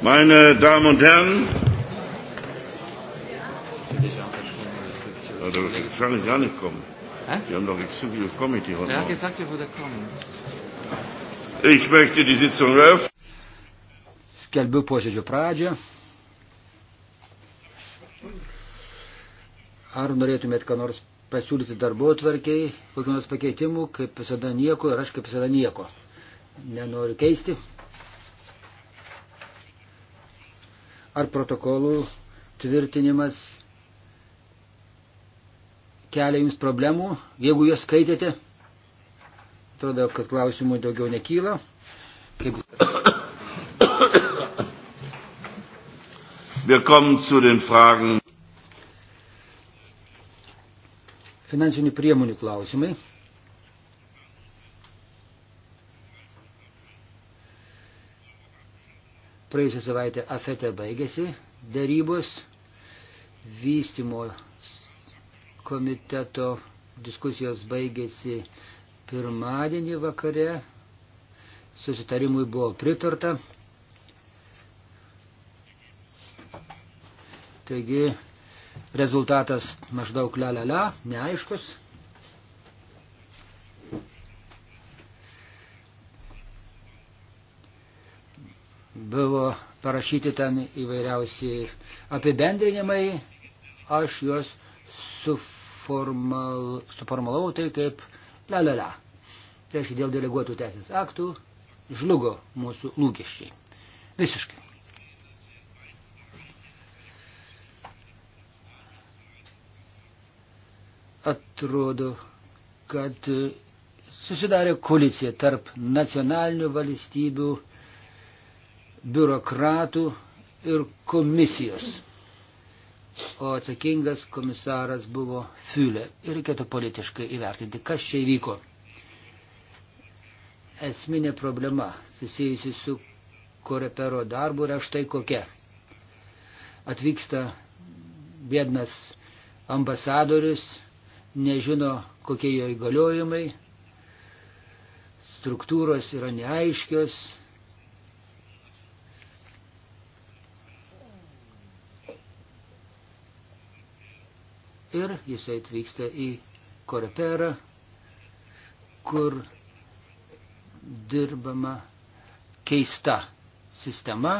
Meine Damen und Herren, da kann ich gar nicht kommen. Hä? Wir haben doch Executive Committee heute. Er hat gesagt, er würde kommen. Ich möchte die Sitzung eröffnen. Skelbiu posėdžio pradžią. Ar norėtumėt ką nors pasiūlyti darbo tvarkiai, kokių nors pakeitimų, kaip visada nieko ir aš kaip visada nieko. Nenoriu keisti. ar protokolų tvirtinimas kelia jums problemų, jeigu juos skaitėte? Atrodo, kad klausimų daugiau nekyla. Kaip... Wir kommen zu den Fragen. Finansinių priemonių klausimai. Praėjusią savaitę afete baigėsi darybos, vystimo komiteto diskusijos baigėsi pirmadienį vakare, susitarimui buvo pritarta. Taigi rezultatas maždaug la la la, neaiškus. Buvo parašyti ten įvairiausi apibendrinimai, aš juos suformal, suformalavau tai kaip la la la. Tai reiškia, dėl deleguotų teisės aktų žlugo mūsų lūkesčiai. Visiškai. Atrodo, kad susidarė koalicija tarp nacionalinių valstybių biurokratų ir komisijos. O atsakingas komisaras buvo Fiulė. Ir reikėtų politiškai įvertinti, kas čia įvyko. Esminė problema susijusi su korepero darbu yra štai kokia. Atvyksta biednas ambasadorius, nežino, kokie jo įgaliojimai, struktūros yra neaiškios, Koreper, jisai atvyksta į Koreperą, kur dirbama keista sistema,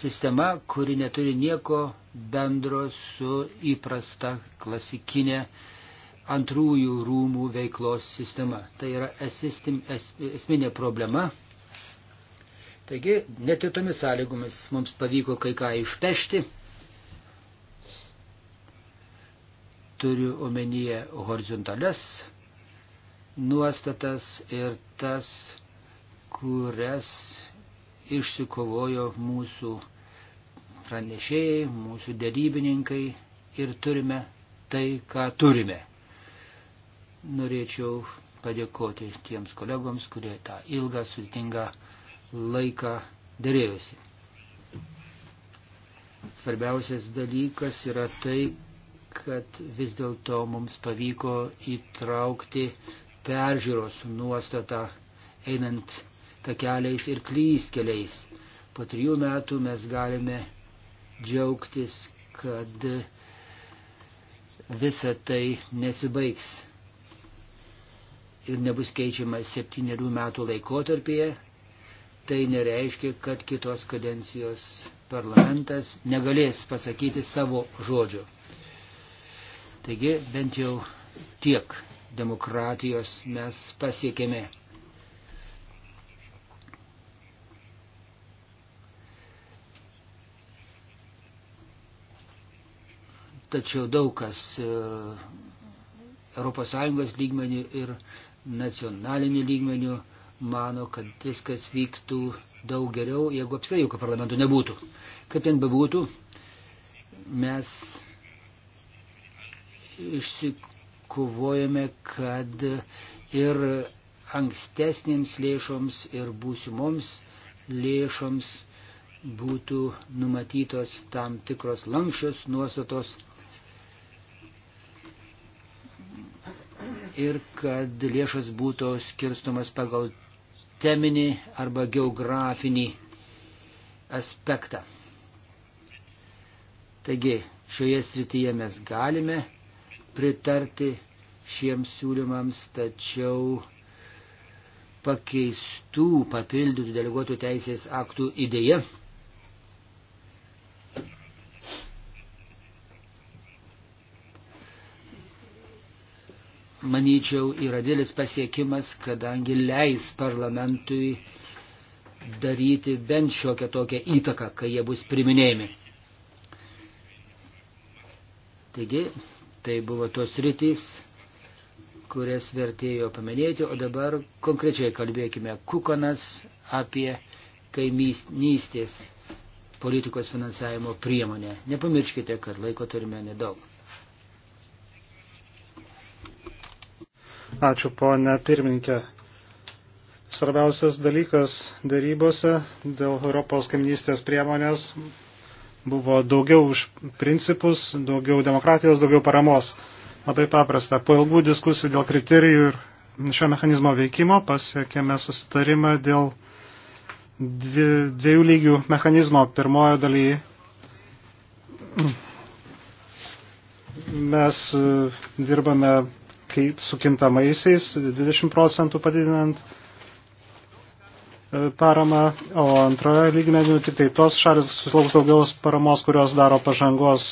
sistema, kuri neturi nieko bendro su įprasta klasikinė antrųjų rūmų veiklos sistema. Tai yra esistim, es, esminė problema. Taigi, net ir tomis sąlygomis mums pavyko kai ką išpešti. Turiu omenyje horizontales nuostatas ir tas, kurias išsikovojo mūsų pranešėjai, mūsų dėrybininkai ir turime tai, ką turime. Norėčiau padėkoti tiems kolegoms, kurie tą ilgą, sudėtingą laiką dėrėjosi. Svarbiausias dalykas yra tai, kad vis dėlto mums pavyko įtraukti peržiūros nuostatą einant takeliais ir klystkeliais. Po trijų metų mes galime džiaugtis, kad visa tai nesibaigs ir nebus keičiama septyniarių metų laikotarpyje, tai nereiškia, kad kitos kadencijos parlamentas negalės pasakyti savo žodžio. Taigi bent jau tiek demokratijos mes pasiekėme. Tačiau daug kas ES lygmenių ir nacionalinių lygmenių mano, kad viskas vyktų daug geriau, jeigu apskritai jokio parlamento nebūtų. Kaip ten bebūtų, mes išsikovojame, kad ir ankstesnėms lėšoms, ir būsimoms lėšoms būtų numatytos tam tikros lankščios nuostatos ir kad lėšos būtų skirstomas pagal teminį arba geografinį aspektą. Taigi, šioje srityje mes galime pritarti šiems siūlymams, tačiau pakeistų, papildytų deleguotų teisės aktų idėja. Manyčiau, yra dėlis pasiekimas, kadangi leis parlamentui daryti bent šiokią tokią įtaką, kai jie bus priminėjami. Taigi, Tai buvo tos rytis, kurias vertėjo paminėti, o dabar konkrečiai kalbėkime Kukonas apie kaimynystės politikos finansavimo priemonę. Nepamirškite, kad laiko turime nedaug. Ačiū, ponė pirmininkė. Svarbiausias dalykas darybose dėl Europos kaimynystės priemonės buvo daugiau už principus, daugiau demokratijos, daugiau paramos. Labai paprasta. Po ilgų diskusijų dėl kriterijų ir šio mechanizmo veikimo pasiekėme susitarimą dėl dvi, dviejų lygių mechanizmo. Pirmojo dalyje mes e, dirbame kaip su kintamaisiais, 20 procentų padidinant E, paramą, o antroje lygmenių tik tai tos šalis susilauks daugiau paramos, kurios daro pažangos,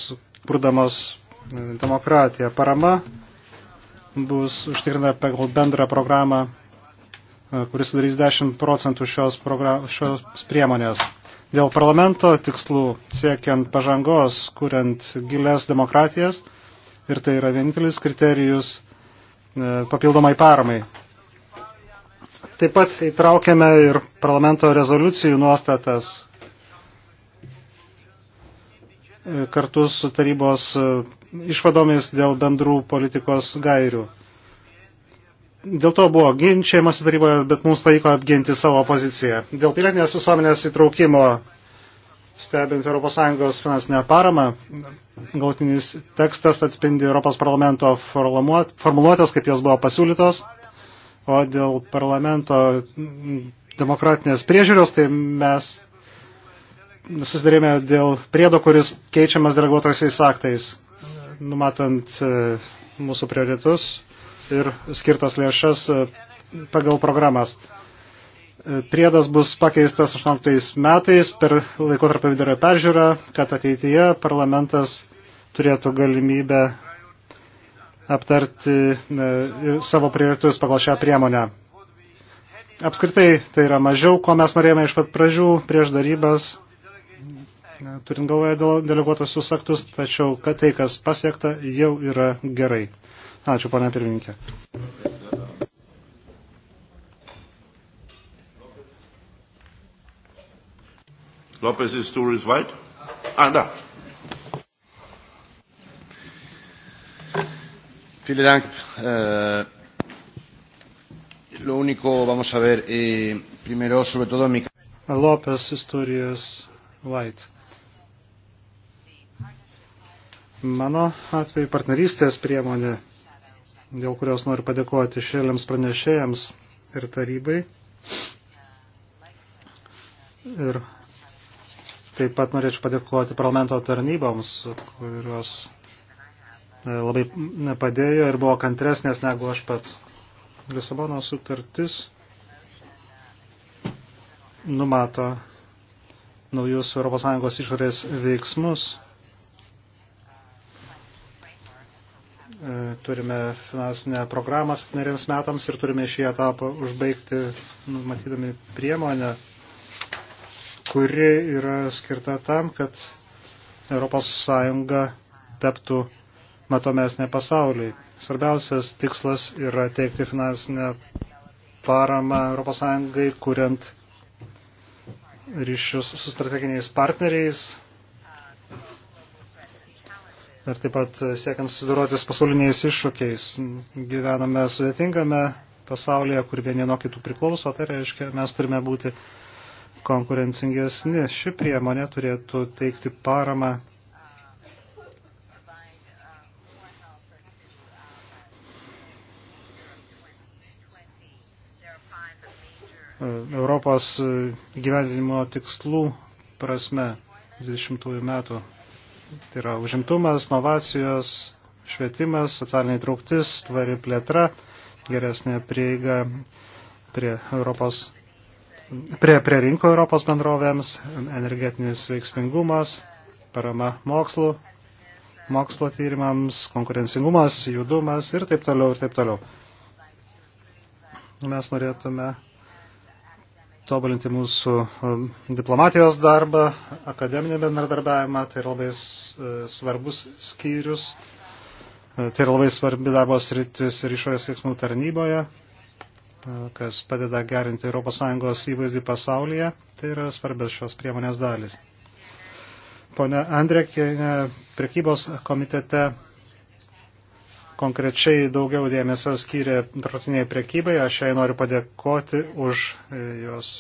kurdamos e, demokratiją. Parama bus užtikrina pagal bendrą programą, e, kuris sudarys 10 procentų šios, šios priemonės. Dėl parlamento tikslų siekiant pažangos, kuriant gilias demokratijas, ir tai yra vienintelis kriterijus papildomai paramai. Taip pat įtraukėme ir parlamento rezoliucijų nuostatas kartu su tarybos e, išvadomis dėl bendrų politikos gairių. Dėl to buvo ginčiamas taryboje, bet mums pavyko apginti savo poziciją. Dėl pilietinės visuomenės įtraukimo stebint ES finansinę paramą, galtinis tekstas atspindi Europos parlamento formuluotės, kaip jos buvo pasiūlytos. O dėl parlamento demokratinės priežiūros, tai mes susidarėme dėl priedo, kuris keičiamas deleguotaisiais aktais, numatant e, mūsų prioritus ir skirtas lėšas e, pagal programas. E, priedas bus pakeistas 18 metais per laikotarpio vidurio peržiūrą, kad ateityje parlamentas turėtų galimybę aptarti e, savo prioritus pagal šią priemonę. Apskritai tai yra mažiau, ko mes norėjome iš pat pradžių prieš darybas, e, turint galvoje deleguotosius aktus, tačiau kad tai, kas pasiekta, jau yra gerai. Ačiū, pana pirmininkė. Lopez is too right? Ah, no. Vielen Dank. Äh, lo único, vamos a ver, eh, primero, sobre todo en mi caso. López Istorijos White. Mano atveju partnerystės priemonė, dėl kurios noriu padėkoti šėliams pranešėjams ir tarybai. Ir taip pat norėčiau padėkoti parlamento tarnyboms, kurios E, labai padėjo ir buvo kantresnės negu aš pats. Lisabono sutartis numato naujus ES išorės veiksmus. E, turime finansinę programą septyneriems metams ir turime šį etapą užbaigti, nu, matydami priemonę, kuri yra skirta tam, kad ES taptų matomesnė pasauliai. Svarbiausias tikslas yra teikti finansinę paramą ES, kuriant ryšius su strateginiais partneriais ir taip pat siekiant susidoroti su pasauliniais iššūkiais. Gyvename sudėtingame pasaulyje, kur vieni nuo kitų priklauso, tai reiškia, mes turime būti konkurencingesni. Ši priemonė turėtų teikti paramą Europos e, gyvendinimo tikslų prasme 20 metų. Tai yra užimtumas, novacijos, švietimas, socialiniai trauktis, tvari plėtra, geresnė prieiga prie, Europos, prie, prie rinko Europos bendrovėms, energetinis veiksmingumas, parama mokslu, mokslo tyrimams, konkurencingumas, judumas ir taip toliau ir taip toliau. Mes norėtume tobulinti mūsų um, diplomatijos darbą, akademinį bendradarbiavimą, tai yra labai e, svarbus skyrius, e, tai yra labai svarbi darbo sritis ir išorės veiksmų tarnyboje, e, kas padeda gerinti ES įvaizdį pasaulyje, tai yra svarbios šios priemonės dalis. Pone Andrėkienė, prekybos komitete konkrečiai daugiau dėmesio skyrė tarptautiniai priekybai. Aš jai noriu padėkoti už e, jos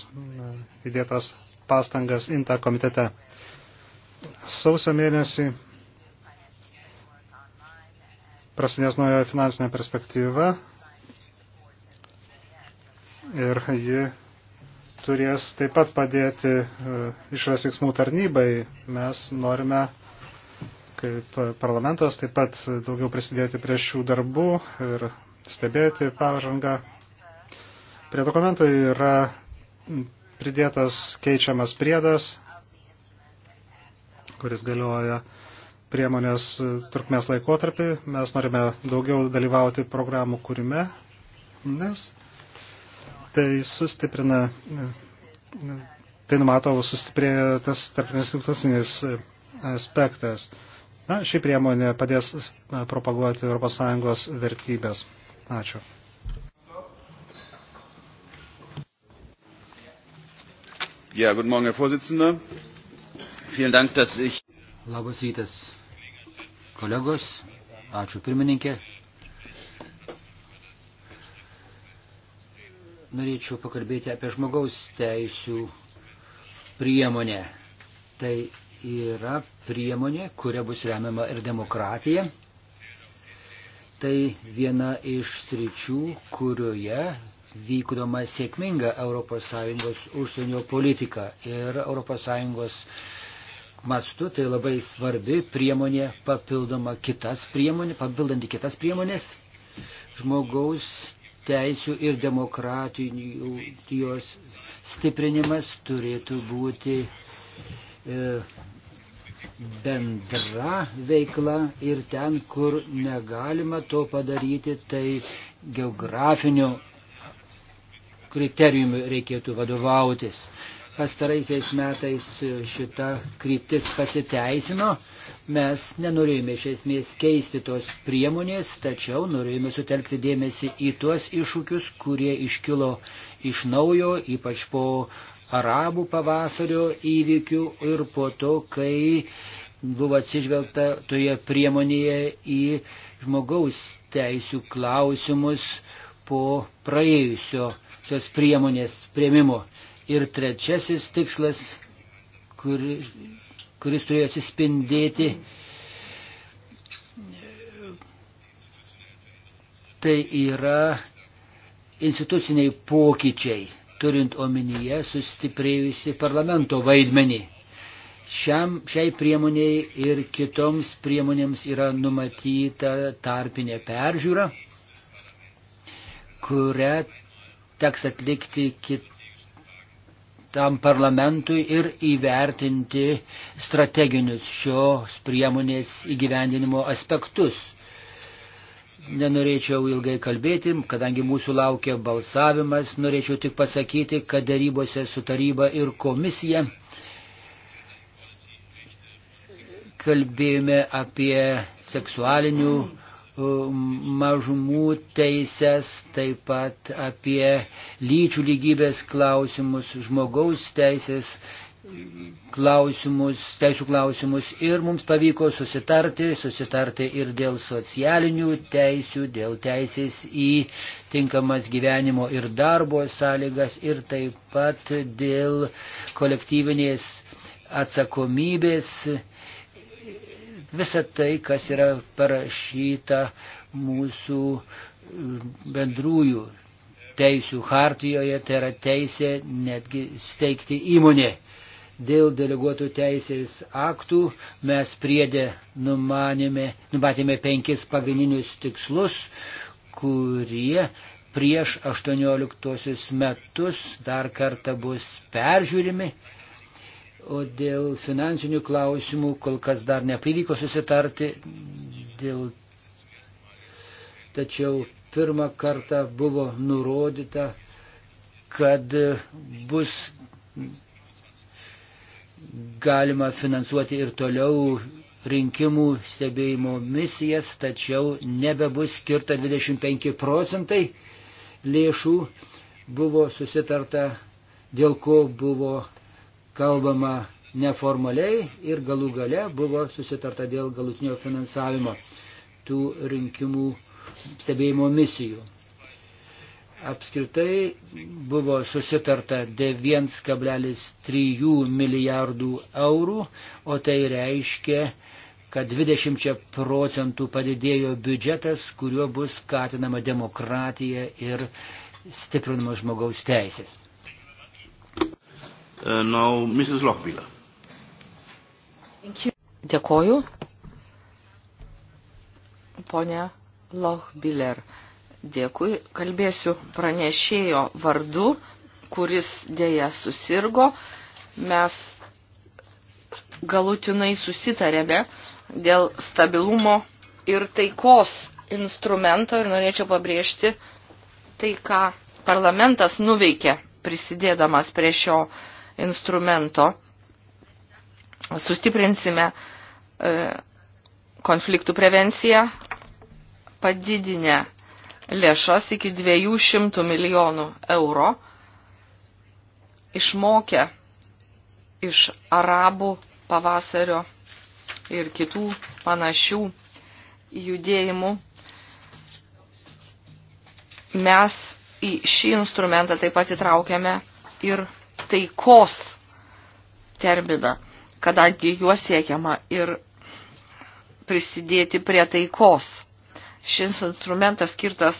įdėtas pastangas INTA komitete. Sausio mėnesį prasidės nauja finansinė perspektyva ir ji turės taip pat padėti e, išras veiksmų tarnybai. Mes norime kaip parlamentas taip pat daugiau prisidėti prie šių darbų ir stebėti pažangą. Prie dokumento yra pridėtas keičiamas priedas, kuris galioja priemonės trukmės laikotarpį. Mes norime daugiau dalyvauti programų kūrime, nes tai sustiprina, tai numato sustiprėja tas tarpinstitucinis aspektas. Na, ši priemonė padės propaguoti ES vertybės. Ačiū. Ja, guten Morgen, Herr Vorsitzender. Vielen Dank, dass ich. Labas rytas, kolegos. Ačiū pirmininkė. Norėčiau pakalbėti apie žmogaus teisų priemonę. Tai yra priemonė, kuria bus remiama ir demokratija. Tai viena iš sričių, kurioje vykdoma sėkminga ES užsienio politika ir ES mastu tai labai svarbi priemonė papildoma kitas priemonė, papildanti kitas priemonės žmogaus teisų ir demokratijos stiprinimas turėtų būti e, bendra veikla ir ten, kur negalima to padaryti, tai geografiniu kriterijumi reikėtų vadovautis. Pastaraisiais metais šita kryptis pasiteisino, mes nenorėjome iš esmės keisti tos priemonės, tačiau norėjome sutelkti dėmesį į tuos iššūkius, kurie iškilo iš naujo, ypač po arabų pavasario įvykių ir po to, kai buvo atsižvelgta toje priemonėje į žmogaus teisų klausimus po praėjusio šios priemonės prieimimo. Ir trečiasis tikslas, kur, kuris turėjo atsispindėti, tai yra instituciniai pokyčiai turint omenyje sustiprėjusi parlamento vaidmenį. Šiam, šiai priemoniai ir kitoms priemonėms yra numatyta tarpinė peržiūra, kurią teks atlikti kitam parlamentui ir įvertinti strateginius šios priemonės įgyvendinimo aspektus nenorėčiau ilgai kalbėti, kadangi mūsų laukia balsavimas, norėčiau tik pasakyti, kad darybose su taryba ir komisija kalbėjome apie seksualinių mažumų teises, taip pat apie lyčių lygybės klausimus, žmogaus teisės klausimus, teisų klausimus ir mums pavyko susitarti, susitarti ir dėl socialinių teisių, dėl teisės į tinkamas gyvenimo ir darbo sąlygas ir taip pat dėl kolektyvinės atsakomybės. Visa tai, kas yra parašyta mūsų bendrųjų teisių hartijoje, tai yra teisė netgi steigti įmonė. Dėl deleguotų teisės aktų mes priedė numanėme, numatėme penkis pagrindinius tikslus, kurie prieš 18 metus dar kartą bus peržiūrimi, o dėl finansinių klausimų kol kas dar nepavyko susitarti, dėl... tačiau pirmą kartą buvo nurodyta, kad bus galima finansuoti ir toliau rinkimų stebėjimo misijas, tačiau nebebus skirta 25 procentai lėšų. Buvo susitarta, dėl ko buvo kalbama neformaliai ir galų gale buvo susitarta dėl galutinio finansavimo tų rinkimų stebėjimo misijų apskritai buvo susitarta 9,3 milijardų eurų, o tai reiškia, kad 20 procentų padidėjo biudžetas, kuriuo bus skatinama demokratija ir stiprinama žmogaus teisės. Uh, now, Mrs. Lochbiller. Dėkoju. Ponia Lochbiller. Uh, Dėkui, kalbėsiu pranešėjo vardu, kuris dėja susirgo. Mes galutinai susitarėme dėl stabilumo ir taikos instrumento ir norėčiau pabrėžti tai, ką parlamentas nuveikė prisidėdamas prie šio instrumento. Sustiprinsime e, konfliktų prevenciją, padidinę lėšas iki 200 milijonų euro, išmokę iš arabų pavasario ir kitų panašių judėjimų, mes į šį instrumentą taip pat įtraukiame ir taikos terminą, kadangi juos siekiama ir prisidėti prie taikos. Šis instrumentas skirtas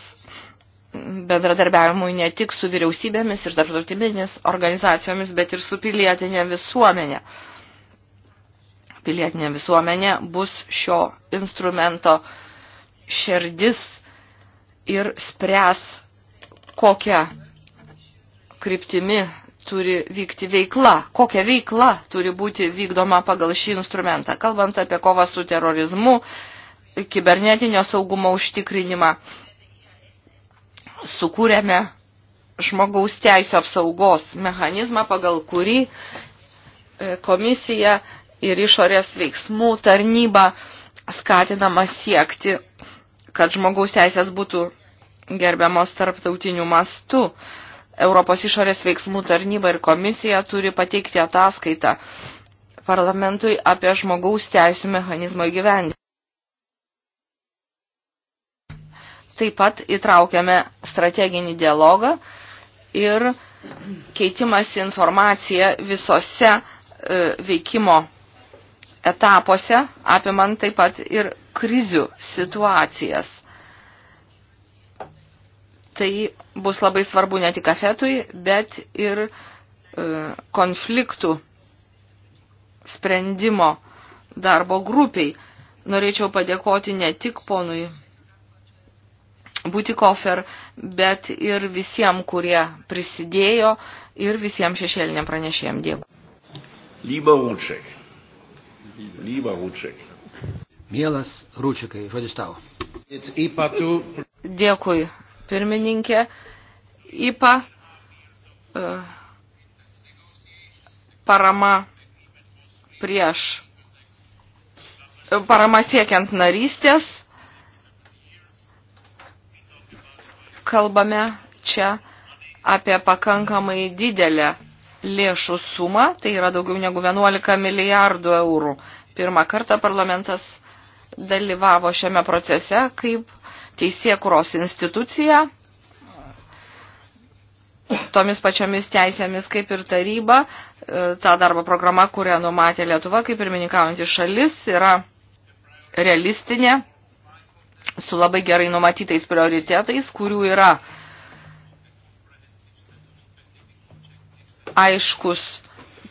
bendradarbiavimui ne tik su vyriausybėmis ir tarptautinėmis organizacijomis, bet ir su pilietinė visuomenė. Pilietinė visuomenė bus šio instrumento šerdis ir spręs, kokią kryptimi turi vykti veikla, kokia veikla turi būti vykdoma pagal šį instrumentą. Kalbant apie kovą su terorizmu, kibernetinio saugumo užtikrinimą. Sukūrėme žmogaus teisų apsaugos mechanizmą, pagal kurį e, komisija ir išorės veiksmų tarnyba skatinama siekti, kad žmogaus teisės būtų gerbiamos tarptautinių mastų. Europos išorės veiksmų tarnyba ir komisija turi pateikti ataskaitą parlamentui apie žmogaus teisų mechanizmo įgyvendinimą. Taip pat įtraukiame strateginį dialogą ir keitimas informacija visose e, veikimo etapuose, apimant taip pat ir krizių situacijas. Tai bus labai svarbu ne tik afetui, bet ir e, konfliktų sprendimo darbo grupiai. Norėčiau padėkoti ne tik ponui Butikofer, bet ir visiems, kurie prisidėjo ir visiems šešėliniam pranešėjim. Dėkui. Lyba Rūčiak. Lyba Rūčiak. Mielas Rūčiakai, žodis tau. Dėkui, pirmininkė. IPA e, parama prieš e, parama siekiant narystės kalbame čia apie pakankamai didelę lėšų sumą, tai yra daugiau negu 11 milijardų eurų. Pirmą kartą parlamentas dalyvavo šiame procese kaip teisėkuros institucija, tomis pačiomis teisėmis kaip ir taryba. E, ta darbo programa, kurią numatė Lietuva kaip pirmininkaujantis šalis, yra realistinė su labai gerai numatytais prioritetais, kurių yra aiškus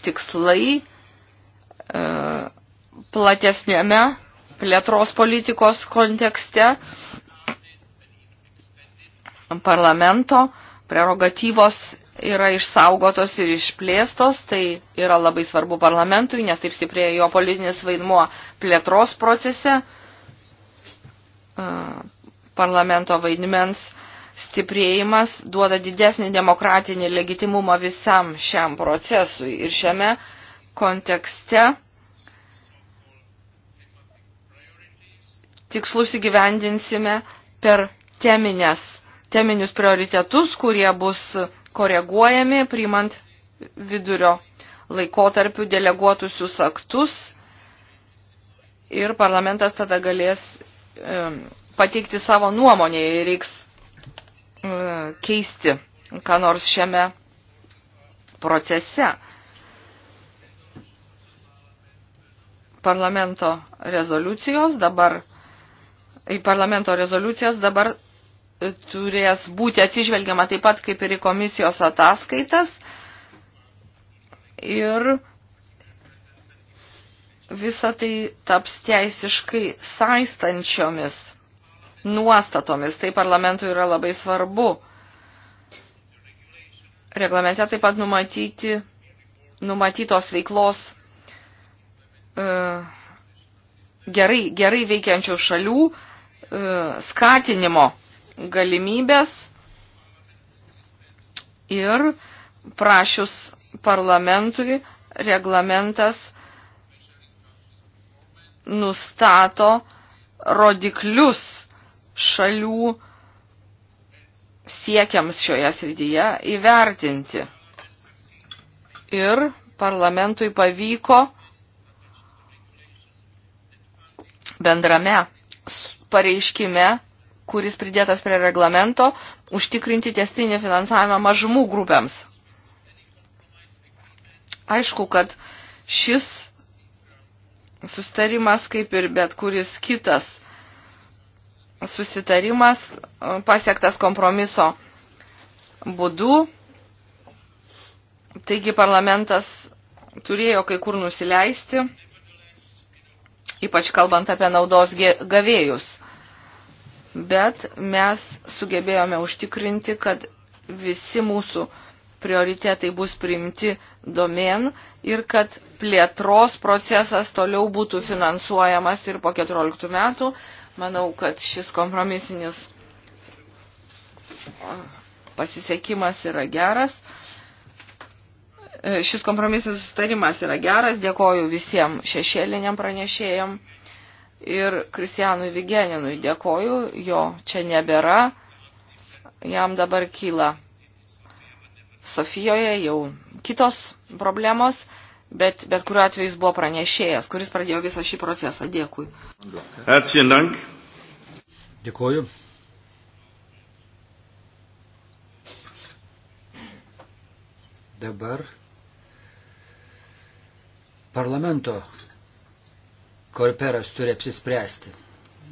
tikslai e, platesnėme plėtros politikos kontekste parlamento prerogatyvos yra išsaugotos ir išplėstos, tai yra labai svarbu parlamentui, nes taip stiprėja jo politinis vaidmuo plėtros procese parlamento vaidmens stiprėjimas duoda didesnį demokratinį legitimumą visam šiam procesui. Ir šiame kontekste tikslus įgyvendinsime per teminės, teminius prioritetus, kurie bus koreguojami, priimant vidurio laikotarpių deleguotusius aktus ir parlamentas tada galės Um, pateikti savo nuomonę ir reiks uh, keisti ką nors šiame procese. Parlamento rezoliucijos dabar į parlamento rezoliucijas dabar uh, turės būti atsižvelgiama taip pat kaip ir į komisijos ataskaitas ir visa tai taps teisiškai saistančiomis nuostatomis. Tai parlamentui yra labai svarbu. Reglamente taip pat numatyti, numatytos veiklos e, gerai, gerai veikiančių šalių e, skatinimo galimybės ir prašius parlamentui reglamentas nustato rodiklius šalių siekiams šioje srityje įvertinti. Ir parlamentui pavyko bendrame pareiškime, kuris pridėtas prie reglamento, užtikrinti testinį finansavimą mažumų grupėms. Aišku, kad šis sustarimas, kaip ir bet kuris kitas susitarimas e, pasiektas kompromiso būdu. Taigi parlamentas turėjo kai kur nusileisti, ypač kalbant apie naudos gavėjus. Bet mes sugebėjome užtikrinti, kad visi mūsų uh, prioritetai bus priimti domen ir kad plėtros procesas toliau būtų finansuojamas ir po 14 metų. Manau, kad šis kompromisinis pasisekimas yra geras. E, šis kompromisinis sustarimas yra geras. Dėkoju visiems šešėliniam pranešėjam ir Kristijanui Vigeninui dėkoju, jo čia nebėra, jam dabar kyla Sofijoje jau kitos problemos, bet, bet kuriuo atveju jis buvo pranešėjas, kuris pradėjo visą šį procesą. Dėkui. Dėkuoju. Dabar parlamento korperas turi apsispręsti.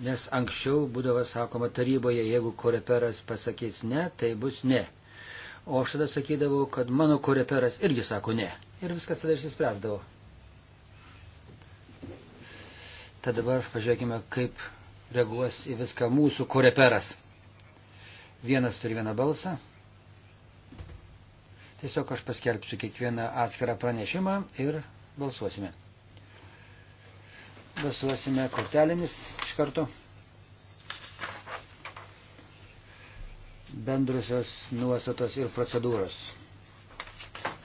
Nes anksčiau būdavo sakoma taryboje, jeigu koreperas pasakys ne, tai bus ne. O aš tada sakydavau, kad mano koreperas irgi sako ne. Ir viskas tada išsispręsdavo. Tad dabar pažiūrėkime, kaip reaguos į viską mūsų koreperas. Vienas turi vieną balsą. Tiesiog aš paskelbsiu kiekvieną atskirą pranešimą ir balsuosime. Balsuosime kortelėmis iš karto. bendrusios nuostatos ir procedūros.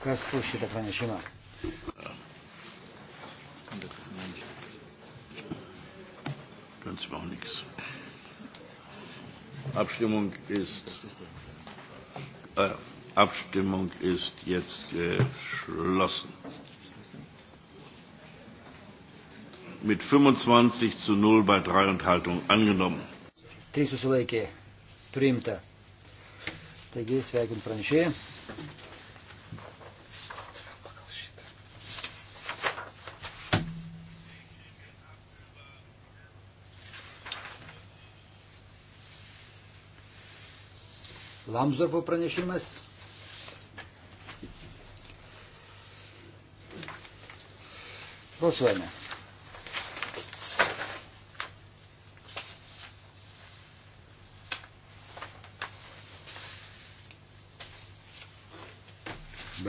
Kas už šitą pranešimą? Ganz war nichts. Abstimmung ist, äh, Abstimmung ist jetzt geschlossen. Mit 25 zu 0 bei 3 Enthaltungen angenommen. Trys susilaikė. Priimta. Taigi sveikint pranešėją. Lamsdorfo pranešimas. Balsuojame.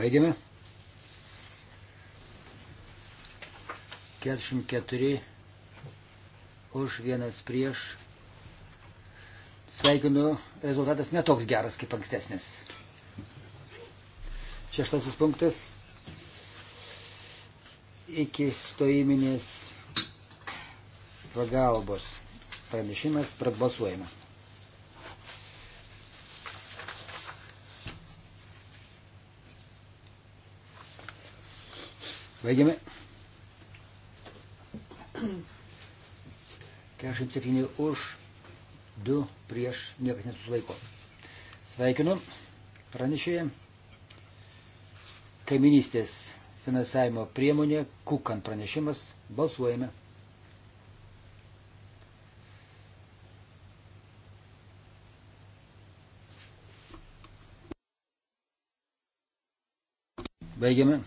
Baigiame. 44 už vienas prieš. Sveikinu, rezultatas netoks geras kaip ankstesnis. Šeštasis punktas. Iki stoiminės pagalbos pranešimas, pradbasuojama. Baigiame. 47 už, 2 prieš, niekas nesusilaiko. Sveikinu pranešėją. Kaiminystės finansavimo priemonė, kukan pranešimas, balsuojame. Baigiame.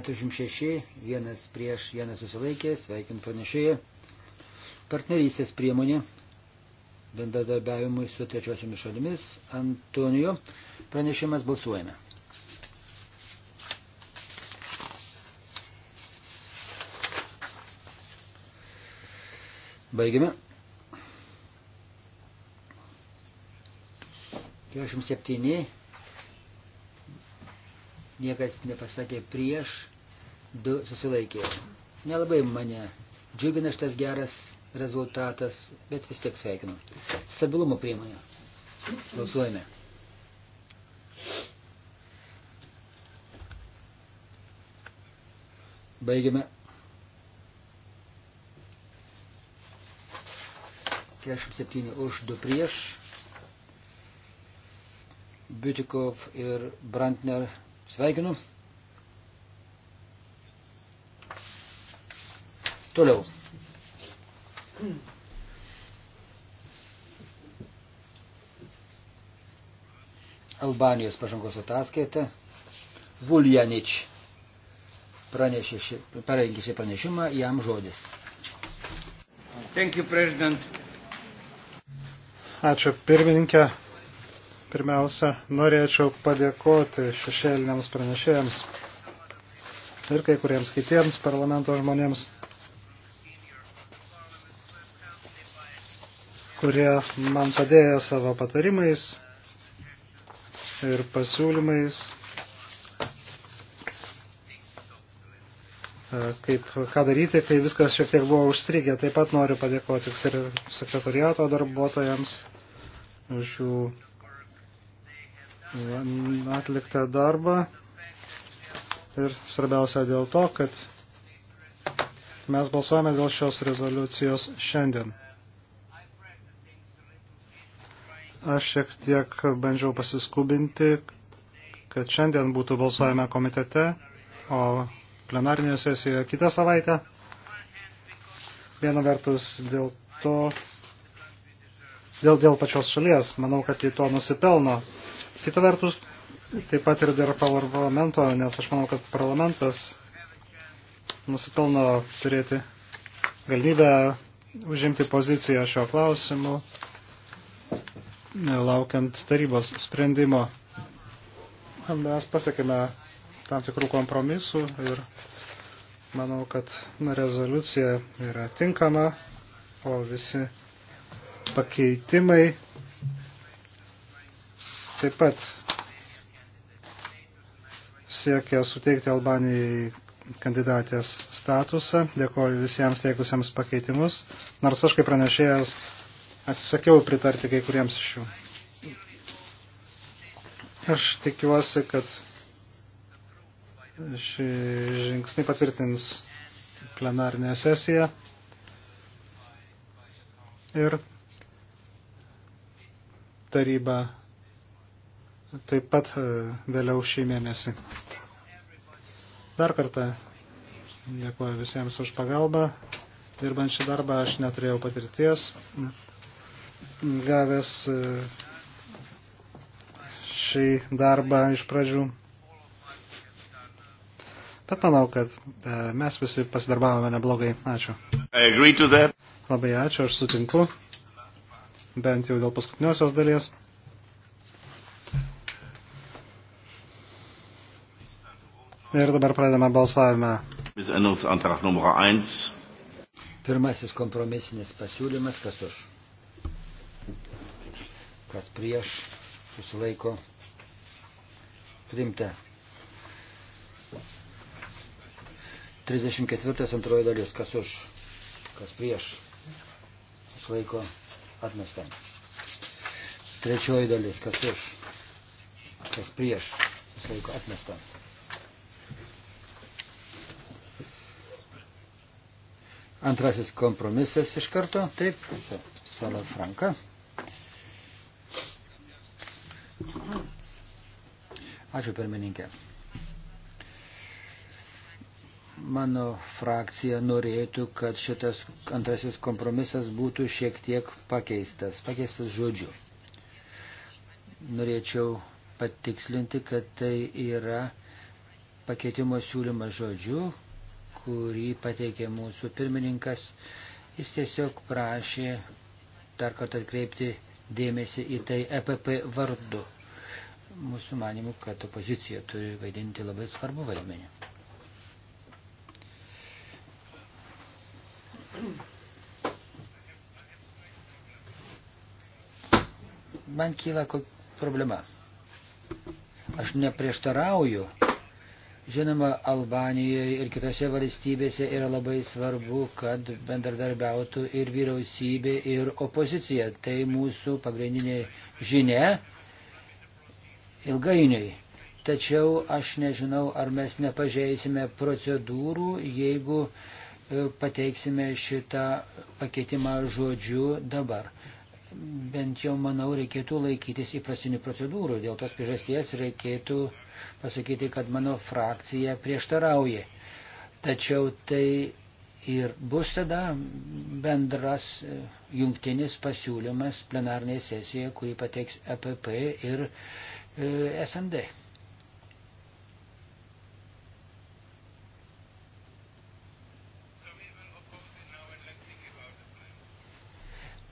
46, vienas prieš, vienas susilaikė, sveikint pranešėją. Partnerystės priemonė bendradarbiavimui su trečiosiomis šalimis. Antonijo, pranešimas balsuojame. Baigime. 47 niekas nepasakė prieš, du susilaikė. Nelabai mane džiugina šitas geras rezultatas, bet vis tiek sveikinu. Stabilumo priemonė. Balsuojame. Baigiame. 47 už 2 prieš. Butikov ir Brantner Sveikinu. Toliau. Albanijos pažangos ataskaita. Vuljanič parengė šį pranešimą, jam žodis. Thank you, President. Ačiū pirmininkė. Pirmiausia, norėčiau padėkoti šešėliniams pranešėjams ir kai kuriems kitiems parlamento žmonėms, kurie man padėjo savo patarimais ir pasiūlymais, e, kaip ką daryti, kai viskas šiek tiek buvo užstrigę. Taip pat noriu padėkoti ir sekretoriato darbuotojams už jų atliktą darbą. Ir svarbiausia dėl to, kad mes balsuojame dėl šios rezoliucijos šiandien. Aš šiek tiek bandžiau pasiskubinti, kad šiandien būtų balsuojame komitete, o plenarinėje sesijoje kitą savaitę. Viena vertus dėl to, dėl, dėl pačios šalies, manau, kad jį to nusipelno Kita vertus, taip pat ir dėl parlamento, nes aš manau, kad parlamentas nusipelno turėti galimybę užimti poziciją šio klausimu, laukiant tarybos sprendimo. Mes pasiekime tam tikrų kompromisų ir manau, kad rezoliucija yra tinkama, o visi pakeitimai taip pat siekia suteikti Albanijai kandidatės statusą. Dėkoju visiems teikusiems pakeitimus, nors aš kaip pranešėjas atsisakiau pritarti kai kuriems iš jų. Aš tikiuosi, kad šį žingsnį patvirtins plenarinė sesija. Ir taryba taip pat e, vėliau šį mėnesį. Dar kartą dėkuoju visiems už pagalbą. Dirbant šį darbą aš neturėjau patirties. Gavęs e, šį darbą iš pradžių. Bet manau, kad e, mes visi pasidarbavome neblogai. Ačiū. Labai ačiū, aš sutinku. Bent jau dėl paskutiniosios dalies. Ir dabar pradame balsavimą. Pirmasis kompromisinis pasiūlymas, kas už, kas prieš, susilaiko, primta. 34 antroji dalis, kas už, kas prieš, susilaiko, atmestam. Trečioji dalis, kas už, kas prieš, susilaiko, atmestam. Antrasis kompromisas iš karto, taip, Sala Franka. Ačiū pirmininkė. Mano frakcija norėtų, kad šitas antrasis kompromisas būtų šiek tiek pakeistas, pakeistas žodžiu. Norėčiau patikslinti, kad tai yra pakeitimo siūlymas žodžiu, kurį pateikė mūsų pirmininkas. Jis tiesiog prašė dar kartą atkreipti dėmesį į tai EPP vardu. Mūsų manimų, kad opozicija turi vaidinti labai svarbu vaidmenį. Man kyla problema. Aš neprieštarauju Žinoma, Albanijoje ir kitose valstybėse yra labai svarbu, kad bendradarbiautų ir vyriausybė, ir opozicija. Tai mūsų pagrindinė žinia ilgainiui. Tačiau aš nežinau, ar mes nepažeisime procedūrų, jeigu e, pateiksime šitą pakeitimą žodžiu dabar bent jau, manau, reikėtų laikytis įprastinių procedūrų. Dėl tos priežasties reikėtų pasakyti, kad mano frakcija prieštarauja. Tačiau tai ir bus tada bendras e, jungtinis pasiūlymas plenarnėje sesijoje, kurį pateiks EPP ir e, SND.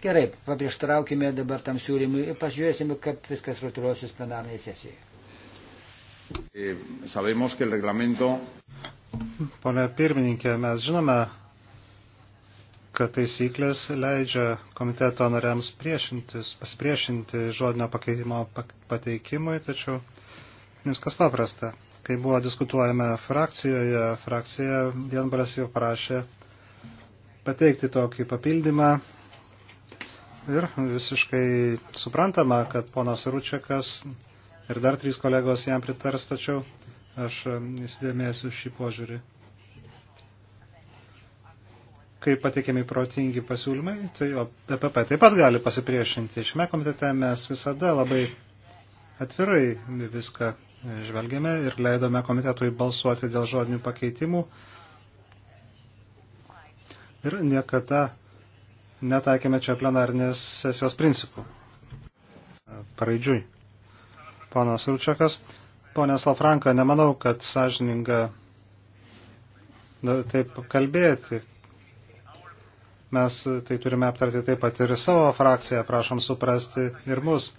Gerai, paprieštaraukime dabar tam siūlymui ir pažiūrėsime, kaip viskas rutuliuosis plenarnėje sesijoje. E, Pone pirmininkė, mes žinome, kad taisyklės leidžia komiteto nariams priešintis, pasipriešinti žodinio pakeitimo pateikimui, tačiau viskas paprasta. Kai buvo diskutuojama frakcijoje, frakcija vienbalas jau prašė pateikti tokį papildymą Ir visiškai suprantama, kad ponas Ručiakas ir dar trys kolegos jam pritars, tačiau aš um, įsidėmėsiu šį požiūrį. Kai patikėmi protingi pasiūlymai, tai EPP taip pat gali pasipriešinti. Šiame komitete mes visada labai atvirai viską žvelgėme ir leidome komitetui balsuoti dėl žodinių pakeitimų. Ir niekada netaikėme čia plenarnės sesijos principų. Paraidžiui. Ponas Rūčiakas. Pone Slafranka, nemanau, kad sąžininga taip kalbėti. Mes tai turime aptarti taip pat ir savo frakciją, prašom suprasti ir mus.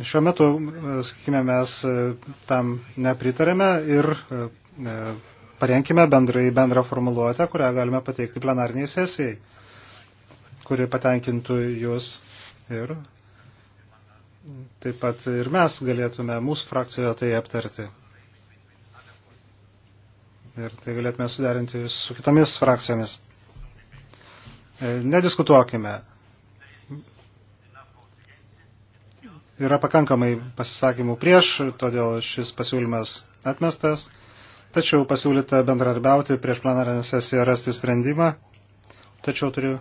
Šiuo metu, sakykime, mes tam nepritarėme ir e, parenkime bendrai bendrą formuluotę, kurią galime pateikti plenarniai sesijai, kuri patenkintų jūs ir taip pat ir mes galėtume mūsų frakcijoje tai aptarti. Ir tai galėtume suderinti su kitomis frakcijomis. E, nediskutuokime. Yra pakankamai pasisakymų prieš, todėl šis pasiūlymas atmestas. Tačiau pasiūlyta bendradarbiauti prieš plenarinę sesiją rasti sprendimą. Tačiau turiu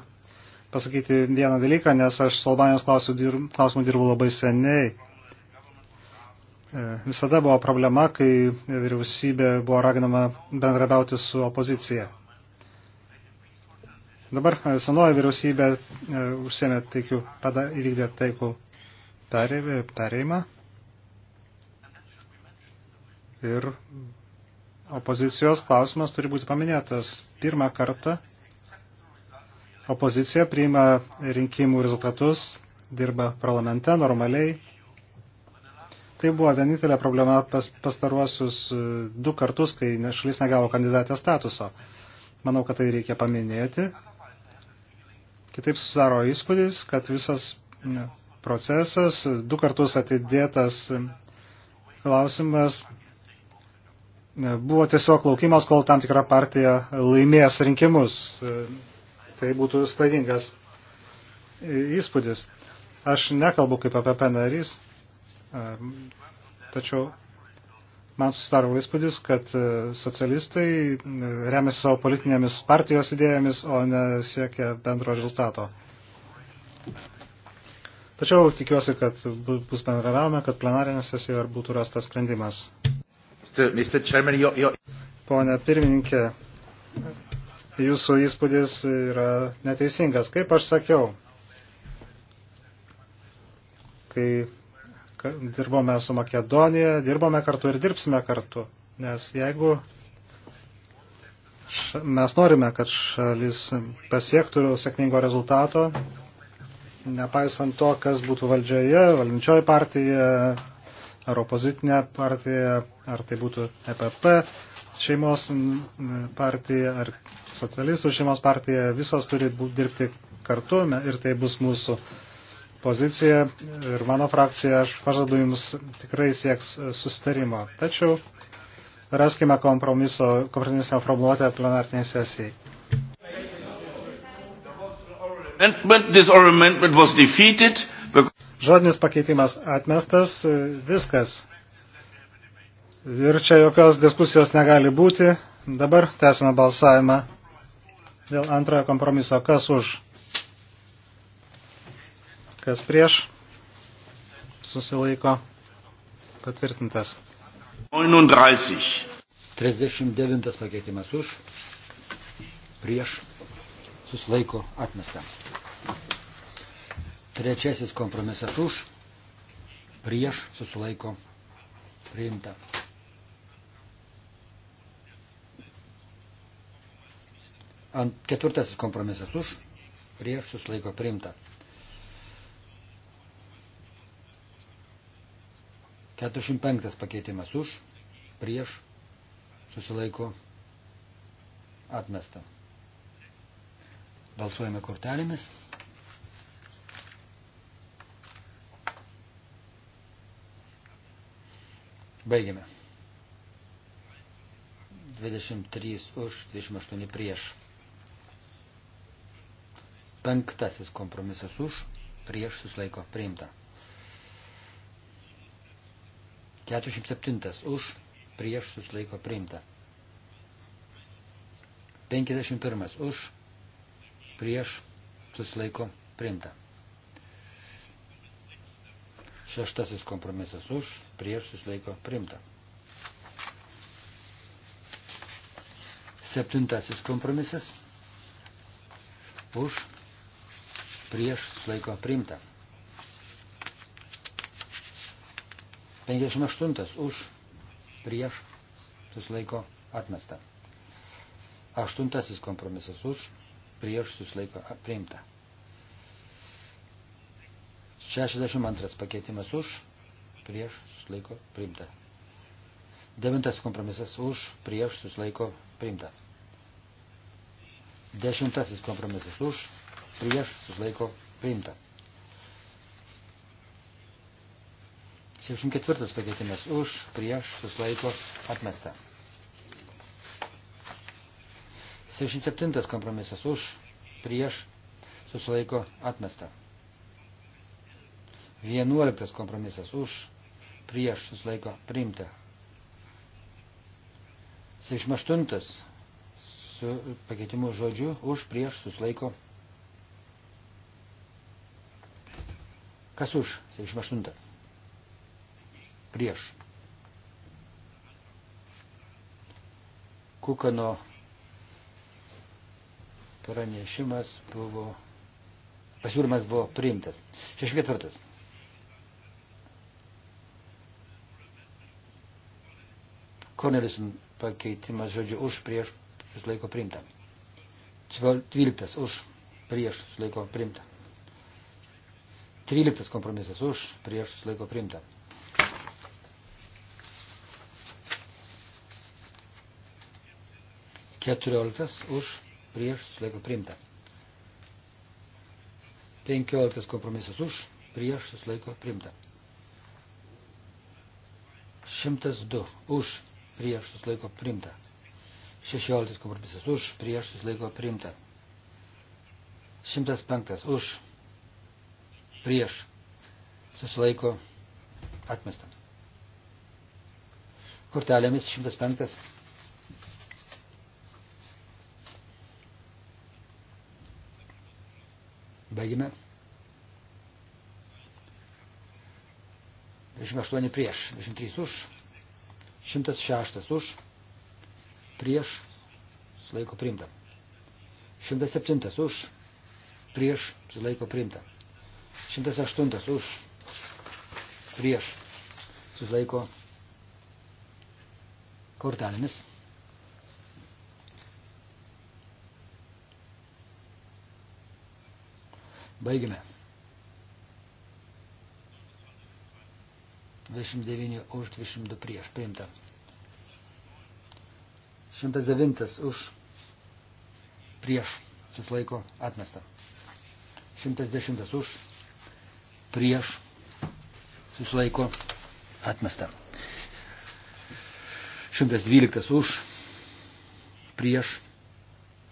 pasakyti vieną dalyką, nes aš su Albanijos klausimu dirbu labai seniai. E, visada buvo problema, kai vyriausybė buvo raginama bendrabiauti su opozicija. Dabar e, senoji vyriausybė e, užsiemė taikių, pada įvykdė taikų perėjimą. Ir opozicijos klausimas turi būti paminėtas. Pirmą kartą opozicija priima rinkimų rezultatus, dirba parlamente normaliai. Tai buvo vienintelė problema pas, pastaruosius e, du kartus, kai šalis negavo kandidatės statuso. Manau, kad tai reikia paminėti. Kitaip susidaro įspūdis, kad visas procesas, du kartus atidėtas e, klausimas buvo tiesiog laukimas, kol tam tikra partija laimės rinkimus. Tai būtų sklaidingas įspūdis. Aš nekalbu kaip APP narys, tačiau man susidaro įspūdis, kad socialistai remiasi savo politinėmis partijos idėjomis, o ne siekia bendro rezultato. Tačiau tikiuosi, kad bus bendravome, kad plenarinė sesija būtų rastas sprendimas. Mr. Chairman, your, your... Pone pirmininkė, jūsų įspūdis yra neteisingas. Kaip aš sakiau, kai dirbome su Makedonija, dirbome kartu ir dirbsime kartu. Nes jeigu mes norime, kad šalis pasiektų sėkmingo rezultato, nepaisant to, kas būtų valdžioje, valdančioji partija, ar opozitinę partiją, ar tai būtų EPP šeimos partija, ar socialistų šeimos partija, visos turi dirbti kartu ir tai bus mūsų pozicija ir mano frakcija, aš pažadu jums, tikrai sieks e, sustarimo. Tačiau raskime kompromiso, kompromisinę formuluotę plenartiniai sesijai. Amendment, this amendment was defeated. Žodinis pakeitimas atmestas, viskas. Ir čia jokios diskusijos negali būti. Dabar tęsime balsavimą dėl antrojo kompromiso. Kas už? Kas prieš? Susilaiko. Patvirtintas. 39. 39 pakeitimas už. Prieš. Susilaiko atmestą. Trečiasis kompromisas už, prieš susilaiko priimta. Ant ketvirtasis kompromisas už, prieš susilaiko priimta. 45 pakeitimas už, prieš susilaiko atmesta. Balsuojame kortelėmis. Baigiame. 23 už, 28 prieš. Penktasis kompromisas už, prieš susilaiko priimta. 47 už, prieš susilaiko priimta. 51 už, prieš susilaiko priimta. Šeštasis kompromisas už, prieš susilaiko primta. Septintasis kompromisas už, prieš susilaiko primta. 58 už, prieš susilaiko atmesta. Aštuntasis kompromisas už, prieš susilaiko primta. 62 pakeitimas už, prieš, susilaiko, priimta. Devintas kompromisas už, prieš, susilaiko, priimta. Dešimtasis kompromisas už, prieš, susilaiko, priimta. 74 pakeitimas už, prieš, susilaiko, atmesta. 77 kompromisas už, prieš, susilaiko, atmesta. 11 kompromisas už, prieš susilaiko priimta. 78 su pakeitimu žodžiu už, prieš susilaiko. Kas už 78? Prieš. Kukano pranešimas buvo, pasiūlymas buvo priimtas. Šešketvartas. Cornelison pakeitimas žodžiu už prieš susilaiko primta. 12 už prieš susilaiko primta. 13 kompromisas už prieš susilaiko primta. 14 už prieš susilaiko primta. 15 kompromisas už prieš susilaiko primta. 102 už prieš susilaiko primta. 16 kompromisas už, prieš susilaiko primta. 105 už, prieš susilaiko atmesta. Kortelėmis 105. Baigime. 28 prieš, 23 už, 106 už, prieš, sulaiko primta. 107 už, prieš, sulaiko primta. 108 už, prieš, sulaiko kortelėmis. Baigime. 29 už 22 prieš. Priimta. 109 už prieš. Suslaiko atmesta. 110 už prieš. Suslaiko atmesta. 112 už prieš.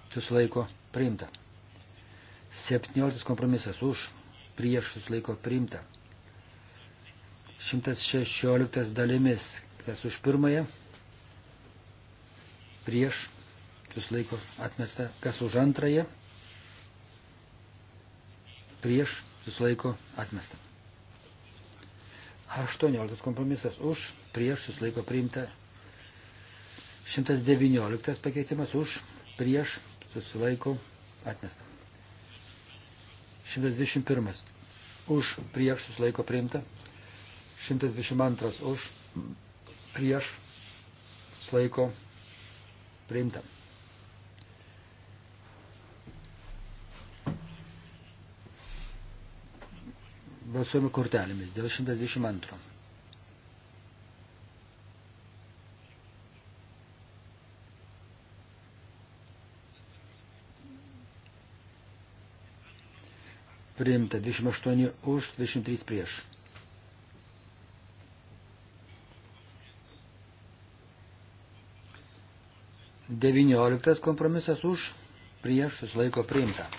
Suslaiko priimta. 17 kompromisas už prieš. Suslaiko priimta. 116 dalimis, kas už pirmąją, prieš, vis laiko atmesta, kas už antrąją, prieš, vis laiko atmesta. 18 kompromisas už, prieš, vis laiko priimta. 119 pakeitimas už, prieš, susilaiko, atmesta. 121. Už, prieš, susilaiko priimta. 122 už, prieš, susilaiko, priimta. Balsuojame kortelėmis dėl 122. Priimta 28 už, 23 prieš. 19 kompromisas už, prieš susilaiko priimta.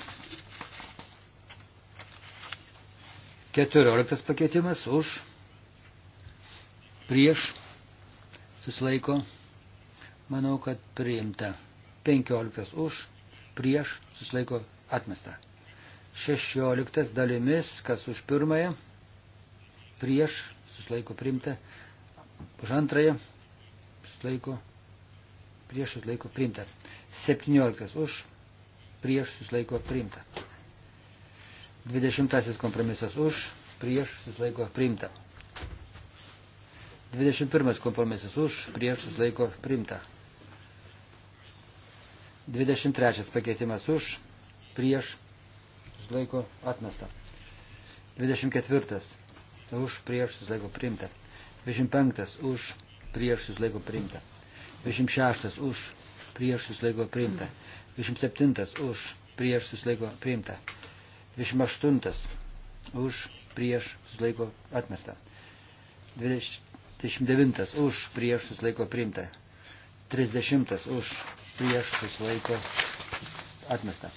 14 pakeitimas už, prieš susilaiko, manau, kad priimta. 15 už, prieš susilaiko atmesta. 16 dalimis, kas už pirmąją, prieš susilaiko priimta, už antrąją susilaiko prieš susilaiko priimta. 17 už, prieš susilaiko priimta. 20 kompromisas už, prieš susilaiko priimta. 21 kompromisas už, prieš susilaiko priimta. 23 pakeitimas už, prieš susilaiko atmesta. 24 už, prieš susilaiko priimta. 25 už, prieš susilaiko priimta. 26 už prieš susilaiko priimta. 27 už prieš susilaiko priimta. 28 už prieš susilaiko atmesta. 29 už prieš susilaiko priimta. 30 už prieš susilaiko atmesta.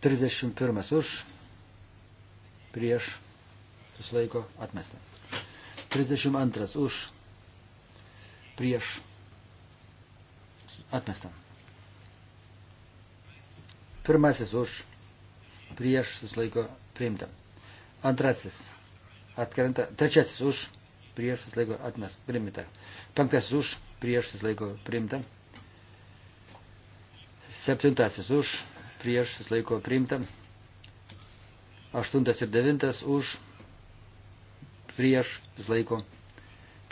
Trisdešimt pirmas už prieš susilaiko atmesta. 32 už prieš atmesta. Pirmasis už prieš susilaiko priimta. Antrasis atkrenta. Trečiasis už prieš susilaiko atmesta. Primita. Penktasis už prieš susilaiko priimta. Septintasis už prieš susilaiko priimta. Aštuntas ir devintas už prieš laiko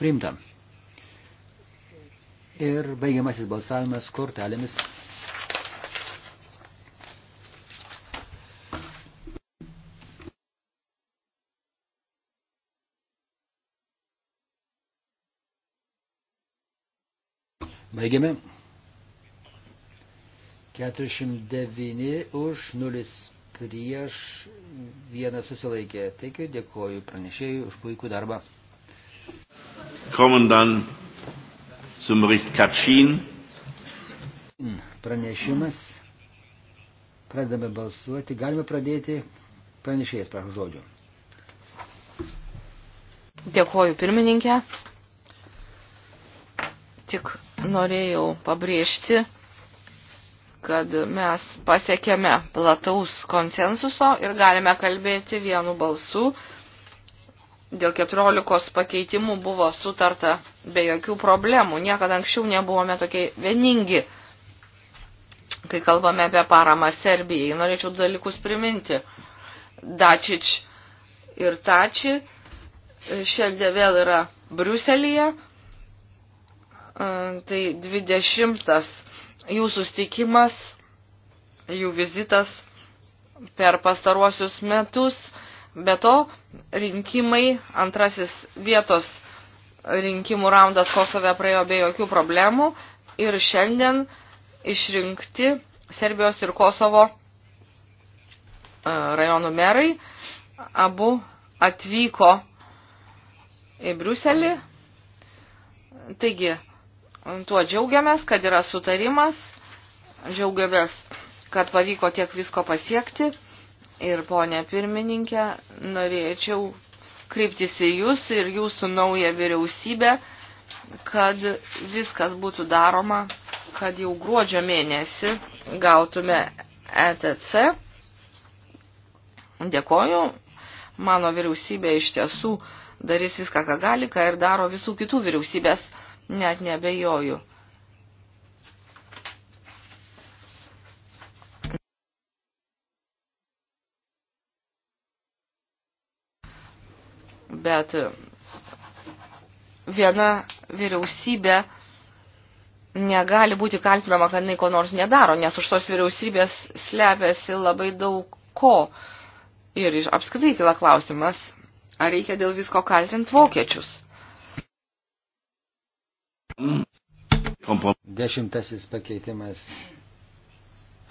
priimta. Ir baigiamasis balsavimas kortelėmis. Baigiame. 409 už 0 prieš vieną susilaikė. Taigi dėkoju pranešėjui už puikų darbą. Komandan Sumrit Kačin. Pranešimas. Pradame balsuoti. Galime pradėti pranešėjas, prašau žodžio. Dėkoju pirmininkė. Tik norėjau pabrėžti, kad mes pasiekėme plataus konsensuso ir galime kalbėti vienu balsu. Dėl 14 pakeitimų buvo sutarta be jokių problemų. Niekada anksčiau nebuvome tokie vieningi, kai kalbame apie paramą Serbijai. Norėčiau dalykus priminti. Dačič ir Tači šiandien vėl yra Briuselėje. Tai 20 jų sustikimas, jų vizitas per pastaruosius metus. Be to, rinkimai, antrasis vietos rinkimų raundas Kosove praėjo be jokių problemų ir šiandien išrinkti Serbijos ir Kosovo e, rajonų merai abu atvyko į Briuselį. Taigi, Tuo džiaugiamės, kad yra sutarimas, džiaugiamės, kad pavyko tiek visko pasiekti. Ir ponė pirmininkė, norėčiau kryptis į jūs ir jūsų naują vyriausybę, kad viskas būtų daroma, kad jau gruodžio mėnesį gautume ETC. Dėkoju, mano vyriausybė iš tiesų darys viską, ką gali, ką ir daro visų kitų vyriausybės net nebejoju. Bet viena vyriausybė negali būti kaltinama, kad jinai ko nors nedaro, nes už tos vyriausybės slepiasi labai daug ko. Ir apskritai kila klausimas, ar reikia dėl visko kaltinti vokiečius. Dešimtasis pakeitimas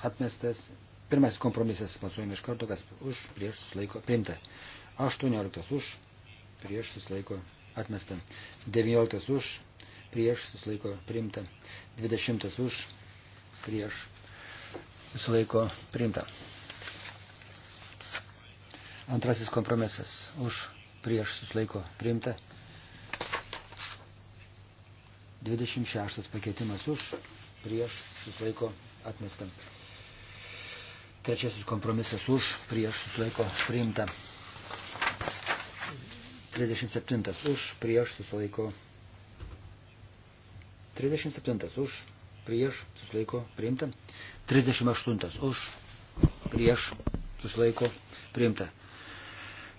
atmestas. Pirmasis kompromisas pasuojame iš karto, kas už, prieš susilaiko priimta. 18 už, prieš susilaiko atmesta. 19 už, prieš susilaiko priimta. 20 už, prieš susilaiko priimta. Antrasis kompromisas už, prieš susilaiko priimta. 26 pakeitimas už, prieš, susilaiko, atmesta. Trečiasis kompromisas už, prieš, susilaiko, priimta. 37 už, prieš, susilaiko. 37 už, prieš, susilaiko, priimta. 38 už, prieš, susilaiko, priimta.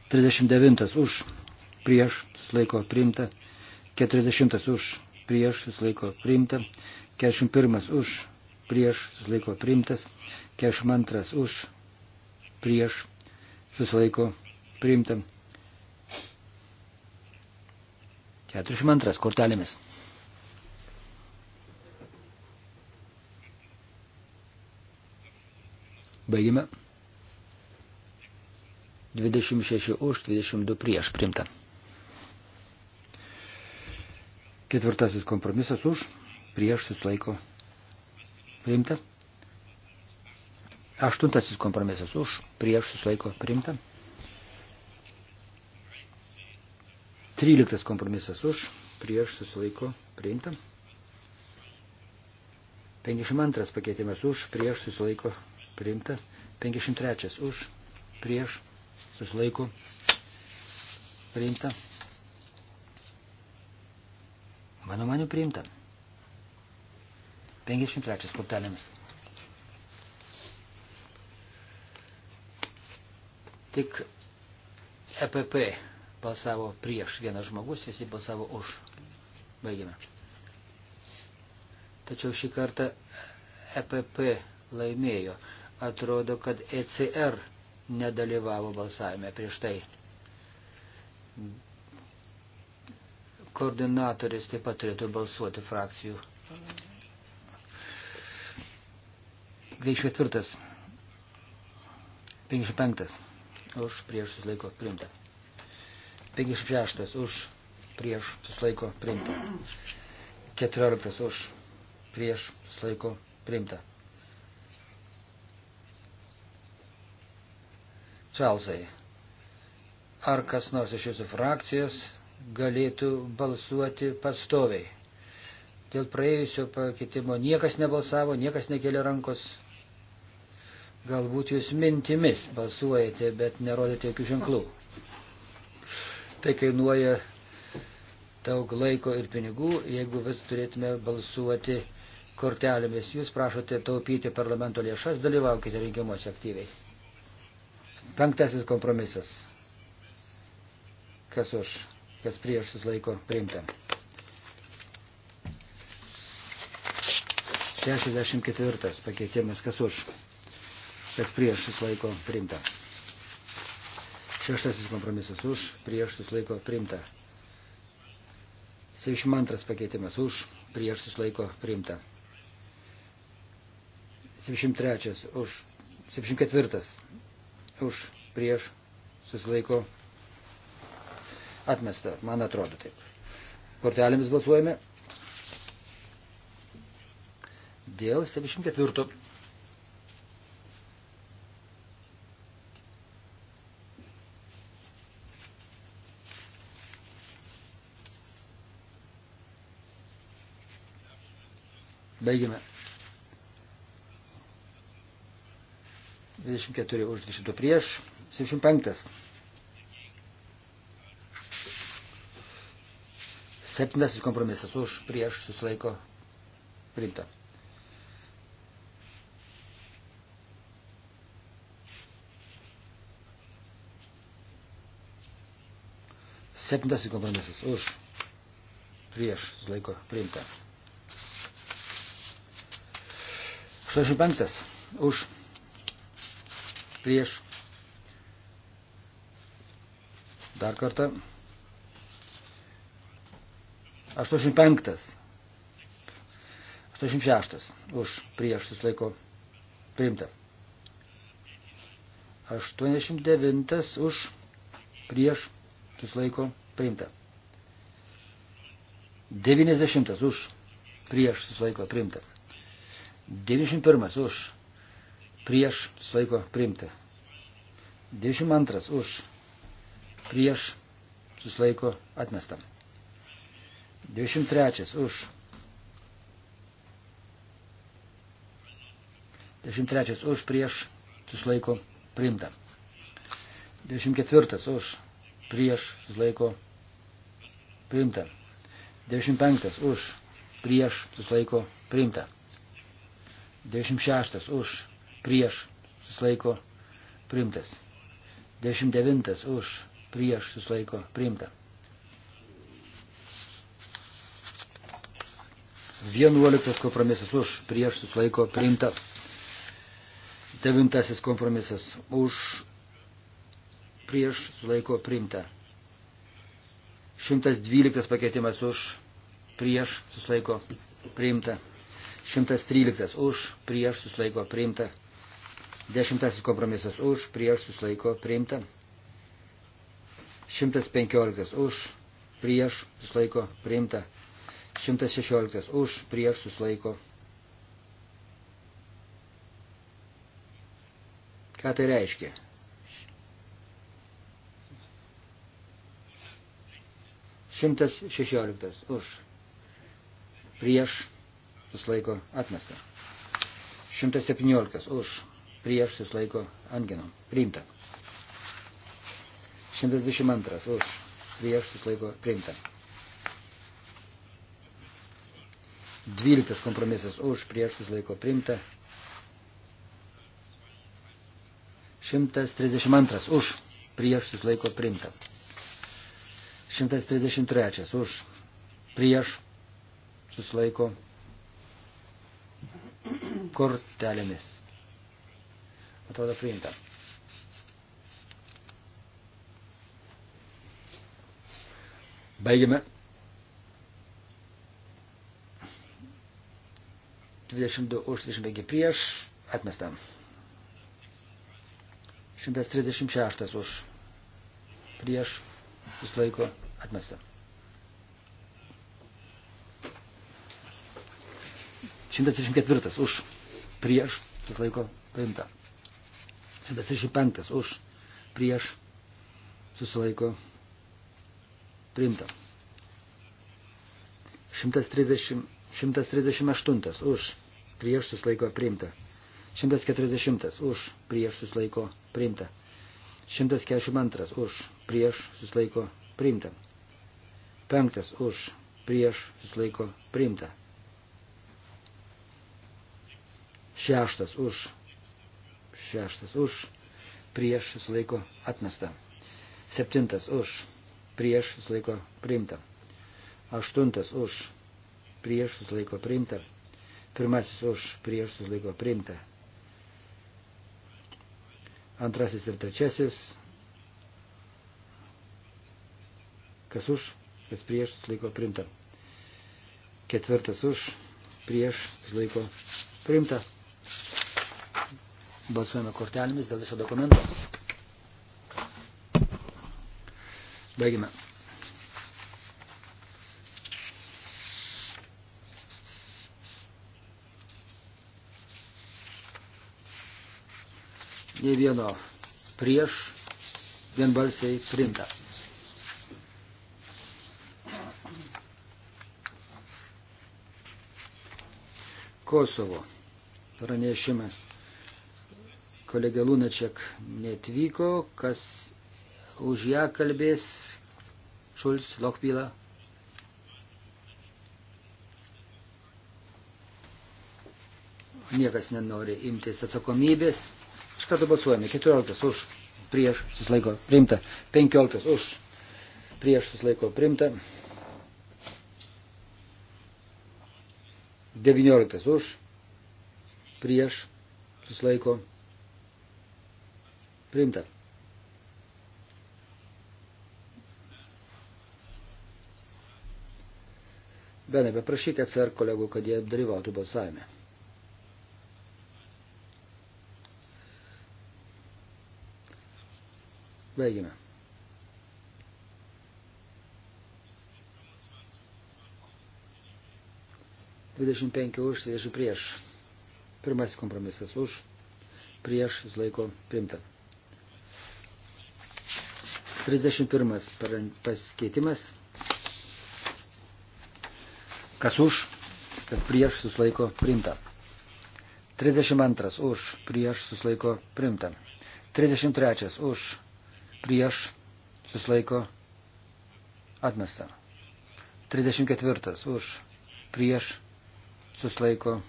39 už, prieš, susilaiko, priimta. 40 už, prieš susilaiko priimta, 41 už prieš susilaiko priimtas, 42 už prieš susilaiko priimta. 42 kortelėmis. Baigime. 26 už, 22 prieš primta. Ketvirtasis kompromisas už, prieš susilaiko priimta. Aštuntasis kompromisas už, prieš susilaiko priimta. Tryliktas kompromisas už, prieš susilaiko priimta. 52 pakeitimas už, prieš susilaiko priimta. 53 už, prieš susilaiko priimta. Mano manių priimta. 53 kortelėmis. Tik EPP balsavo prieš vienas žmogus, visi balsavo už. Baigėme. Tačiau šį kartą EPP laimėjo. Atrodo, kad ECR nedalyvavo balsavime prieš tai. Koordinatorius taip pat turėtų balsuoti frakcijų. Veiksvė tvirtas. 55. Už prieš susilaiko priimta. 56. Už prieš susilaiko priimta. 14. Už prieš susilaiko priimta. Čelzai. Ar kas nors iš jūsų frakcijos galėtų balsuoti pastoviai. Dėl praėjusio pakeitimo niekas nebalsavo, niekas nekelia rankos. Galbūt jūs mintimis balsuojate, bet nerodote jokių ženklų. Tai kainuoja daug laiko ir pinigų, jeigu vis turėtume balsuoti kortelėmis. Jūs prašote taupyti parlamento lėšas, dalyvaukite rinkimuose aktyviai. Penktasis kompromisas. Kas už? kas prieš susilaiko priimta. 64 pakeitimas, kas už, kas prieš susilaiko priimta. Šeštasis kompromisas už, prieš susilaiko priimta. 72 pakeitimas už, prieš susilaiko priimta. 73 už, 74 už, prieš susilaiko priimta Atmesta, man atrodo taip. Kortelėmis balsuojame. Dėl 74. Baigime. 24 už 22 prieš, 75. Septintasis kompromisas už prieš susilaiko priimta. Septintasis kompromisas už prieš susilaiko priimta. 85 už prieš dar kartą 85. 86. Už prieš susilaiko priimta. 89. Už prieš susilaiko priimta. 90. Už prieš susilaiko priimta. 91. Už prieš susilaiko priimta. 92. Už prieš susilaiko atmestam. 23 už. 23 už prieš susilaiko priimta. 24 už prieš susilaiko priimta. 95 už prieš susilaiko priimta. 96 už prieš susilaiko priimtas. 99 už prieš susilaiko priimta. 11 kompromisas už prieš susilaiko priimta. 9 kompromisas už prieš susilaiko priimta. 112 pakeitimas už prieš susilaiko priimta. 113 už prieš susilaiko priimta. 10 kompromisas už prieš susilaiko priimta. 115 už prieš susilaiko priimta. 116 už prieš susilaiko. Ką tai reiškia? 116 už. Prieš suslaiko atmesta. 117 už. Prieš suslaiko anginom. Priimta. 122 už. Prieš suslaiko priimta. Dvyliktas kompromisas už prieš susilaiko priimta. 132 už prieš susilaiko priimta. 133 už prieš susilaiko kortelėmis. Atrodo priimta. Baigiame 22 už 25 prieš atmestam. 136 už prieš vis laiko atmestam. 134 už prieš vis laiko paimta. 135 už prieš susilaiko priimta. 130 138 už prieš susilaiko priimta. 140 už prieš susilaiko priimta. 142 už prieš susilaiko priimta. 5 už prieš susilaiko priimta. 6 už 6 už prieš susilaiko atmesta. 7 už prieš susilaiko priimta. 8 už prieš susilaiko priimta. Pirmasis už prieš susilaiko priimta. Antrasis ir trečiasis. Kas už, kas prieš susilaiko priimta. Ketvirtas už prieš susilaiko priimta. Balsuojame kortelėmis dėl viso dokumento. Baigime. ne vieno prieš, vienbalsiai priimta. Kosovo pranešimas. Kolegė Lunačiak netvyko, kas už ją kalbės Šulc Lokpila. Niekas nenori imtis atsakomybės. Iš karto balsuojame. 14 už, prieš, susilaiko, priimta. 15 už, prieš, susilaiko, priimta. 19 už, prieš, susilaiko, priimta. Benai, paprašykite atsar kolegų, kad jie dalyvautų balsavime. Baigime. Dvidešimt penki už, dvidešimt prieš. Pirmasis kompromisas už, prieš, jis laiko primta. 31 pasikeitimas. Kas už, kas prieš suslaiko primta. 32 už, prieš suslaiko primta. 33 už, prieš susilaiko atmesta. 34 už prieš susilaiko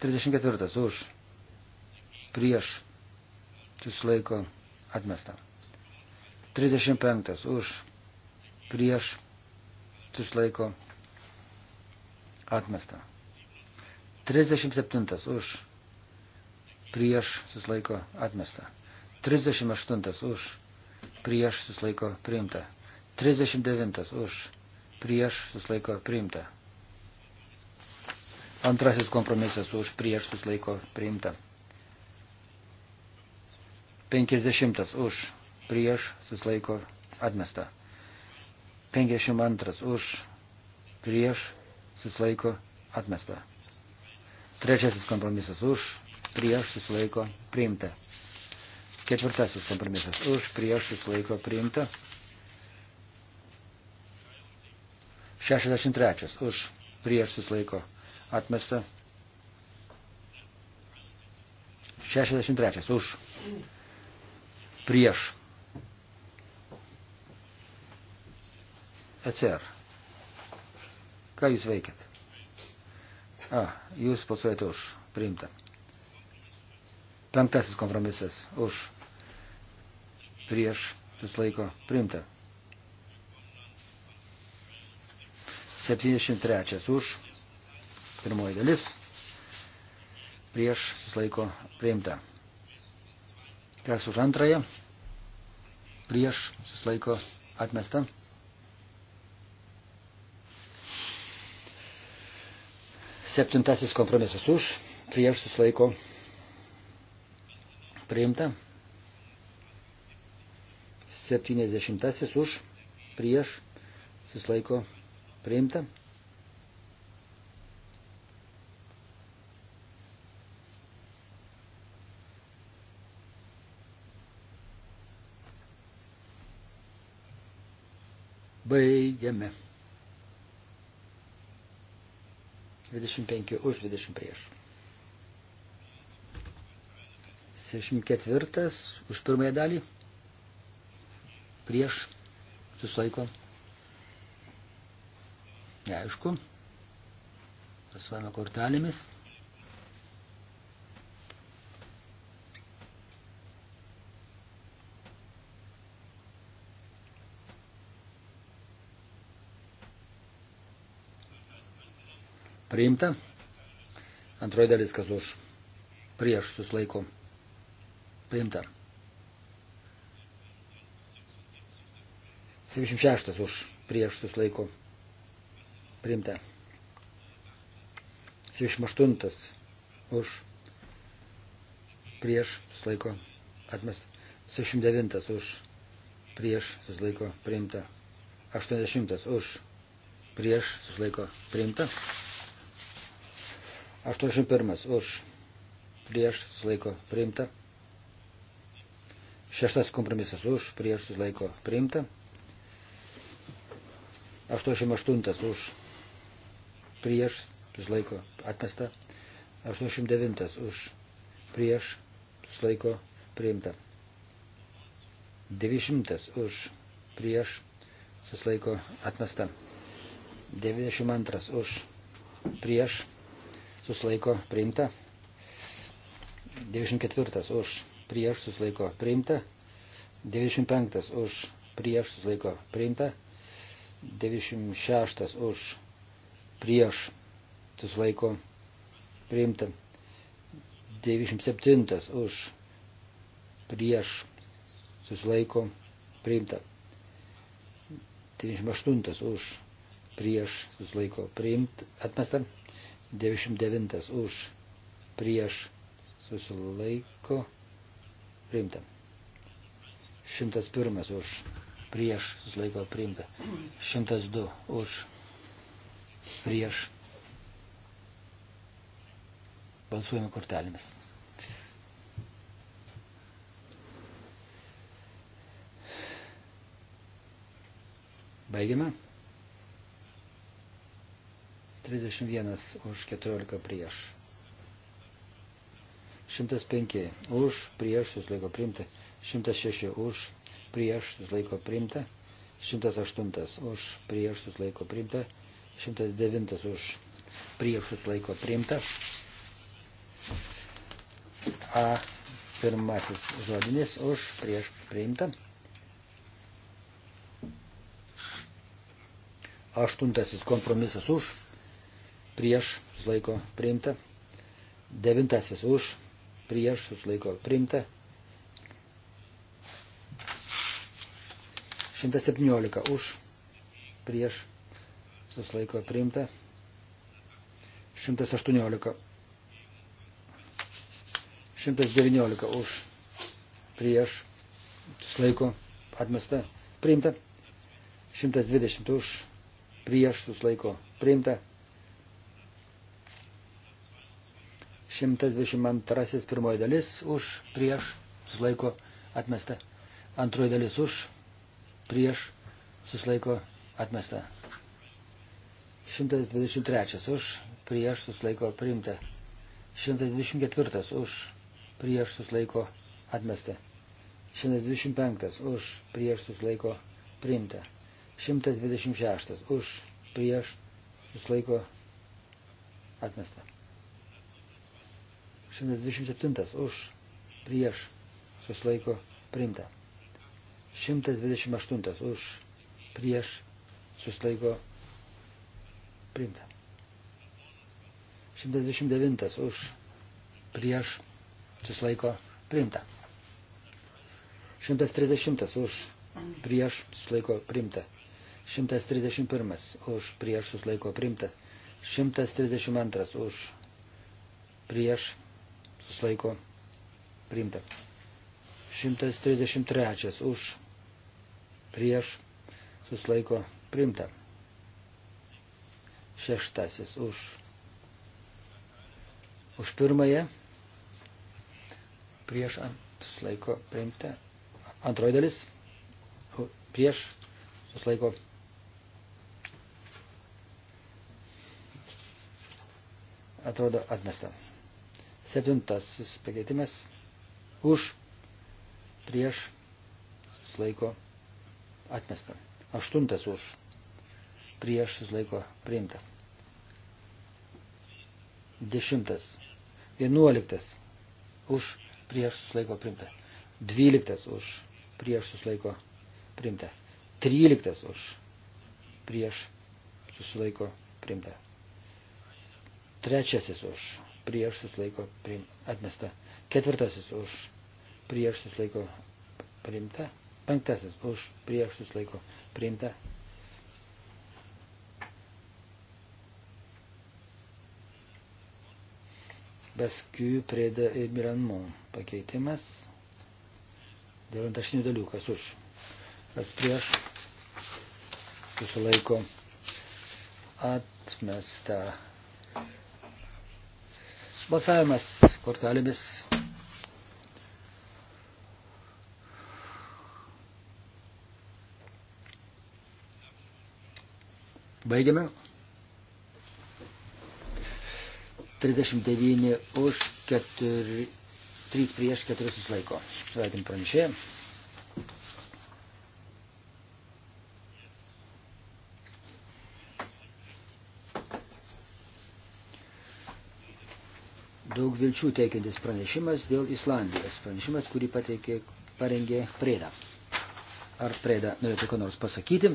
34 už prieš susilaiko atmesta. 35 už prieš susilaiko atmesta. 37 už prieš susilaiko atmesta. 38 už, prieš susilaiko priimta. 39 už, prieš susilaiko priimta. Antrasis kompromisas už, prieš susilaiko priimta. 50 už, prieš susilaiko atmesta. 52 už, prieš susilaiko atmesta. Trečiasis kompromisas už, prieš susilaiko priimta. Ketvirtasis kompromisas. Už prieš susilaiko priimta. 63. Už prieš susilaiko atmesta. 63. Už prieš. ECR. Ką jūs veikiat? A, jūs balsuojate už. Priimta. Penktasis kompromisas už prieš susilaiko priimta. 73 už pirmoji dalis prieš susilaiko priimta. Kas už antrąją prieš susilaiko atmesta. Septintasis kompromisas už prieš susilaiko priimta Priimta. 70 už, prieš, susilaiko, priimta. Baigiame. 25 už, 20 prieš. 64 už pirmąją dalį. Prieš susilaiko. Neaišku. Pasuojame kortelėmis. Priimta. Antroji dalis, kas už prieš susilaiko Priimta. 76 už prieš susilaiko. Priimta. 78 už prieš susilaiko. Atmest. 79 už prieš susilaiko. Priimta. 80 už prieš susilaiko. Priimta. 81 už prieš susilaiko. Priimta. Šeštas kompromisas už, prieš susilaiko priimta. 88 už, prieš susilaiko atmesta. 89 už, prieš susilaiko priimta. 900 už, prieš susilaiko atmesta. 92 už, prieš susilaiko priimta. 94 už, prieš susilaiko priimta, 95 už prieš susilaiko priimta, 96 už prieš susilaiko priimta, 97 už prieš susilaiko priimta, 98 už prieš susilaiko priimta, atmesta, 99 už prieš susilaiko priimta priimta. 101 už prieš laiko priimta. 102 už prieš. Balsuojame kortelėmis. Baigiame. 31 už 14 prieš. 105 už, prieš, susilaiko priimta. 106 už, prieš, susilaiko priimta. 108 už, prieš, susilaiko priimta. 109 už, prieš, susilaiko priimta. A pirmasis žodinis už, prieš, priimta. Aštuntasis kompromisas už, prieš, susilaiko priimta. Devintasis už, prieš susilaiko priimta. 117 už prieš susilaiko priimta. 118. 119 už prieš susilaiko atmesta priimta. 120 už prieš susilaiko priimta. 122 pirmoji dalis už prieš susilaiko atmesta. Antroji dalis už prieš susilaiko atmesta. 123 už prieš susilaiko priimta. 124 už prieš susilaiko atmesta. 125 už prieš susilaiko priimta. 126 už prieš susilaiko atmesta. 127 už prieš susilaiko priimta. 128 už prieš susilaiko priimta. 129 už prieš susilaiko priimta. 130 už prieš susilaiko priimta. 131 už prieš susilaiko priimta. 132 už prieš susilaiko priimta. 133 už prieš susilaiko priimta. Šeštasis už. Už pirmąją prieš ant susilaiko priimta. Antroji dalis prieš susilaiko priimta. atrodo atmesta. Septintasis pakeitimas už prieš laiko atmesta. Aštuntas už prieš laiko priimta. Dešimtas. Vienuoliktas už prieš laiko priimta. Dvyliktas už prieš laiko priimta. Tryliktas už prieš susilaiko priimta. Trečiasis už prieš susilaiko atmesta. Ketvirtasis už prieš susilaiko priimta. Penktasis už prieš susilaiko priimta. Bascu, Preda ir Miranmon pakeitimas. Dėl antrašinių dalių, kas už. Kas prieš. Susilaiko atmesta. Balsavimas kortelėmis. Baigiame. 39 už 4, 3 prieš 4 susilaiko. Sveikint pranešėjai. daug vilčių teikiantis pranešimas dėl Islandijos. Pranešimas, kurį pateikė, parengė Preda. Ar Preda norėtų ką nors pasakyti?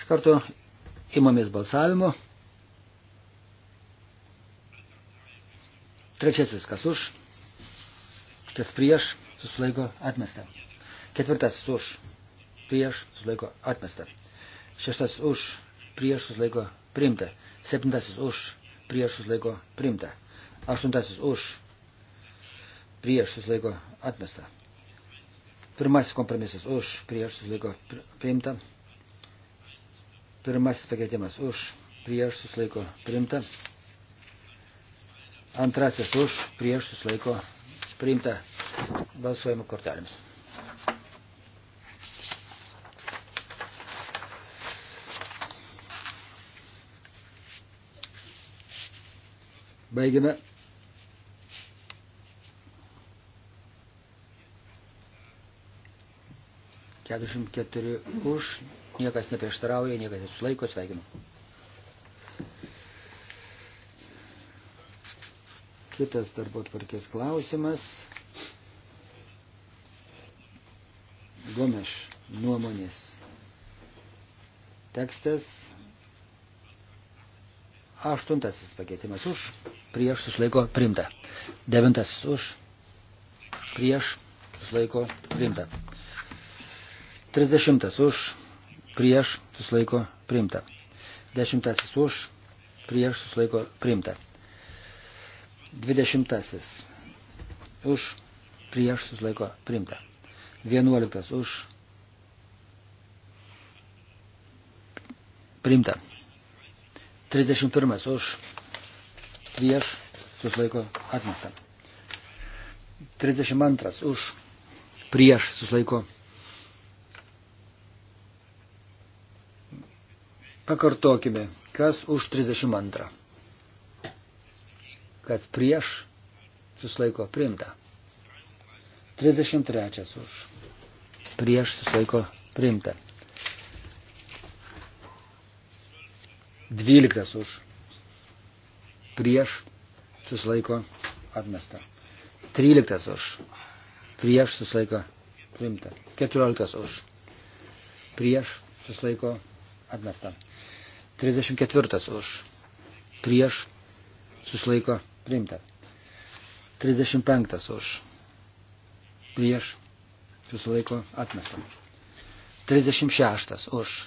Iš karto imamės balsavimo. Trečiasis, kas už, kas prieš, susilaiko atmestą. Ketvirtas už, prieš, susilaiko atmestą. Šeštas už, prieš susilaiko primta. Septintasis už prieš susilaiko primta. Aštuntasis už prieš susilaiko atmesta. Pirmasis kompromisas už prieš susilaiko primta. Pirmasis pakeitimas už prieš susilaiko primta. Antrasis už prieš susilaiko primta balsuojimo kortelėms. Baigiame. Keturiasdešimt keturi už, niekas neprieštarauja, niekas nesulaiko, sveikinu. Kitas darbo tvarkės klausimas. Gomeš nuomonės tekstas Aštuntasis pakeitimas už, prieš susilaiko primta. Devintasis už, prieš susilaiko primta. Trisdešimtas už, prieš susilaiko primta. Dešimtasis už, prieš susilaiko primta. Dvidešimtasis už, prieš susilaiko primta. Vienuoliktas už, primta. 31 už prieš susilaiko atmesta. 32 už prieš susilaiko. Pakartokime, kas už 32. Kas prieš susilaiko priimta. 33 už prieš susilaiko priimta. Dvyliktas už. Prieš susilaiko atmesta. Tryliktas už. Prieš susilaiko priimta. Keturioliktas už. Prieš susilaiko atmesta. Trisdešimt ketvirtas už. Prieš susilaiko priimta. Trisdešimt penktas už. Prieš susilaiko atmesta. Trisdešimt šeštas už.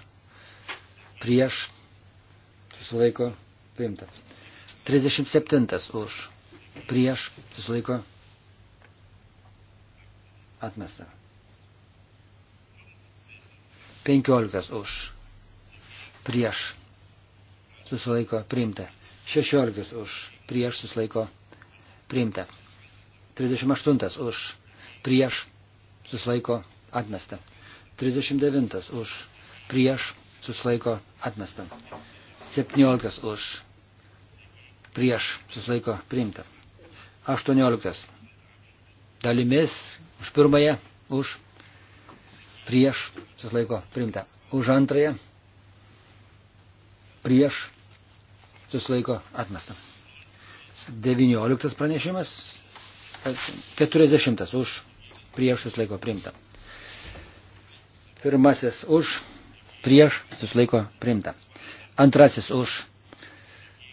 Prieš susilaiko priimta. 37 už prieš susilaiko atmesta. 15 už prieš susilaiko priimta. 16 už prieš susilaiko priimta. 38 už prieš susilaiko atmesta. 39 už prieš susilaiko atmesta. 17 už prieš susilaiko priimta. 18 dalimis už pirmąją, už prieš susilaiko priimta. Už antrąją prieš susilaiko atmesta. 19 pranešimas, 40 už prieš susilaiko priimta. Pirmasis už prieš susilaiko priimta. Antrasis už.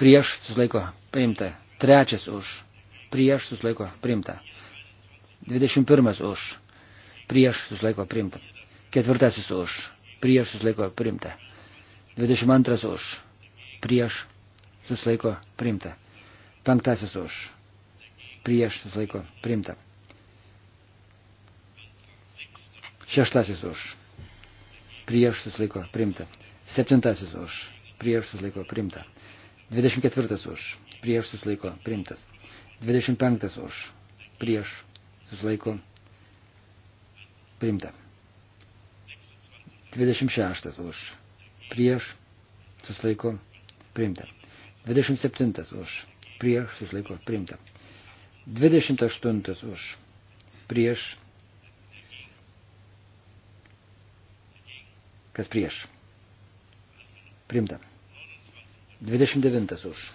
Prieš susilaiko priimta. Trečias už. Prieš susilaiko priimta. 21 už. Prieš susilaiko priimta. Ketvirtasis už. Prieš susilaiko priimta. 22 už. Prieš susilaiko priimta. Penktasis už. Prieš susilaiko priimta. Šeštasis už. Prieš susilaiko priimta. Septintasis už prieš susilaiko primta. 24 už, prieš susilaiko primtas. 25 už, prieš susilaiko primta. 26 už, prieš susilaiko primta. 27 už, prieš susilaiko primta. 28 už, prieš kas prieš. Primta. 29 už.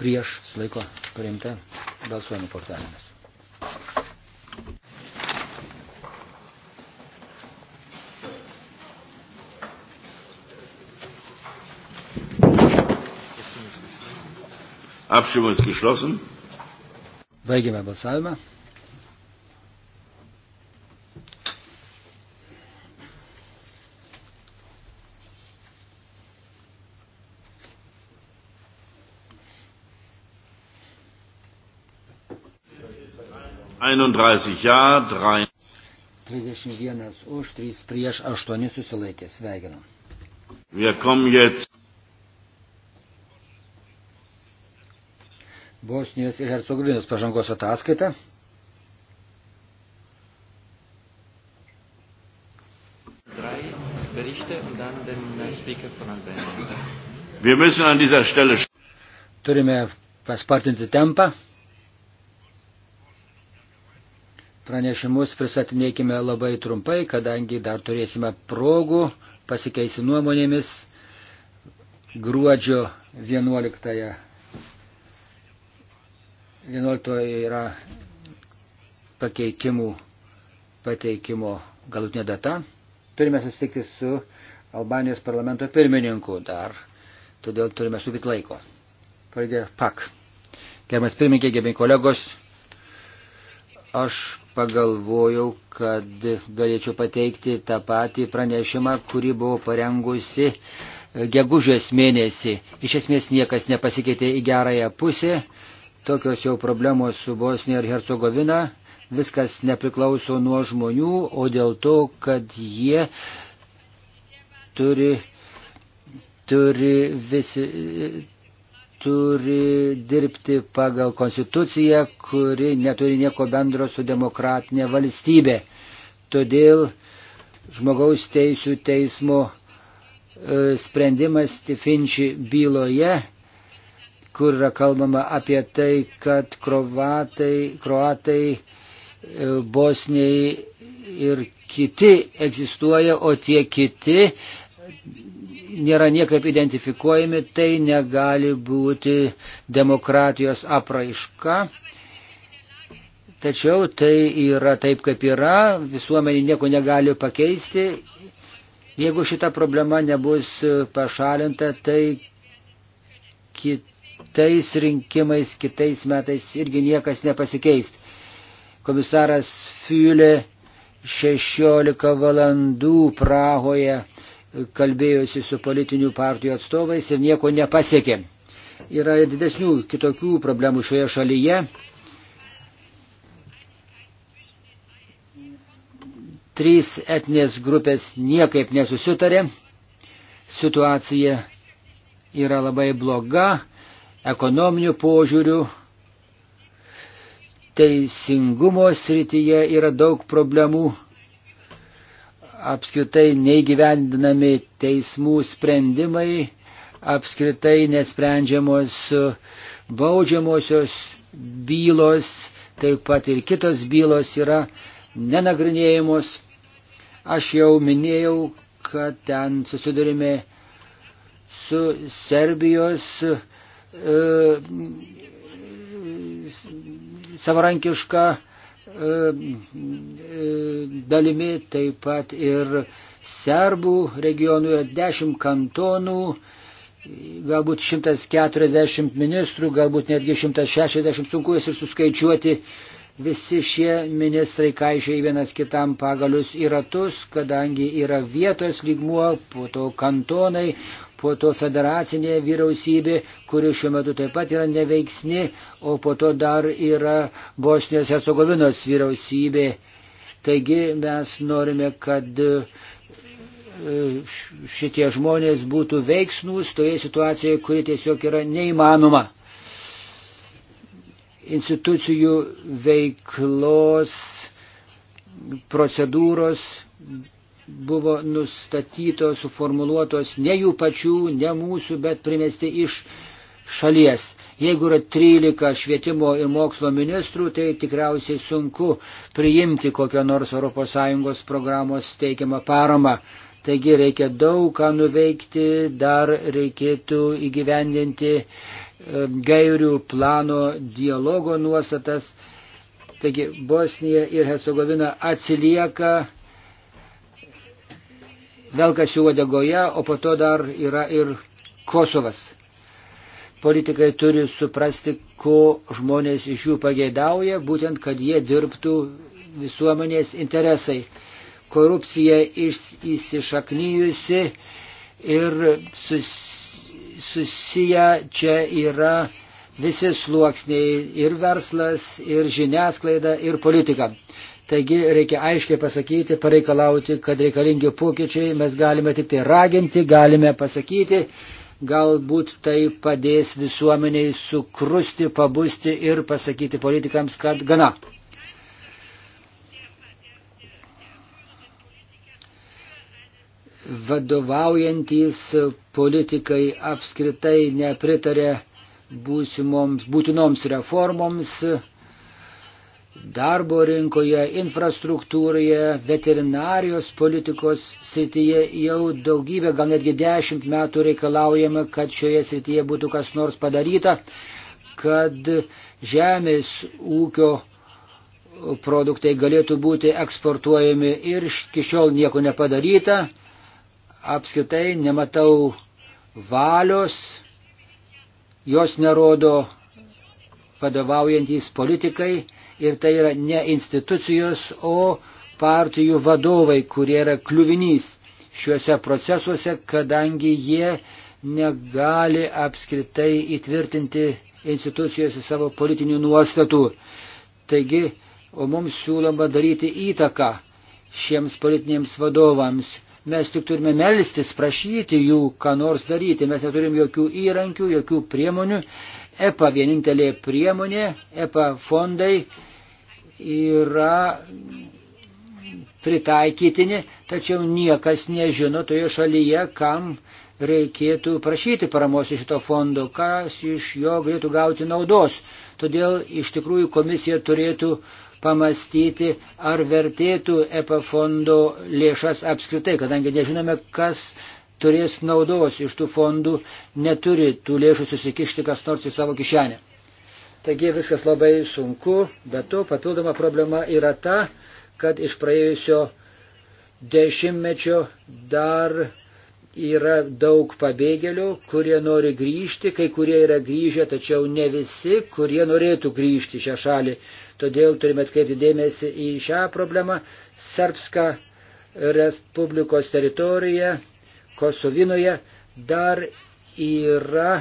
Prieš sulaiko priimta balsuojimų portalinas. Abstimmung ist geschlossen. Baigėme balsavimą. 31 ja, 3. 31 už, 3 prieš, 8 susilaikė. Sveikinam. Wir kommen jetzt. Bosnijos ir Hercegovinos pažangos ataskaita. Äh, Wir müssen an dieser Stelle. Turime paspartinti tempą. Pranešimus pristatinėkime labai trumpai, kadangi dar turėsime progų pasikeisi nuomonėmis gruodžio 11. -ąją. 11 -ąją yra pakeitimų pateikimo galutinė data. Turime susitikti su Albanijos parlamento pirmininku dar, todėl turime subit laiko. Kolegė Pak. Gerbiamas pirmininkė, gerbiami kolegos, aš pagalvojau, kad galėčiau pateikti tą patį pranešimą, kurį buvau parengusi gegužės mėnesį. Iš esmės niekas nepasikeitė į gerąją pusę, tokios jau problemos su Bosnija ir Hercegovina, viskas nepriklauso nuo žmonių, o dėl to, kad jie turi, turi visi turi dirbti pagal konstituciją, kuri neturi nieko bendro su demokratinė valstybė. Todėl žmogaus teisų teismo e, sprendimas Finči byloje, kur yra kalbama apie tai, kad kroatai, kroatai e, bosniai ir kiti egzistuoja, o tie kiti nėra niekaip identifikuojami, tai negali būti demokratijos apraiška. Tačiau tai yra taip, kaip yra, visuomenė nieko negali pakeisti. Jeigu šita problema nebus pašalinta, tai kitais rinkimais, kitais metais irgi niekas nepasikeist. Komisaras Fiulė 16 valandų Prahoje kalbėjosi su politinių partijų atstovais ir nieko nepasiekė. Yra ir didesnių kitokių problemų šioje šalyje. Trys etinės grupės niekaip nesusitarė. Situacija yra labai bloga ekonominių požiūrių. Teisingumo srityje yra daug problemų apskritai neįgyvendinami teismų sprendimai, apskritai nesprendžiamos baudžiamosios bylos, taip pat ir kitos bylos yra nenagrinėjamos. Aš jau minėjau, kad ten susidurime su Serbijos e, savarankiška dalimi, taip pat ir serbų regionų yra 10 kantonų, galbūt 140 ministrų, galbūt netgi 160, sunku jas ir suskaičiuoti. Visi šie ministrai kaišiai vienas kitam pagalius į ratus, kadangi yra vietos lygmuo, po to kantonai, po to federacinė vyriausybė, kuri šiuo metu taip pat yra neveiksni, o po to dar yra Bosnijos Hercegovinos vyriausybė. Taigi mes norime, kad e, šitie žmonės būtų veiksnūs toje situacijoje, kuri tiesiog yra neįmanoma. Institucijų veiklos procedūros buvo nustatytos, suformuluotos ne jų pačių, ne mūsų, bet primesti iš šalies. Jeigu yra 13 švietimo ir mokslo ministrų, tai tikriausiai sunku priimti kokią nors ES programos teikiamą paramą. Taigi reikia daug ką nuveikti, dar reikėtų įgyvendinti e, gairių plano dialogo nuostatas. Taigi Bosnija ir Hercegovina atsilieka velkasi uodegoje, o po to dar yra ir Kosovas. Politikai turi suprasti, ko žmonės iš jų pageidauja, būtent, kad jie dirbtų visuomenės interesai. Korupcija įsišaknyjusi ir sus, susiję čia yra visi sluoksniai ir verslas, ir žiniasklaida, ir politika. Taigi reikia aiškiai pasakyti, pareikalauti, kad reikalingi pokyčiai, mes galime tik tai raginti, galime pasakyti, galbūt tai padės visuomeniai sukrusti, pabusti ir pasakyti politikams, kad gana. Vadovaujantis politikai apskritai nepritarė būsimoms, būtinoms reformoms, darbo rinkoje, infrastruktūroje, veterinarijos politikos srityje jau daugybę, gal netgi dešimt metų reikalaujama, kad šioje srityje būtų kas nors padaryta, kad žemės ūkio produktai galėtų būti eksportuojami ir iki šiol nieko nepadaryta. Apskritai nematau valios, jos nerodo vadovaujantys politikai ir tai yra ne institucijos, o partijų vadovai, kurie yra kliuvinys šiuose procesuose, kadangi jie negali apskritai įtvirtinti institucijose savo politinių nuostatų. Taigi, o mums siūloma daryti įtaką šiems politiniams vadovams. Mes tik turime melstis, prašyti jų, ką nors daryti. Mes neturim jokių įrankių, jokių priemonių. EPA vienintelė priemonė, EPA fondai yra pritaikytini, tačiau niekas nežino toje šalyje, kam reikėtų prašyti paramos iš šito fondo, kas iš jo galėtų gauti naudos. Todėl iš tikrųjų komisija turėtų pamastyti, ar vertėtų EPA fondo lėšas apskritai, kadangi nežinome, kas turės naudos iš tų fondų, neturi tų lėšų susikišti kas nors į savo kišenę. Taigi viskas labai sunku, bet to papildoma problema yra ta, kad iš praėjusio dešimtmečio dar yra daug pabėgėlių, kurie nori grįžti, kai kurie yra grįžę, tačiau ne visi, kurie norėtų grįžti šią šalį. Todėl turime atkreipti dėmesį į šią problemą. Serbska Respublikos teritorija, Kosovinoje dar yra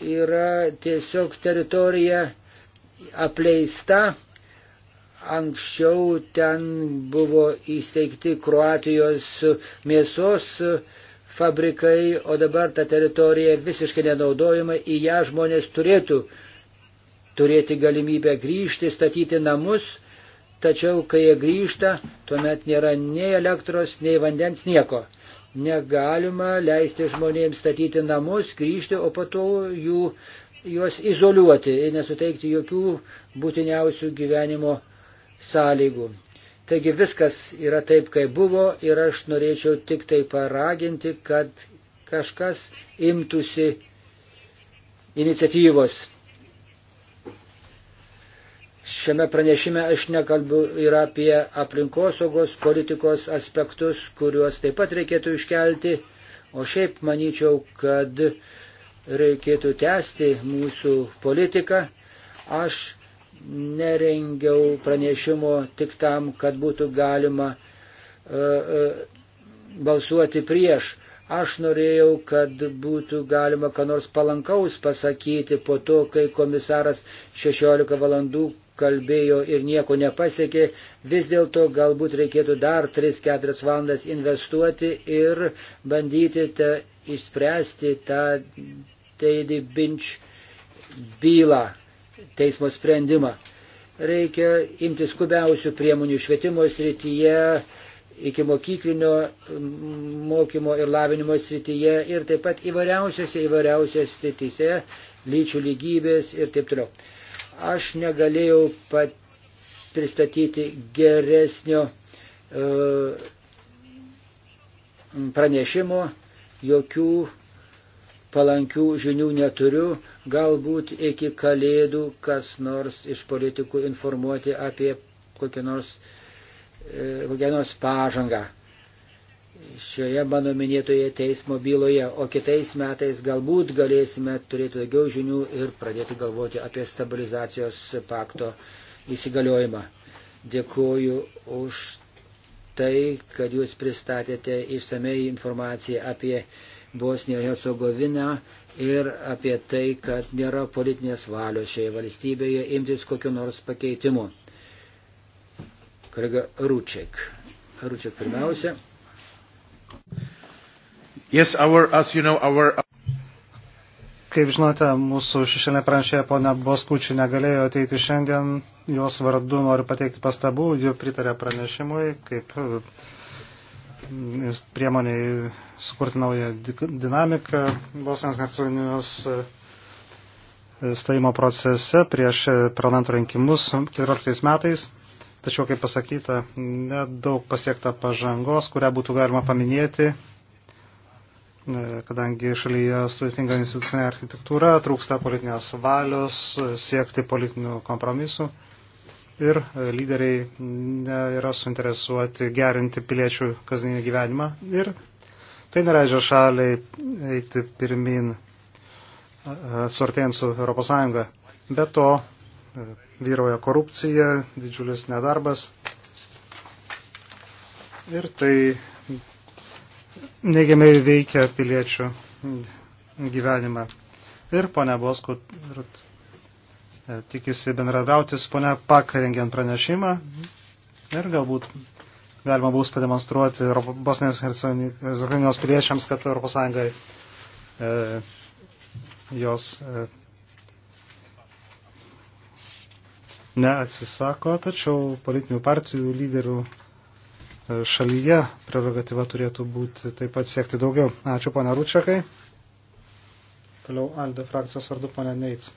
yra tiesiog teritorija apleista. Anksčiau ten buvo įsteigti Kroatijos mėsos fabrikai, o dabar ta teritorija visiškai nenaudojama, į ją žmonės turėtų turėti galimybę grįžti, statyti namus, tačiau kai jie grįžta, tuomet nėra nei elektros, nei vandens, nieko. Negalima leisti žmonėms statyti namus, grįžti, o po to jų, juos izoliuoti ir nesuteikti jokių būtiniausių gyvenimo sąlygų. Taigi viskas yra taip, kaip buvo ir aš norėčiau tik tai paraginti, kad kažkas imtųsi iniciatyvos Šiame pranešime aš nekalbu ir apie aplinkosaugos politikos aspektus, kuriuos taip pat reikėtų iškelti, o šiaip manyčiau, kad reikėtų tęsti mūsų politiką. Aš nerengiau pranešimo tik tam, kad būtų galima uh, uh, balsuoti prieš. Aš norėjau, kad būtų galima ką nors palankaus pasakyti po to, kai komisaras 16 valandų kalbėjo ir nieko nepasiekė, vis dėlto galbūt reikėtų dar 3-4 valandas investuoti ir bandyti te, išspręsti tą Teidi Binč bylą, teismo sprendimą. Reikia imti skubiausių priemonių švietimo srityje, iki mokyklinio mokymo ir lavinimo srityje ir taip pat įvairiausiose įvairiausiose srityse, lyčių lygybės ir taip toliau. Aš negalėjau pat pristatyti geresnio e, pranešimo, jokių palankių žinių neturiu, galbūt iki kalėdų kas nors iš politikų informuoti apie kokią nors, e, kokią nors pažangą šioje mano minėtoje teismo byloje, o kitais metais galbūt galėsime turėti daugiau žinių ir pradėti galvoti apie stabilizacijos pakto įsigaliojimą. Dėkuoju už tai, kad jūs pristatėte išsamei informaciją apie Bosniją Hercegoviną ir apie tai, kad nėra politinės valios šioje valstybėje imtis kokiu nors pakeitimu. Kolega Rūčiak. Rūčiak pirmiausia. Yes, our, as you know, our... Kaip žinote, mūsų šešėlė pranešėja ponia Boskučių negalėjo ateiti šiandien. Jos vardu noriu pateikti pastabų, jų pritarė pranešimui, kaip mm, priemoniai sukurti naują dinamiką Bosnijos Hercegovinijos e, stojimo procese prieš e, parlamento rinkimus 14 metais. Tačiau, kaip pasakyta, nedaug pasiekta pažangos, kurią būtų galima paminėti E, kadangi šalyje sudėtinga institucinė architektūra, trūksta politinės valios e, siekti politinių kompromisų ir e, lyderiai mm, yra suinteresuoti gerinti piliečių kasdienį gyvenimą ir tai neleidžia šaliai eiti pirmin suartėjant su ES. Be to vyrauja korupcija, didžiulis nedarbas ir tai neigiamai veikia piliečių gyvenimą. Ir ponia Bosku e, tikisi bendradarbiauti su ponia Pak rengiant pranešimą ir galbūt galima bus pademonstruoti Bosnijos Hercegovinos piliečiams, kad Europos Sąjungai e, jos e, neatsisako, tačiau politinių partijų lyderių šalyje prerogatyva turėtų būti taip pat siekti daugiau. Ačiū, ponia Rūčiakai. Toliau Alde frakcijos vardu, ponia Neits.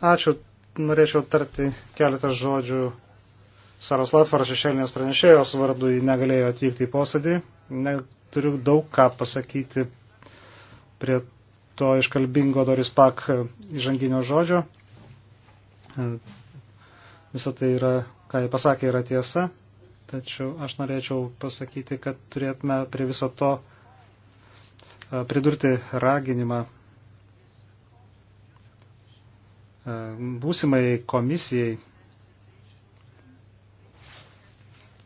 Ačiū. Norėčiau tarti keletą žodžių. Saros Latvaras šešėlinės pranešėjos vardu negalėjo atvykti į posėdį. Neturiu daug ką pasakyti prie to iškalbingo Doris Pak įžanginio žodžio. Visą tai yra, ką jie pasakė, yra tiesa. Tačiau aš norėčiau pasakyti, kad turėtume prie viso to e, pridurti raginimą e, būsimai komisijai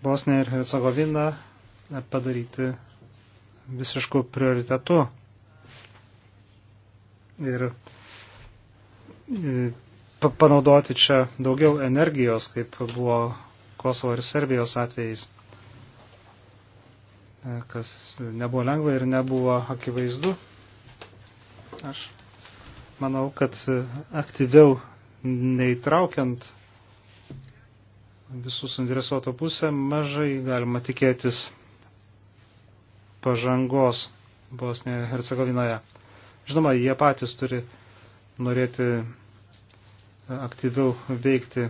Bosnija ir Hercegovina padaryti visiškų prioritetų. Ir e, panaudoti čia daugiau energijos, kaip buvo Kosovo ir Serbijos atvejais, e, kas nebuvo lengva ir nebuvo akivaizdu. Aš manau, kad e, aktyviau neįtraukiant visų suinteresuoto pusę mažai galima tikėtis pažangos Bosnijoje Hercegovinoje. Žinoma, jie patys turi norėti e, aktyviau veikti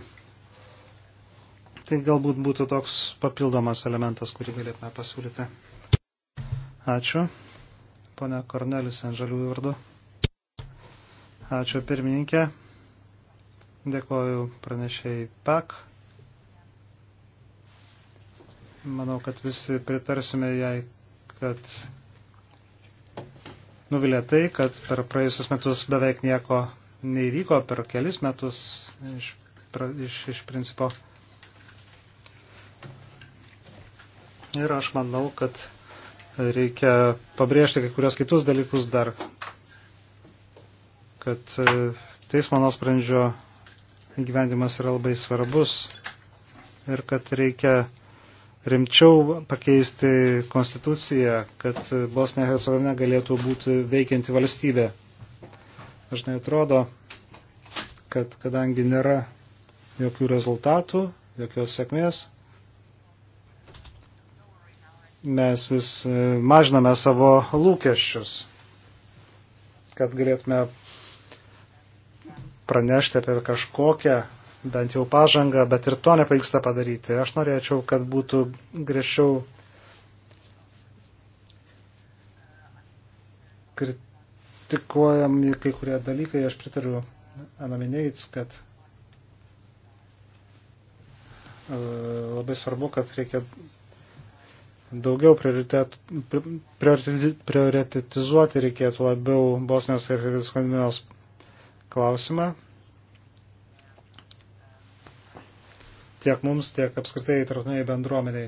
Tai galbūt būtų toks papildomas elementas, kurį galėtume pasiūlyti. Ačiū. Pone Kornelis Anžaliųjų vardu. Ačiū pirmininkė. Dėkoju pranešėjai PAK. Manau, kad visi pritarsime jai, kad nuvilė tai, kad per praėjusius metus beveik nieko neįvyko, per kelis metus iš, iš, iš principo Ir aš manau, kad reikia pabrėžti kai kurios kitus dalykus dar, kad e, teismo nusprendžio įgyvendimas yra labai svarbus ir kad reikia rimčiau pakeisti konstituciją, kad Bosnija Hercegovina galėtų būti veikianti valstybė. Dažnai atrodo, kad kadangi nėra jokių rezultatų, jokios sėkmės, mes vis e, mažiname savo lūkesčius, kad galėtume pranešti apie kažkokią bent jau pažangą, bet ir to nepavyksta padaryti. Aš norėčiau, kad būtų griežčiau kritikuojami kai kurie dalykai. Aš pritariu Anaminėjits, kad e, labai svarbu, kad reikia daugiau prioritetizuoti reikėtų labiau Bosnijos ir Hercegovinos klausimą. Tiek mums, tiek apskritai tarptautiniai bendruomeniai.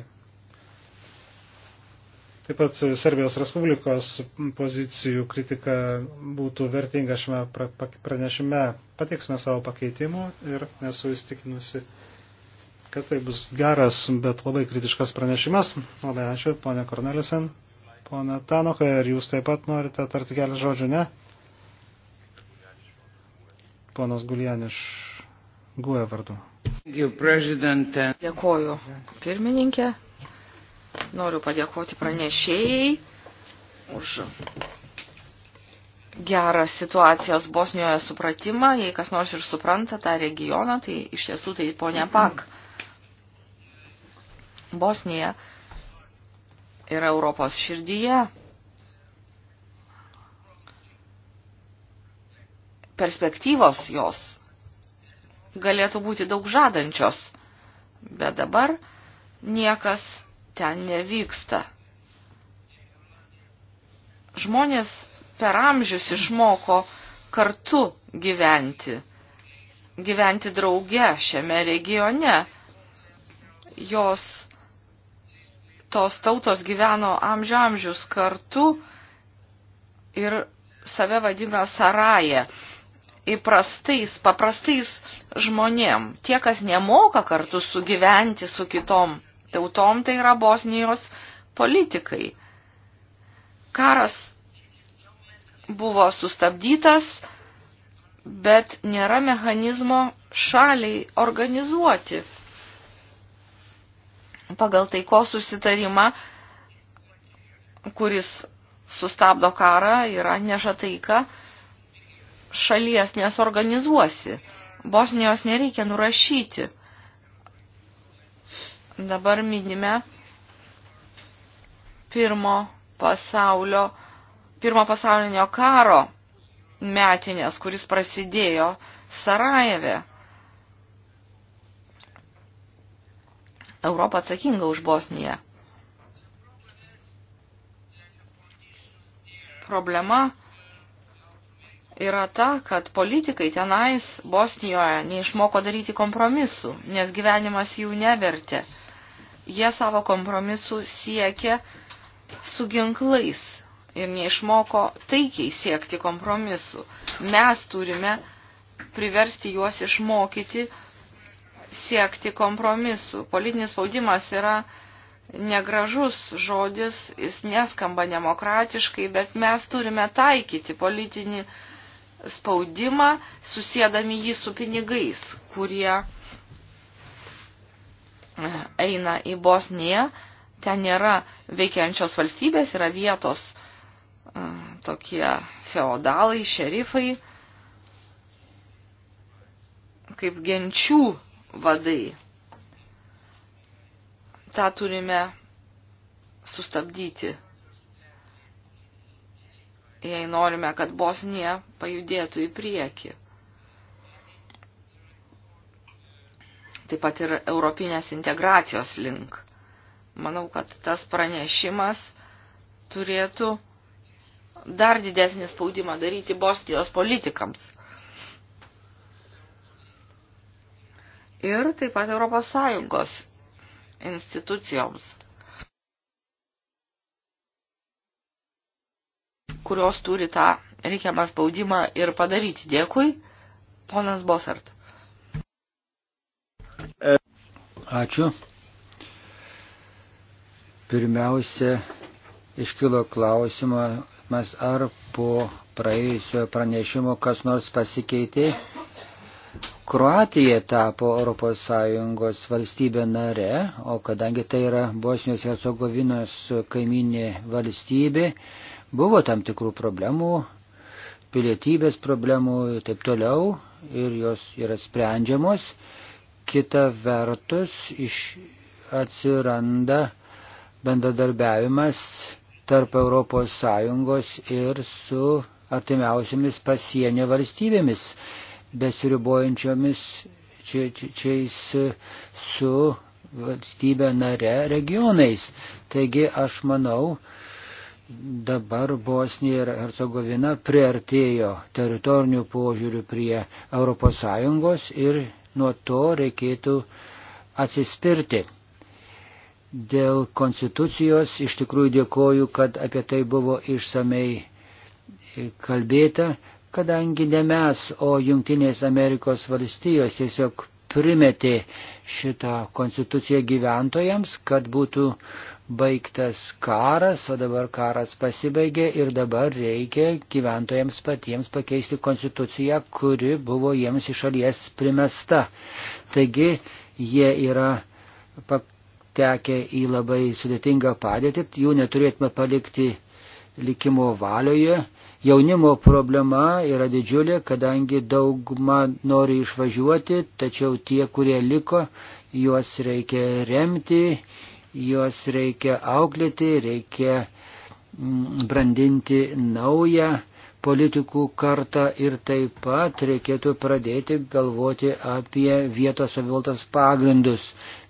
Taip pat Serbijos Respublikos pozicijų kritika būtų vertinga šiame pranešime. Pateiksime savo pakeitimų ir esu įstikinusi kad tai bus geras, bet labai kritiškas pranešimas. Labai ačiū, ponė Kornelisen. Pone Tanoka, ar jūs taip pat norite tarti kelią žodžių, ne? Ponas Gulianiš, Guė e vardu. Dėkoju, pirmininkė. Noriu padėkoti pranešėjai už gerą situacijos Bosnijoje supratimą. Jei kas nors ir supranta tą regioną, tai iš tiesų tai ponia Pak. Mm -hmm. Bosnija yra Europos širdyje. Perspektyvos jos galėtų būti daug žadančios, bet dabar niekas ten nevyksta. Žmonės per amžius išmoko kartu gyventi, gyventi drauge šiame regione. Jos tos tautos gyveno amžių amžius kartu ir save vadina saraje įprastais, paprastais žmonėm. Tie, kas nemoka kartu sugyventi su kitom tautom, tai yra Bosnijos politikai. Karas buvo sustabdytas, bet nėra mechanizmo šaliai organizuoti pagal taiko susitarimą, kuris sustabdo karą ir atneša taiką, šalies nesorganizuosi. Bosnijos nereikia nurašyti. Dabar minime pirmo pasaulio, pirmo pasaulinio karo metinės, kuris prasidėjo Sarajeve. Europą atsakingą už Bosniją. Problema yra ta, kad politikai tenais Bosnijoje neišmoko daryti kompromisų, nes gyvenimas jų nevertė. Jie savo kompromisų siekia su ginklais ir neišmoko taikiai siekti kompromisų. Mes turime priversti juos išmokyti siekti kompromisų. Politinis spaudimas yra negražus žodis, jis neskamba demokratiškai, bet mes turime taikyti politinį spaudimą, susėdami jį su pinigais, kurie eina į Bosniją. Ten nėra veikiančios valstybės, yra vietos e, tokie feodalai, šerifai, kaip genčių vadai. Ta turime sustabdyti, jei norime, kad Bosnija pajudėtų į priekį. Taip pat ir europinės integracijos link. Manau, kad tas pranešimas turėtų dar didesnį spaudimą daryti Bosnijos politikams. ir taip pat Europos Sąjungos institucijoms, kurios turi tą reikiamą spaudimą ir padaryti. Dėkui, ponas Bosart. Ačiū. Pirmiausia, iškilo klausimas, ar po praėjusio pranešimo kas nors pasikeitė Kroatija tapo ES valstybė nare, o kadangi tai yra Bosnijos Hercegovinos kaiminė valstybė, buvo tam tikrų problemų, pilietybės problemų ir taip toliau, ir jos yra sprendžiamos. Kita vertus, iš atsiranda bendradarbiavimas tarp ES ir su artimiausiamis pasienio valstybėmis besiribojančiomis čiais su valstybė nare regionais. Taigi aš manau, dabar Bosnija ir Hercegovina priartėjo teritorinių požiūrių prie ES ir nuo to reikėtų atsispirti. Dėl konstitucijos iš tikrųjų dėkoju, kad apie tai buvo išsamei kalbėta kadangi ne mes, o Junktinės Amerikos valstijos tiesiog primetė šitą konstituciją gyventojams, kad būtų baigtas karas, o dabar karas pasibaigė ir dabar reikia gyventojams patiems pakeisti konstituciją, kuri buvo jiems iš šalies primesta. Taigi jie yra patekę į labai sudėtingą padėtį, jų neturėtume palikti likimo valioje Jaunimo problema yra didžiulė, kadangi daugma nori išvažiuoti, tačiau tie, kurie liko, juos reikia remti, juos reikia auklėti, reikia mm, brandinti naują politikų kartą ir taip pat reikėtų pradėti galvoti apie vietos savivaldos pagrindus.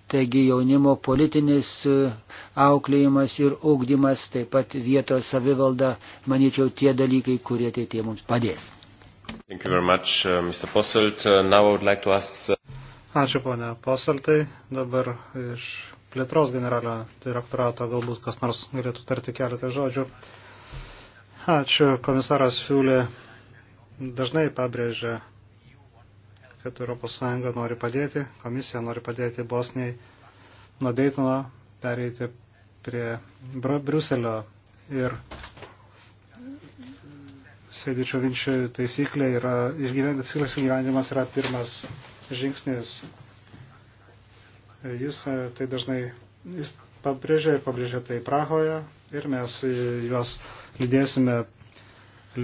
Taigi jaunimo politinis e, auklėjimas ir ugdymas, taip pat vietos savivalda, manyčiau, tie dalykai, kurie ateitie mums padės. Much, uh, uh like ask... Uh, Ačiū, ponia Poseltai. Dabar iš plėtros generalinio direktorato galbūt kas nors galėtų tarti keletą žodžių. Ačiū, komisaras Fiulė dažnai pabrėžia kad ES nori padėti, komisija nori padėti Bosniai nuo Daytono pereiti prie Briuselio ir sėdičio vinčių taisyklė yra, taisyklės įgyvendimas yra pirmas žingsnis. Jis e, tai dažnai jis pabrėžia ir pabrėžia tai Prahoje ir mes juos lydėsime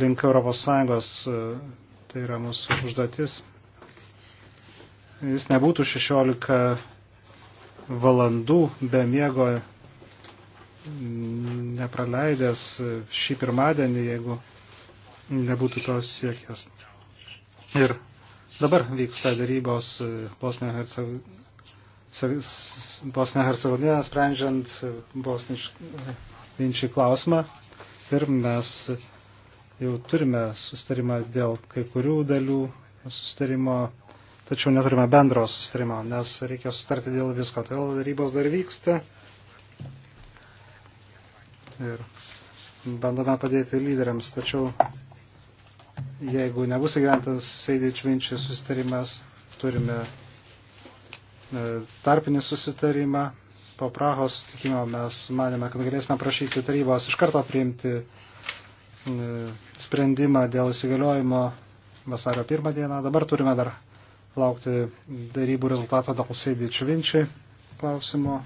link Europos Sąjungos. E, tai yra mūsų užduotis jis nebūtų 16 valandų be miego nepraleidęs šį pirmadienį, jeigu nebūtų tos siekęs. Ir dabar vyksta darybos Bosnė-Hercegovina, sprendžiant Bosniškai klausimą. Ir mes jau turime sustarimą dėl kai kurių dalių sustarimo tačiau neturime bendro sustarimo, nes reikia sustarti dėl visko. Todėl darybos dar vyksta ir bandome padėti lyderiams, tačiau jeigu nebus įgyventas Seidič Vinčių susitarimas, turime e, tarpinį susitarimą. Po Prahos sutikimo mes manėme, kad galėsime prašyti tarybos iš karto priimti e, sprendimą dėl įsigaliojimo vasario pirmą dieną. Dabar turime dar laukti darybų rezultato dėl Sėdič Vinčiai klausimo.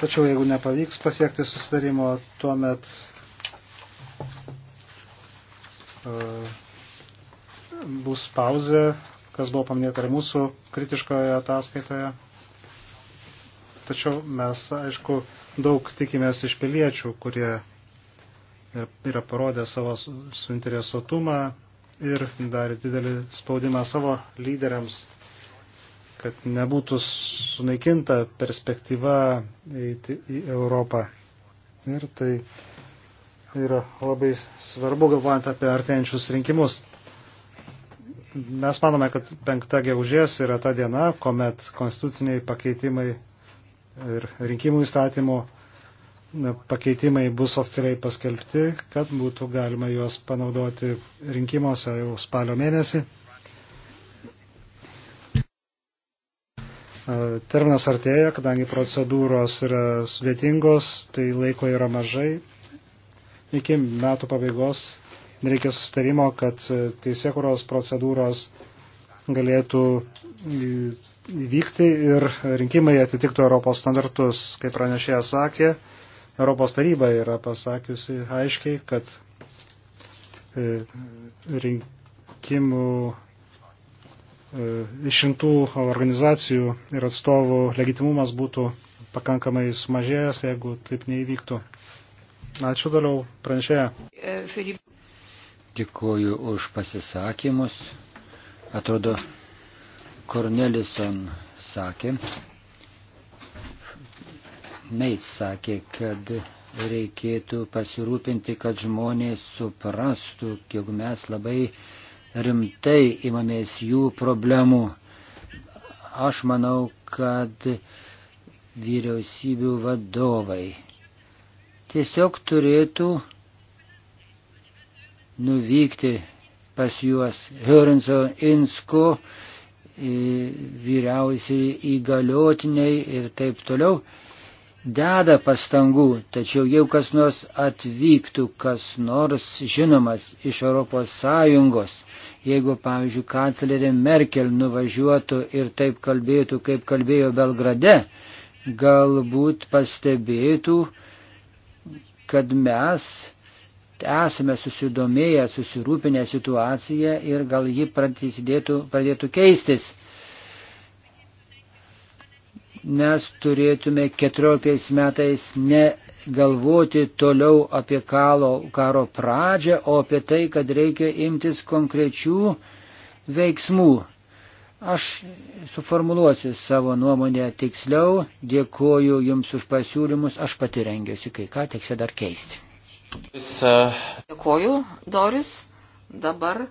Tačiau jeigu nepavyks pasiekti susitarimo, tuomet uh, bus pauzė, kas buvo paminėta ir mūsų kritiškoje ataskaitoje. Tačiau mes, aišku, daug tikimės iš piliečių, kurie yra parodę savo suinteresuotumą ir darė didelį spaudimą savo lyderiams, kad nebūtų sunaikinta perspektyva eiti į Europą. Ir tai yra labai svarbu galvojant apie artėjančius rinkimus. Mes manome, kad penkta gegužės yra ta diena, kuomet konstituciniai pakeitimai ir rinkimų įstatymų pakeitimai bus oficialiai paskelbti, kad būtų galima juos panaudoti rinkimuose jau spalio mėnesį. Terminas artėja, kadangi procedūros yra sudėtingos, tai laiko yra mažai. Iki metų pabaigos reikia sustarimo, kad e, teisėkuros procedūros galėtų įvykti ir rinkimai atitiktų Europos standartus, kaip pranešėjas sakė Europos taryba yra pasakiusi aiškiai, kad e, rinkimų e, išrinktų organizacijų ir atstovų legitimumas būtų pakankamai sumažėjęs, jeigu taip neįvyktų. Ačiū toliau, pranešėja. E, Dėkuoju už pasisakymus. Atrodo, Cornelison sakė, Neit sakė, kad reikėtų pasirūpinti, kad žmonės suprastų, jog mes labai rimtai imamės jų problemų. Aš manau, kad vyriausybių vadovai tiesiog turėtų nuvykti pas juos Hörenso Insko vyriausiai įgaliotiniai ir taip toliau deda pastangų, tačiau jau kas nors atvyktų, kas nors žinomas iš ES, jeigu, pavyzdžiui, kanclerė Merkel nuvažiuotų ir taip kalbėtų, kaip kalbėjo Belgrade, galbūt pastebėtų, kad mes esame susidomėję, susirūpinę situaciją ir gal ji pradėtų, pradėtų keistis mes turėtume 14 metais negalvoti toliau apie kalo, karo pradžią, o apie tai, kad reikia imtis konkrečių veiksmų. Aš suformuluosiu savo nuomonę tiksliau, dėkoju Jums už pasiūlymus, aš pati rengiuosi kai ką, teks dar keisti. Dėkoju, Doris. Dabar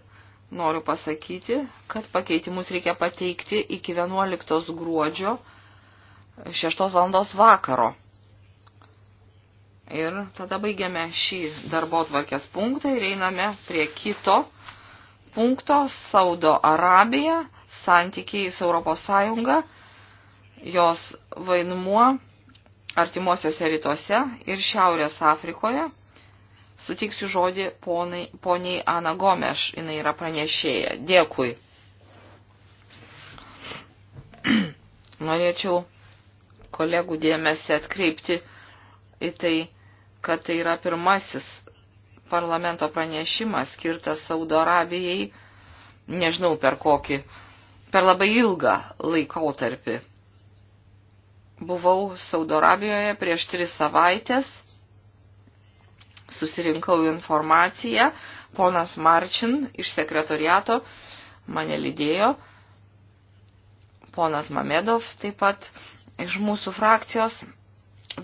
noriu pasakyti, kad pakeitimus reikia pateikti iki 11 gruodžio 6 valandos vakaro. Ir tada baigiame šį darbo tvarkės punktą ir einame prie kito punkto Saudo Arabija, santykiai su Europos Sąjunga, jos vaidmuo artimuosiuose rytuose ir Šiaurės Afrikoje. Sutiksiu žodį ponai, poniai Ana Gomeš, jinai yra pranešėja. Dėkui. Norėčiau kolegų dėmesį atkreipti į tai, kad tai yra pirmasis parlamento pranešimas skirtas Saudo Arabijai, nežinau per kokį, per labai ilgą laikotarpį. Buvau Saudo Arabijoje prieš tris savaitės, susirinkau informaciją, ponas Marčin iš sekretoriato mane lydėjo, ponas Mamedov taip pat iš mūsų frakcijos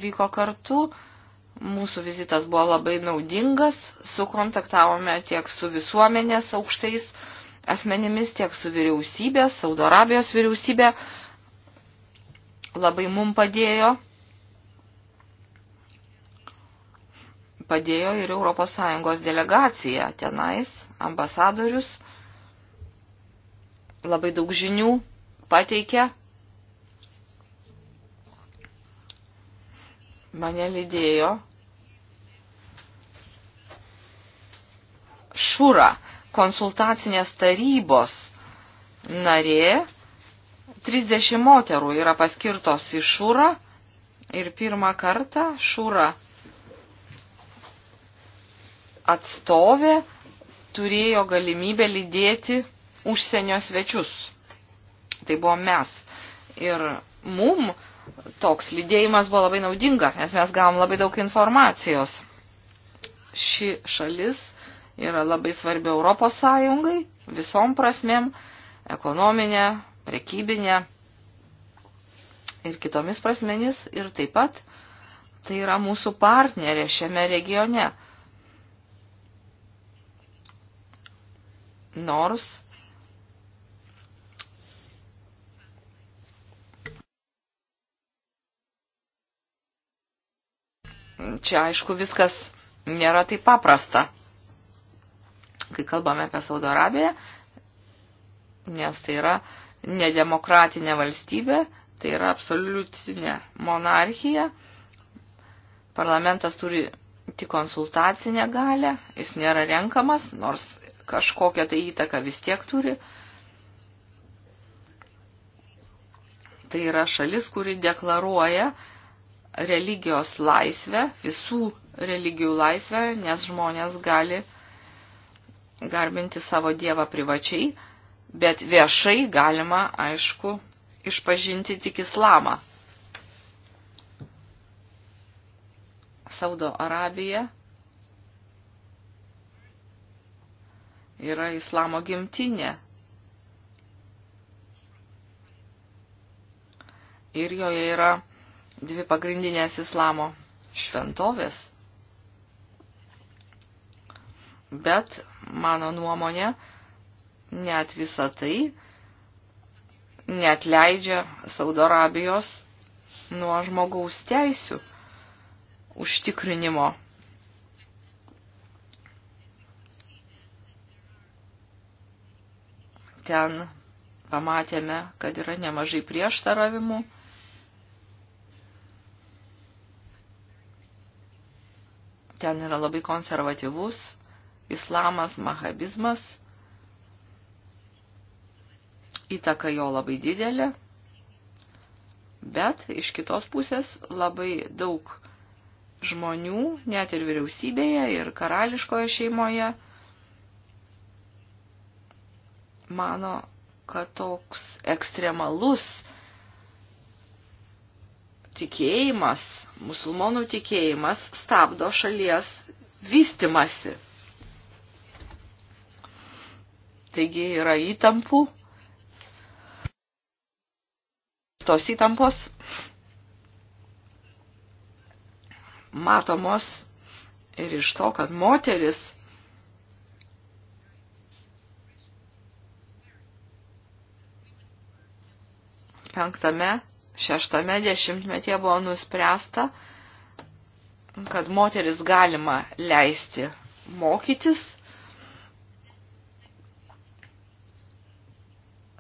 vyko kartu. Mūsų vizitas buvo labai naudingas, sukontaktavome tiek su visuomenės aukštais asmenimis, tiek su vyriausybė, Saudo Arabijos vyriausybė labai mum padėjo, padėjo ir ES delegacija tenais, ambasadorius, labai daug žinių pateikė mane lydėjo Šūra, konsultacinės tarybos narė. 30 moterų yra paskirtos į Šūrą ir pirmą kartą Šūra atstovė turėjo galimybę lydėti užsienio svečius. Tai buvo mes. Ir mum toks lydėjimas buvo labai naudingas, nes mes gavom labai daug informacijos. Ši šalis yra labai svarbi Europos Sąjungai visom prasmėm - ekonominė, prekybinė ir kitomis prasmenis. Ir taip pat tai yra mūsų partnerė šiame regione. Nors čia aišku viskas nėra taip paprasta, kai kalbame apie Saudo Arabiją, nes tai yra nedemokratinė valstybė, tai yra absoliutinė monarchija, parlamentas turi tik konsultacinę galę, jis nėra renkamas, nors kažkokią tai įtaką vis tiek turi. Tai yra šalis, kuri deklaruoja, religijos laisvę, visų religijų laisvę, nes žmonės gali garbinti savo dievą privačiai, bet viešai galima, aišku, išpažinti tik islamą. Saudo Arabija yra islamo gimtinė. Ir joje yra dvi pagrindinės islamo šventovės. Bet, mano nuomonė, net visa tai net leidžia Saudo Arabijos nuo žmogaus teisių užtikrinimo. Ten pamatėme, kad yra nemažai prieštaravimų Ten yra labai konservatyvus islamas, mahabizmas. Įtaka jo labai didelė. Bet iš kitos pusės labai daug žmonių, net ir vyriausybėje, ir karališkoje šeimoje, mano, kad toks ekstremalus tikėjimas, musulmonų tikėjimas stabdo šalies vystimasi. Taigi yra įtampų. Tos įtampos matomos ir iš to, kad moteris penktame šeštame dešimtmetyje buvo nuspręsta, kad moteris galima leisti mokytis.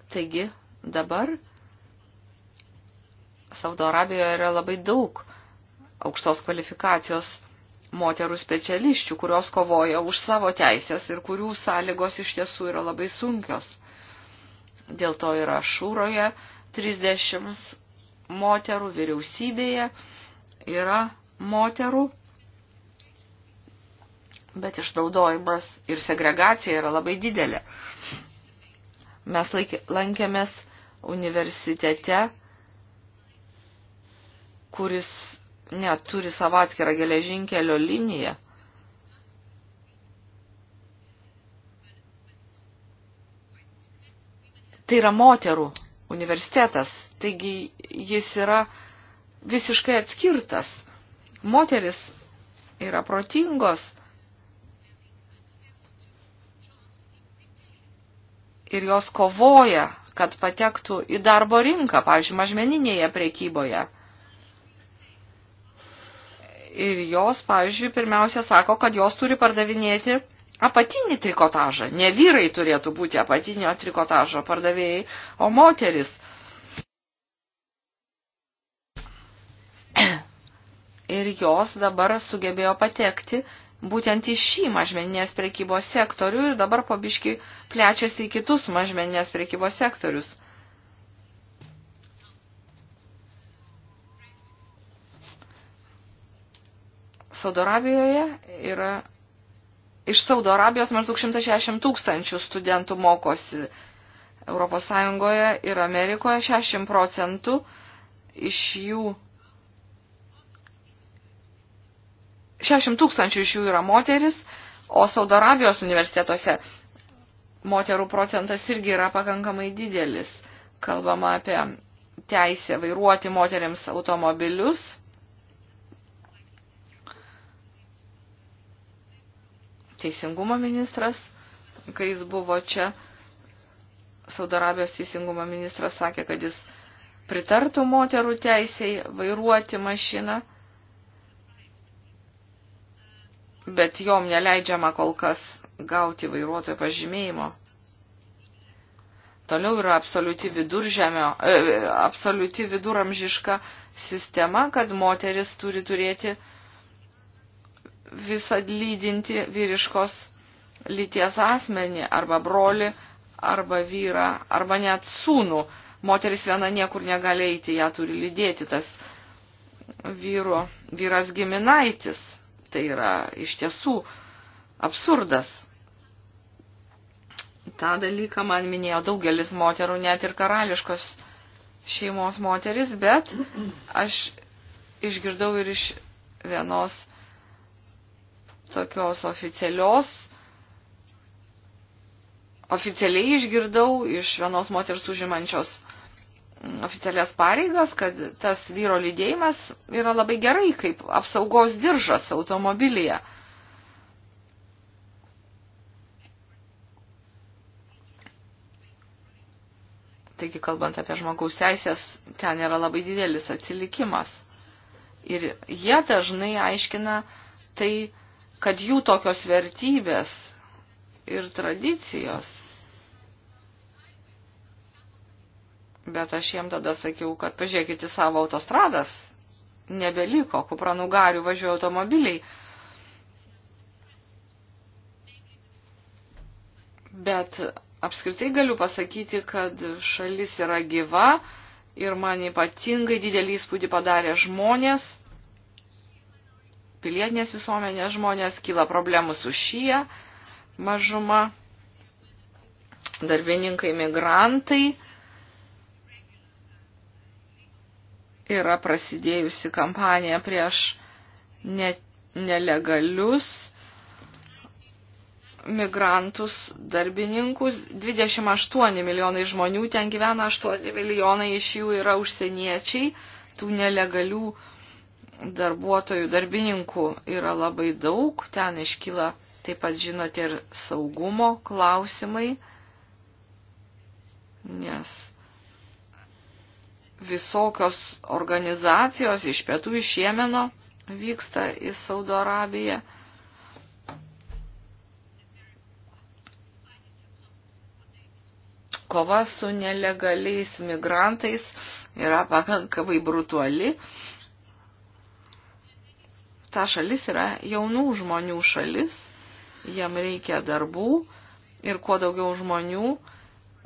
Taigi dabar Saudo Arabijoje yra labai daug aukštos kvalifikacijos moterų speciališčių, kurios kovoja už savo teisės ir kurių sąlygos iš tiesų yra labai sunkios. Dėl to yra šūroje 30 moterų vyriausybėje, yra moterų, bet išnaudojimas ir segregacija yra labai didelė. Mes laikė, lankėmės universitete, kuris neturi savo atskirą geležinkelio liniją. Tai yra moterų universitetas, Taigi jis yra visiškai atskirtas. Moteris yra protingos ir jos kovoja, kad patektų į darbo rinką, pavyzdžiui, mažmeninėje prekyboje. Ir jos, pavyzdžiui, pirmiausia sako, kad jos turi pardavinėti apatinį trikotažą. Ne vyrai turėtų būti apatinio trikotažo pardavėjai, o moteris – ir jos dabar sugebėjo patekti būtent į šį mažmeninės prekybos sektorių ir dabar pabiški plečiasi į kitus mažmeninės prekybos sektorius. Saudarabijoje yra iš Saudo Arabijos maždaug 160 tūkstančių studentų mokosi. Europos Sąjungoje ir Amerikoje 60 procentų iš jų 60 tūkstančių iš jų yra moteris, o Saudo Arabijos universitetuose moterų procentas irgi yra pakankamai didelis. Kalbama apie teisę vairuoti moteriams automobilius. Teisingumo ministras, kai jis buvo čia, Saudarabijos teisingumo ministras sakė, kad jis pritartų moterų teisiai vairuoti mašiną. bet jom neleidžiama kol kas gauti vairuotojo pažymėjimo. Toliau yra absoliuti, e, absoliuti viduramžiška sistema, kad moteris turi turėti visą lydinti vyriškos lyties asmenį arba broli, arba vyrą, arba net sūnų. Moteris viena niekur negali eiti, ją turi lydėti tas vyru, vyras giminaitis. Tai yra iš tiesų absurdas. Ta dalyką man minėjo daugelis moterų, net ir karališkos šeimos moteris, bet aš išgirdau ir iš vienos tokios oficialios, oficialiai išgirdau iš vienos moters užimančios oficialias pareigas, kad tas vyro lydėjimas yra labai gerai, kaip apsaugos diržas automobilyje. Taigi, kalbant apie žmogaus teisės, ten yra labai didelis atsilikimas. Ir jie dažnai aiškina tai, kad jų tokios vertybės ir tradicijos – Bet aš jiem tada sakiau, kad pažiūrėkit į savo autostradas, nebeliko, kupranugarių važiuoja automobiliai. Bet apskritai galiu pasakyti, kad šalis yra gyva ir man ypatingai didelį įspūdį padarė žmonės, pilietinės visuomenės žmonės, kyla problemų su šie mažuma, darbininkai, migrantai yra prasidėjusi kampanija prieš ne, nelegalius migrantus, darbininkus. 28 milijonai žmonių ten gyvena, 8 milijonai iš jų yra užsieniečiai, tų nelegalių darbuotojų, darbininkų yra labai daug, ten iškyla taip pat, žinote, ir saugumo klausimai, nes visokios organizacijos iš pietų iš Jemeno vyksta į Saudo Arabiją. Kova su nelegaliais migrantais yra pakankamai brutuali. Ta šalis yra jaunų žmonių šalis, jam reikia darbų ir kuo daugiau žmonių,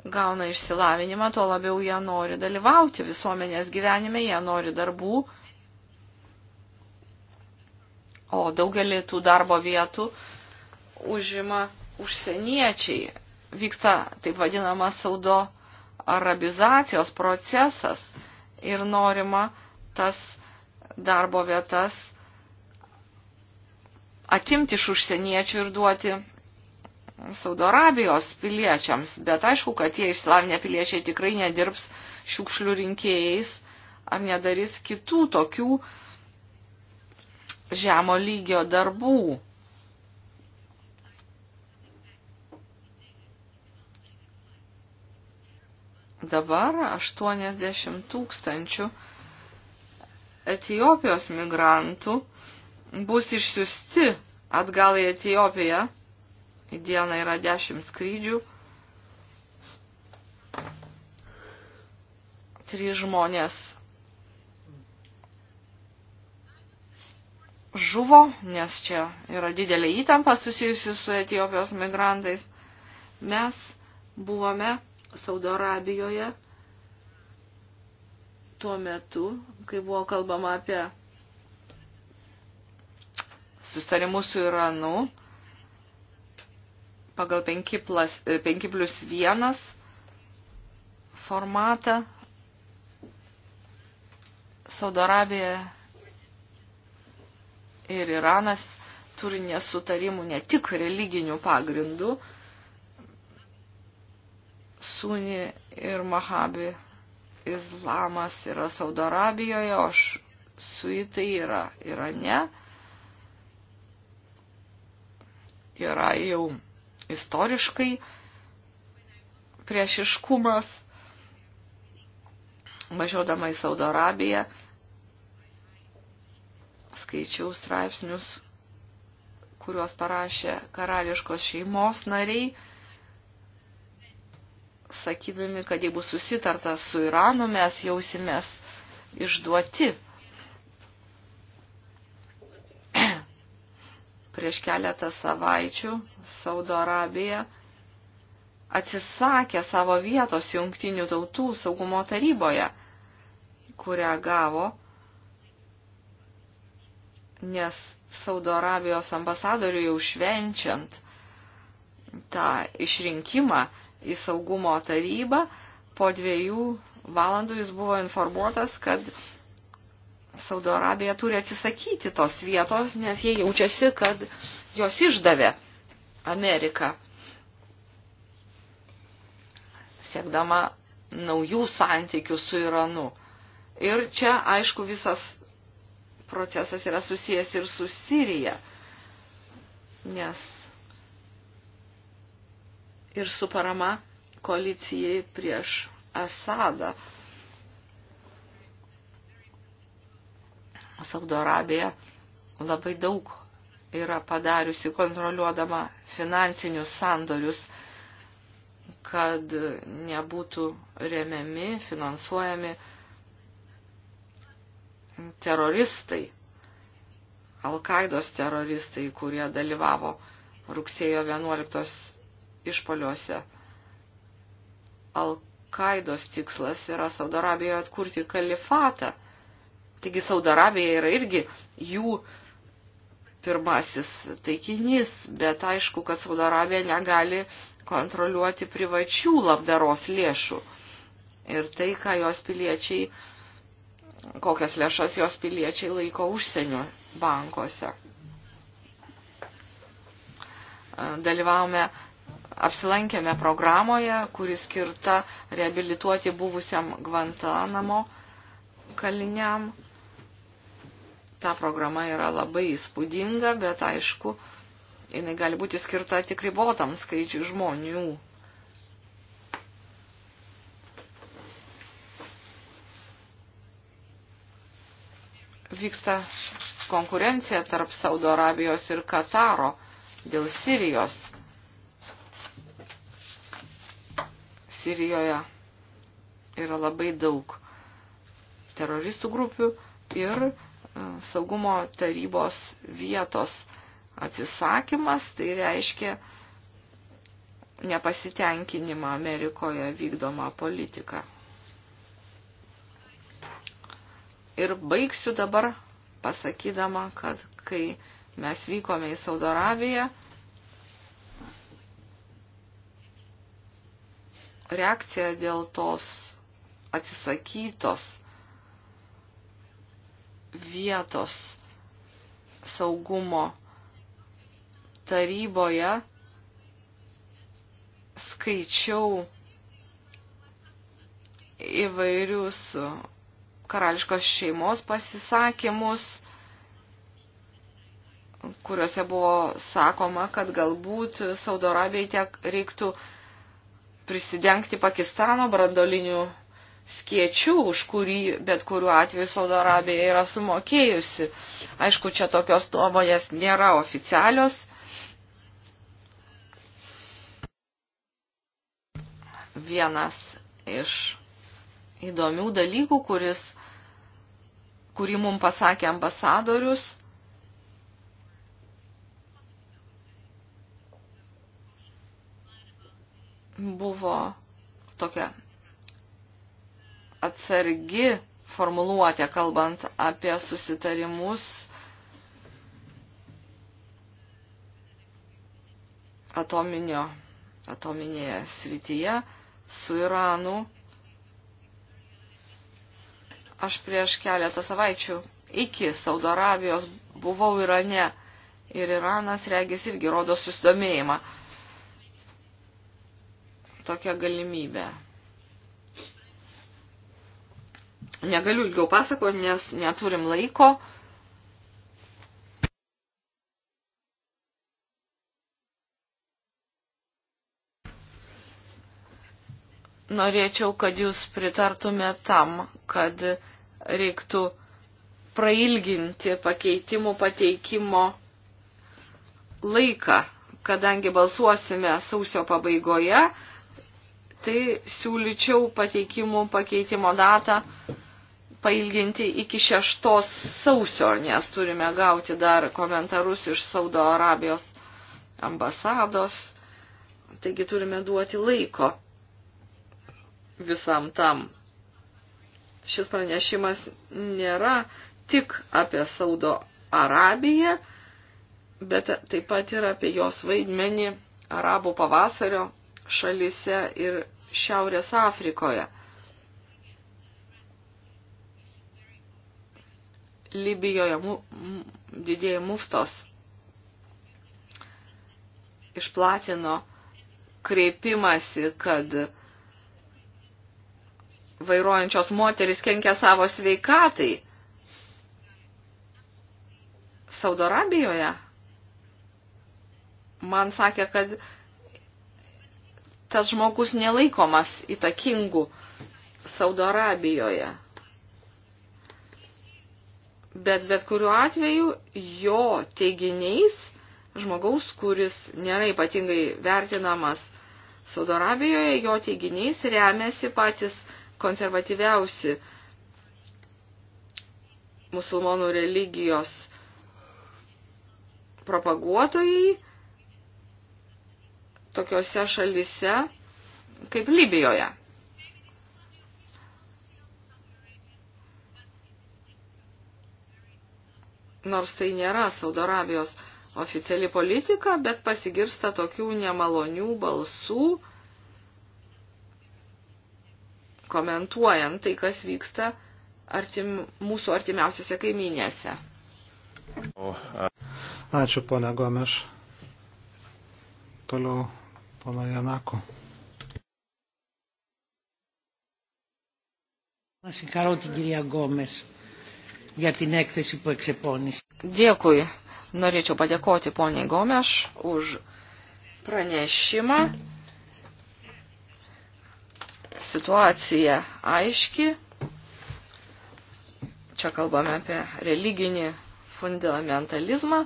gauna išsilavinimą, tuo labiau jie nori dalyvauti visuomenės gyvenime, jie nori darbų. O daugelį tų darbo vietų užima užsieniečiai. Vyksta taip vadinama saudo arabizacijos procesas ir norima tas darbo vietas atimti iš užsieniečių ir duoti Saudo Arabijos piliečiams, bet aišku, kad tie išslavinę piliečiai tikrai nedirbs šiukšlių rinkėjais ar nedarys kitų tokių žemo lygio darbų. Dabar 80 tūkstančių Etijopijos migrantų bus išsiusti atgal į Etijopiją į dieną yra 10 skrydžių. Trys žmonės žuvo, nes čia yra didelė įtampa susijusi su Etijopijos migrantais. Mes buvome Saudo Arabijoje tuo metu, kai buvo kalbama apie sustarimus su Iranu pagal 5 plus, 5 plus 1 formatą Saudo Arabija ir Iranas turi nesutarimų ne tik religinių pagrindų, Suni ir Mahabi islamas yra Saudo Arabijoje, o suitai yra Irane. Yra jau istoriškai priešiškumas. Važiuodama į Saudo Arabiją skaičiau straipsnius, kuriuos parašė karališkos šeimos nariai, sakydami, kad jeigu susitarta su Iranu, mes jausimės išduoti prieš keletą savaičių Saudo Arabija atsisakė savo vietos jungtinių tautų saugumo taryboje, kurią gavo, nes Saudo Arabijos ambasadoriui jau švenčiant tą išrinkimą į saugumo tarybą, po dviejų valandų jis buvo informuotas, kad Saudo Arabija turi atsisakyti tos vietos, nes jie jaučiasi, kad jos išdavė Ameriką, siekdama naujų santykių su Iranu. Ir čia, aišku, visas procesas yra susijęs ir su Sirija, nes ir su parama koalicijai prieš Asadą. Saudo Arabija labai daug yra padariusi kontroliuodama finansinius sandorius, kad nebūtų remiami, finansuojami teroristai, Alkaidos teroristai, kurie dalyvavo rugsėjo 11 išpoliuose. Alkaidos tikslas yra Saudo Arabijoje atkurti kalifatą Taigi Saudarabija yra irgi jų pirmasis taikinys, bet aišku, kad Saudarabija negali kontroliuoti privačių labdaros lėšų. Ir tai, ką jos piliečiai, kokias lėšas jos piliečiai laiko užsienio bankuose. Dalyvavome, apsilankėme programoje, kuri skirta reabilituoti buvusiam Gvantanamo kaliniam Ta programa yra labai įspūdinga, bet aišku, jinai gali būti skirta tik ribotam skaičiui žmonių. Vyksta konkurencija tarp Saudo Arabijos ir Kataro dėl Sirijos. Sirijoje yra labai daug teroristų grupių ir E, saugumo tarybos vietos atsisakymas, tai reiškia nepasitenkinimą Amerikoje vykdomą politiką. Ir baigsiu dabar pasakydama, kad kai mes vykome į Saudo Arabiją, reakcija dėl tos atsisakytos vietos saugumo taryboje skaičiau įvairius karališkos šeimos pasisakymus, kuriuose buvo sakoma, kad galbūt Saudo Arabijai tiek reiktų prisidengti Pakistano brandolinių skiečių, už kurį bet kuriuo atveju Saudo Arabija yra sumokėjusi. Aišku, čia tokios nuomonės nėra oficialios. Vienas iš įdomių dalykų, kuris, kurį mums pasakė ambasadorius, buvo tokia atsargi formuluotė, kalbant apie susitarimus atominio, atominėje srityje su Iranu. Aš prieš keletą savaičių iki Saudarabijos buvau Irane ir Iranas regis irgi rodo susidomėjimą. Tokia galimybė. Negaliu ilgiau pasakoti, nes neturim laiko. Norėčiau, kad jūs pritartume tam, kad reiktų prailginti pakeitimų pateikimo laiką, kadangi balsuosime sausio pabaigoje, tai siūlyčiau pateikimų pakeitimo datą pailginti iki 6 sausio, nes turime gauti dar komentarus iš Saudo Arabijos ambasados. Taigi turime duoti laiko visam tam. Šis pranešimas nėra tik apie Saudo Arabiją, bet taip pat ir apie jos vaidmenį arabų pavasario šalise ir Šiaurės Afrikoje. Libijoje mu, didėjai muftos išplatino kreipimasi, kad vairuojančios moteris kenkia savo sveikatai. Saudarabijoje man sakė, kad tas žmogus nelaikomas įtakingu Saudarabijoje. Bet bet kuriuo atveju jo teiginiais žmogaus, kuris nėra ypatingai vertinamas Saudo Arabijoje, jo teiginiais remiasi patys konservatyviausi musulmonų religijos propaguotojai tokiuose šalise kaip Libijoje. nors tai nėra Saudo Arabijos oficiali politika, bet pasigirsta tokių nemalonių balsų, komentuojant tai, kas vyksta artim, mūsų artimiausiose kaiminėse. Ačiū, ponia Gomeš. Toliau, pana Janako. Να συγχαρώ την κυρία Γκόμες για την έκθεση που εξεπώνησε. Dėkui. Norėčiau padėkoti poniai Gomeš už pranešimą. Situacija aiški. Čia kalbame apie religinį fundamentalizmą,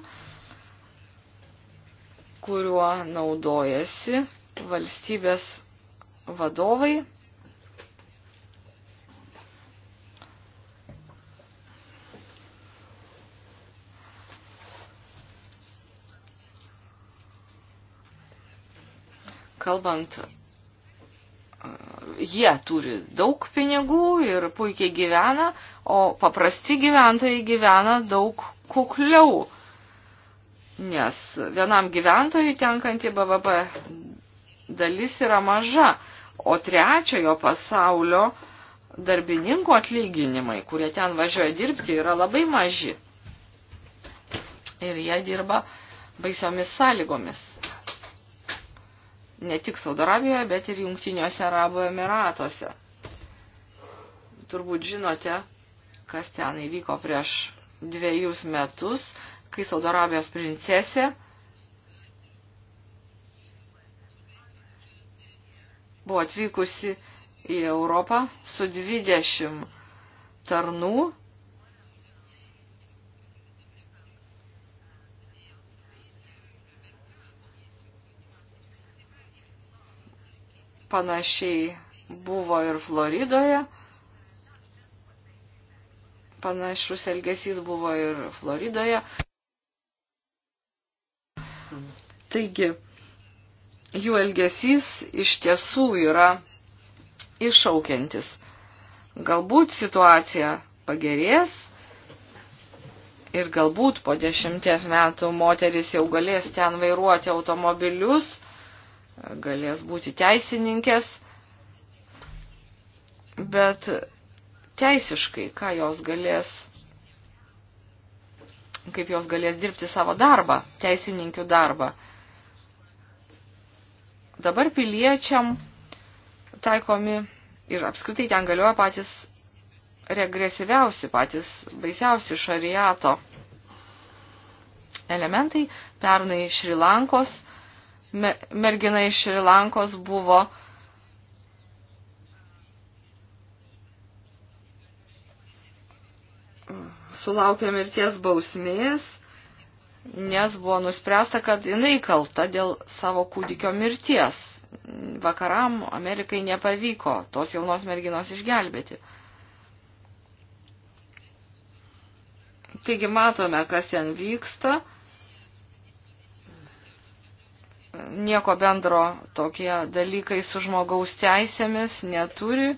kuriuo naudojasi valstybės vadovai kalbant, e, jie turi daug pinigų ir puikiai gyvena, o paprasti gyventojai gyvena daug kukliau, nes vienam gyventojui tenkanti BVP dalis yra maža, o trečiojo pasaulio darbininkų atlyginimai, kurie ten važiuoja dirbti, yra labai maži. Ir jie dirba baisiomis sąlygomis ne tik Saudarabijoje, bet ir Jungtiniuose Arabų Emiratuose. Turbūt žinote, kas ten įvyko prieš dviejus metus, kai Saudarabijos princesė buvo atvykusi į Europą su 20 tarnų Panašiai buvo ir Floridoje. Panašus elgesys buvo ir Floridoje. Taigi, jų elgesys iš tiesų yra iššaukiantis. Galbūt situacija pagerės ir galbūt po dešimties metų moteris jau galės ten vairuoti automobilius galės būti teisininkės, bet teisiškai, ką jos galės, kaip jos galės dirbti savo darbą, teisininkių darbą. Dabar piliečiam taikomi ir apskritai ten galioja patys regresyviausi, patys baisiausi šariato elementai. Pernai Šrilankos Lankos me, mergina iš Šrilankos buvo sulaukė mirties bausmės, nes buvo nuspręsta, kad jinai kalta dėl savo kūdikio mirties. Vakaram Amerikai nepavyko tos jaunos merginos išgelbėti. Taigi matome, kas ten vyksta nieko bendro tokie dalykai su žmogaus teisėmis neturi.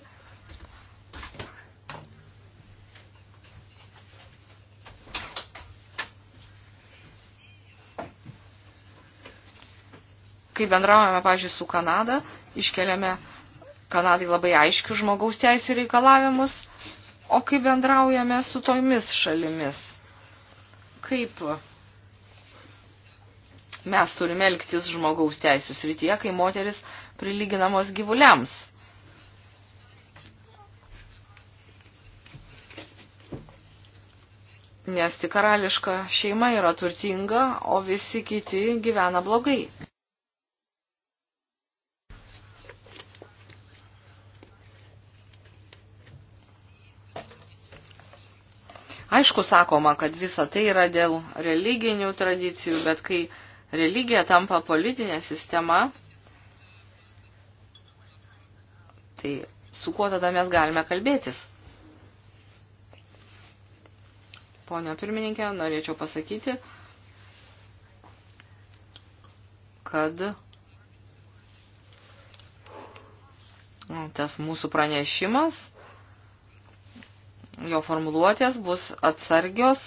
Kai bendraujame, pažiūrėjau, su Kanada, iškeliame Kanadai labai aiškius žmogaus teisų reikalavimus, o kai bendraujame su tomis šalimis, kaip mes turime elgtis žmogaus teisų srityje, kai moteris prilyginamos gyvuliams. Nes tik karališka šeima yra turtinga, o visi kiti gyvena blogai. Aišku, sakoma, kad visa tai yra dėl religinių tradicijų, bet kai religija tampa politinė sistema, tai su kuo tada mes galime kalbėtis? Pone pirmininkė, norėčiau pasakyti, kad tas mūsų pranešimas, jo formuluotės bus atsargios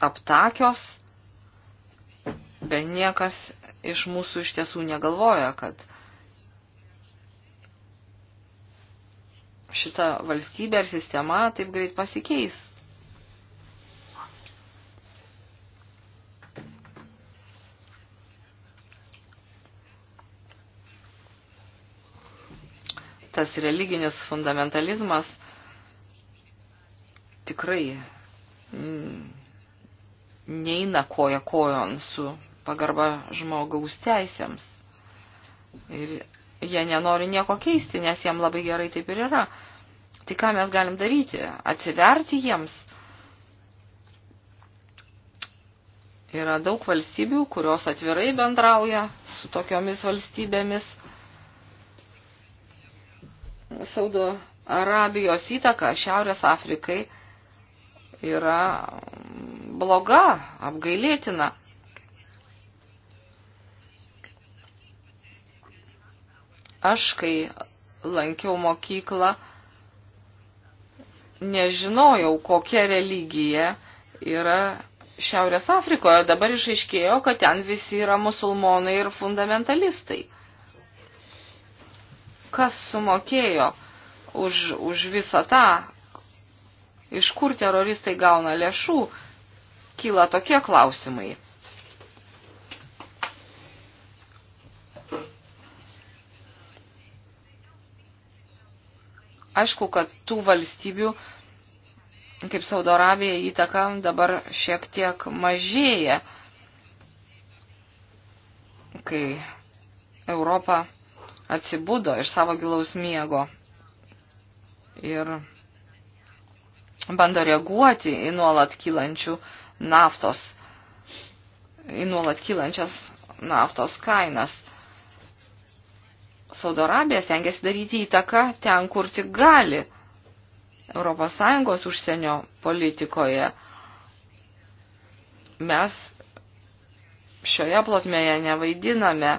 aptakios, bet niekas iš mūsų iš tiesų negalvoja, kad šita valstybė ar sistema taip greit pasikeis. Tas religinis fundamentalizmas tikrai mm, neina koja kojon su pagarba žmogaus teisėms. Ir jie nenori nieko keisti, nes jam labai gerai taip ir yra. Tai ką mes galim daryti? Atsiverti jiems. Yra daug valstybių, kurios atvirai bendrauja su tokiomis valstybėmis. Saudo Arabijos įtaka Šiaurės Afrikai yra bloga, apgailėtina. Aš, kai lankiau mokyklą, nežinojau, kokia religija yra Šiaurės Afrikoje. Dabar išaiškėjo, kad ten visi yra musulmonai ir fundamentalistai. Kas sumokėjo už, už visą tą, iš kur teroristai gauna lėšų, kyla tokie klausimai. Aišku, kad tų valstybių, kaip Saudo Arabija, įtaka dabar šiek tiek mažėja, kai Europa atsibudo iš savo gilaus miego ir bando reaguoti į nuolat kylančių naftos, į nuolat kylančias naftos kainas. Saudo Arabija stengiasi daryti įtaką ten, kur tik gali. ES užsienio politikoje mes šioje plotmėje nevaidiname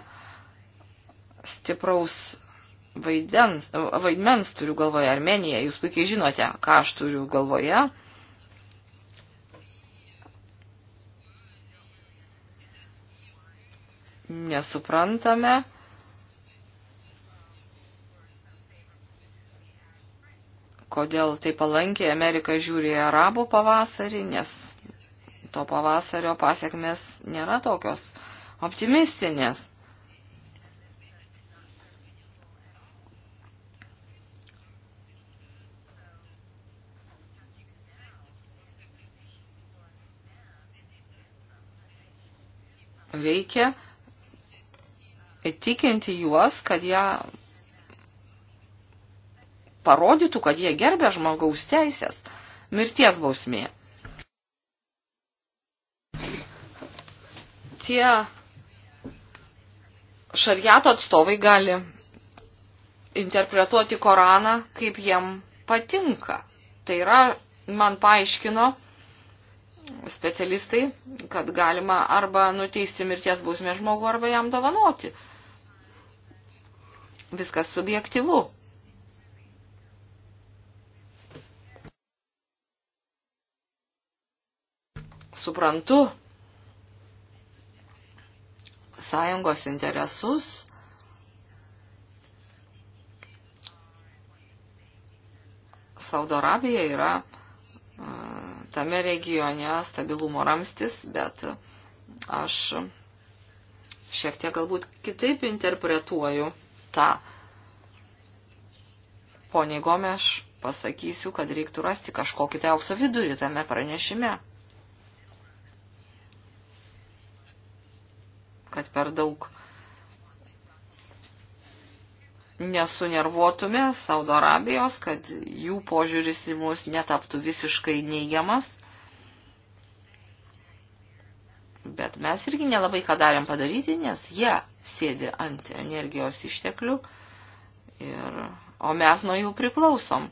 stipraus vaidens, vaidmens, turiu galvoje Armeniją. Jūs puikiai žinote, ką aš turiu galvoje. nesuprantame. Kodėl tai palankiai Amerika žiūri arabų pavasarį, nes to pavasario pasiekmes nėra tokios optimistinės. Reikia tikinti juos, kad jie parodytų, kad jie gerbė žmogaus teisės. Mirties bausmė. Tie šariato atstovai gali interpretuoti Koraną, kaip jiem patinka. Tai yra, man paaiškino specialistai, kad galima arba nuteisti mirties bausmė žmogų, arba jam dovanoti viskas subjektivu. Suprantu sąjungos interesus, Saudo Arabija yra e, tame regione stabilumo ramstis, bet aš šiek tiek galbūt kitaip interpretuoju tą. Pone Gomeš, pasakysiu, kad reiktų rasti kažkokį tai aukso vidurį tame pranešime. Kad per daug nesunervuotume Saudo Arabijos, kad jų požiūris į mus netaptų visiškai neigiamas. bet mes irgi nelabai ką darėm padaryti, nes jie sėdi ant energijos išteklių, ir, o mes nuo jų priklausom.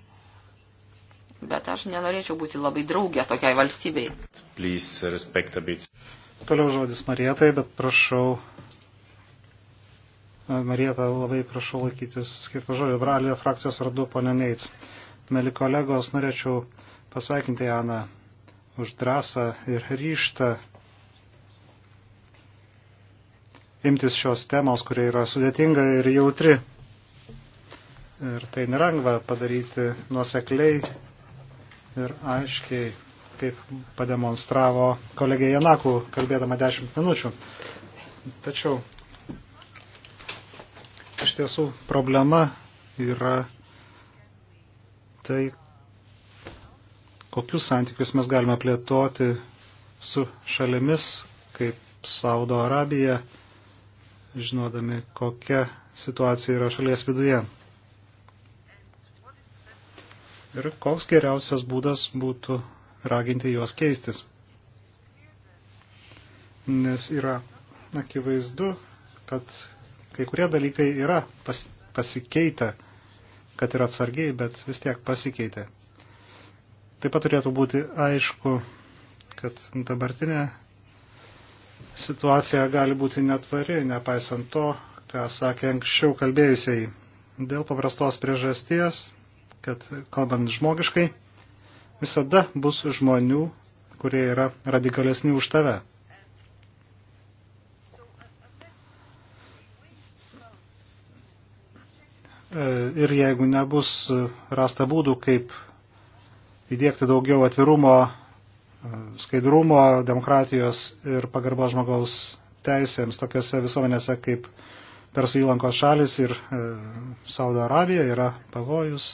Bet aš nenorėčiau būti labai draugė tokiai valstybei. Please uh, respect a bit. Toliau žodis Marietai, bet prašau. Marieta, labai prašau laikytis skirto žodžio. Vralė frakcijos vardu, ponė Neits. Meli kolegos, norėčiau pasveikinti Aną už drąsą ir ryštą imtis šios temos, kurie yra sudėtinga ir jautri. Ir tai nerangva padaryti nuosekliai ir aiškiai, kaip pademonstravo kolegė Janakų, kalbėdama 10 minučių. Tačiau iš tiesų problema yra tai, kokius santykius mes galime plėtoti su šalimis kaip Saudo Arabija, žinodami, kokia situacija yra šalies viduje. Ir koks geriausias būdas būtų raginti juos keistis. Nes yra akivaizdu, kad kai kurie dalykai yra pas, pasikeitę, kad yra atsargiai, bet vis tiek pasikeitė. Taip pat turėtų būti aišku, kad dabartinė situacija gali būti netvari, nepaisant to, ką sakė anksčiau kalbėjusiai. Dėl paprastos priežasties, kad kalbant žmogiškai, visada bus žmonių, kurie yra radikalesni už tave. E, ir jeigu nebus rasta būdų, kaip įdėkti daugiau atvirumo skaidrumo, demokratijos ir pagarbos žmogaus teisėms tokiose visuomenėse kaip Persų įlankos šalis ir e, Saudo Arabija yra pavojus,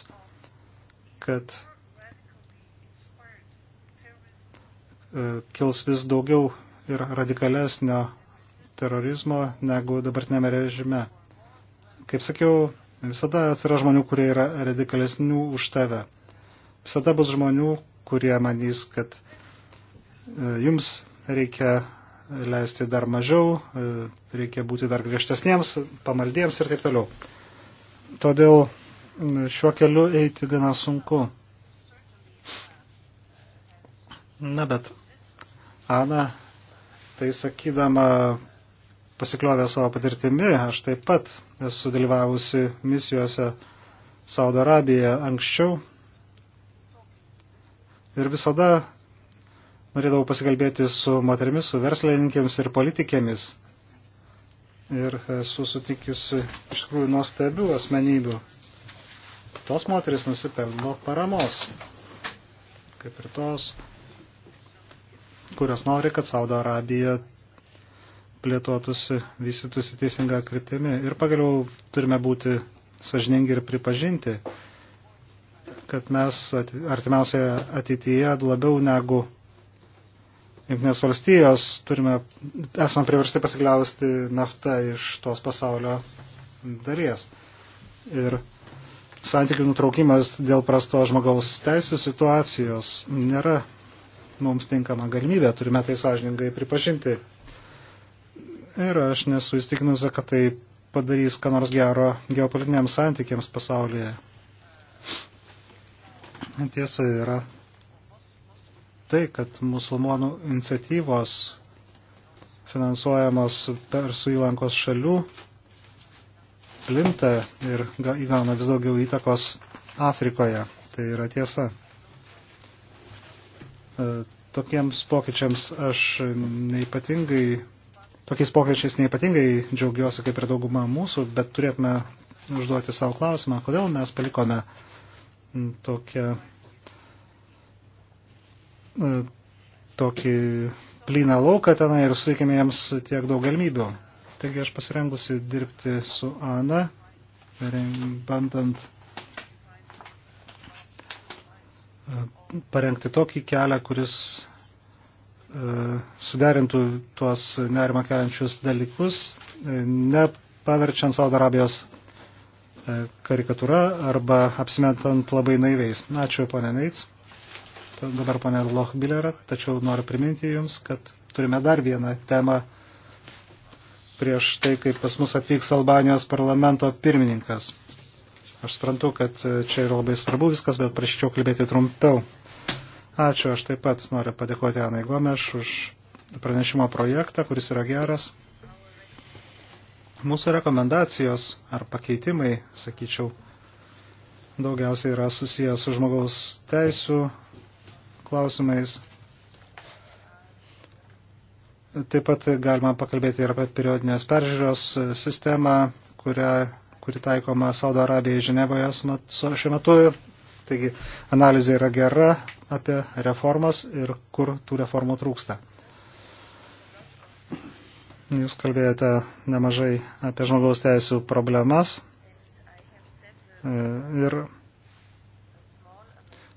kad e, kils vis daugiau ir radikalesnio terorizmo negu dabartinėme režime. Kaip sakiau, visada atsira žmonių, kurie yra radikalesnių už tave. Visada bus žmonių, kurie manys, kad E, jums reikia leisti dar mažiau, e, reikia būti dar griežtesniems, pamaldiems ir taip toliau. Todėl šiuo keliu eiti gana sunku. Na bet Ana, tai sakydama, pasikliovė savo patirtimi, aš taip pat esu dalyvavusi misijose Saudo Arabijoje anksčiau ir visada norėdavau pasikalbėti su moterimis, su verslininkėmis ir politikėmis. Ir esu sutikiusi iš tikrųjų nuostabių asmenybių. Tos moteris nusipelno paramos, kaip ir tos, kurios nori, kad Saudo Arabija plėtotųsi, vystytųsi teisinga kryptimi. Ir pagaliau turime būti sažiningi ir pripažinti, kad mes artimiausioje ateityje labiau negu Junktinės valstijos turime, esame priversti pasikliausti naftą iš tos pasaulio dalies. Ir santykių nutraukimas dėl prasto žmogaus teisų situacijos nėra mums tinkama galimybė, turime tai sąžiningai pripažinti. Ir aš nesu įstikinusi, kad tai padarys ką nors gero geopolitiniams santykiams pasaulyje. Tiesa yra tai, kad musulmonų iniciatyvos finansuojamos Persų įlankos šalių plinta ir įgauna vis daugiau įtakos Afrikoje. Tai yra tiesa. E, tokiems pokyčiams aš neipatingai, tokiais pokyčiais neipatingai džiaugiuosi kaip ir dauguma mūsų, bet turėtume užduoti savo klausimą, kodėl mes palikome tokią E, tokį plyną lauką tenai ir suteikėme jiems tiek daug galimybių. Taigi aš pasirengusi dirbti su Ana, bandant e, parengti tokį kelią, kuris e, suderintų tuos nerimą keliančius dalykus, nepaverčiant Saudo Arabijos karikatūra arba apsimetant labai naiviais. Ačiū, ponė Neits dabar ponė Lochbilera, tačiau noriu priminti Jums, kad turime dar vieną temą prieš tai, kaip pas mus atvyks Albanijos parlamento pirmininkas. Aš suprantu, kad čia yra labai svarbu viskas, bet prašyčiau kalbėti trumpiau. Ačiū, aš taip pat noriu padėkoti Anai Gomeš už pranešimo projektą, kuris yra geras. Mūsų rekomendacijos ar pakeitimai, sakyčiau, daugiausiai yra susijęs su žmogaus teisų klausimais. Taip pat galima pakalbėti ir apie periodinės peržiūros sistemą, kurią, kuri taikoma Saudo Arabijai Ženevoje šiuo metu. Taigi analizė yra gera apie reformas ir kur tų reformų trūksta. Jūs kalbėjote nemažai apie žmogaus teisų problemas. E, ir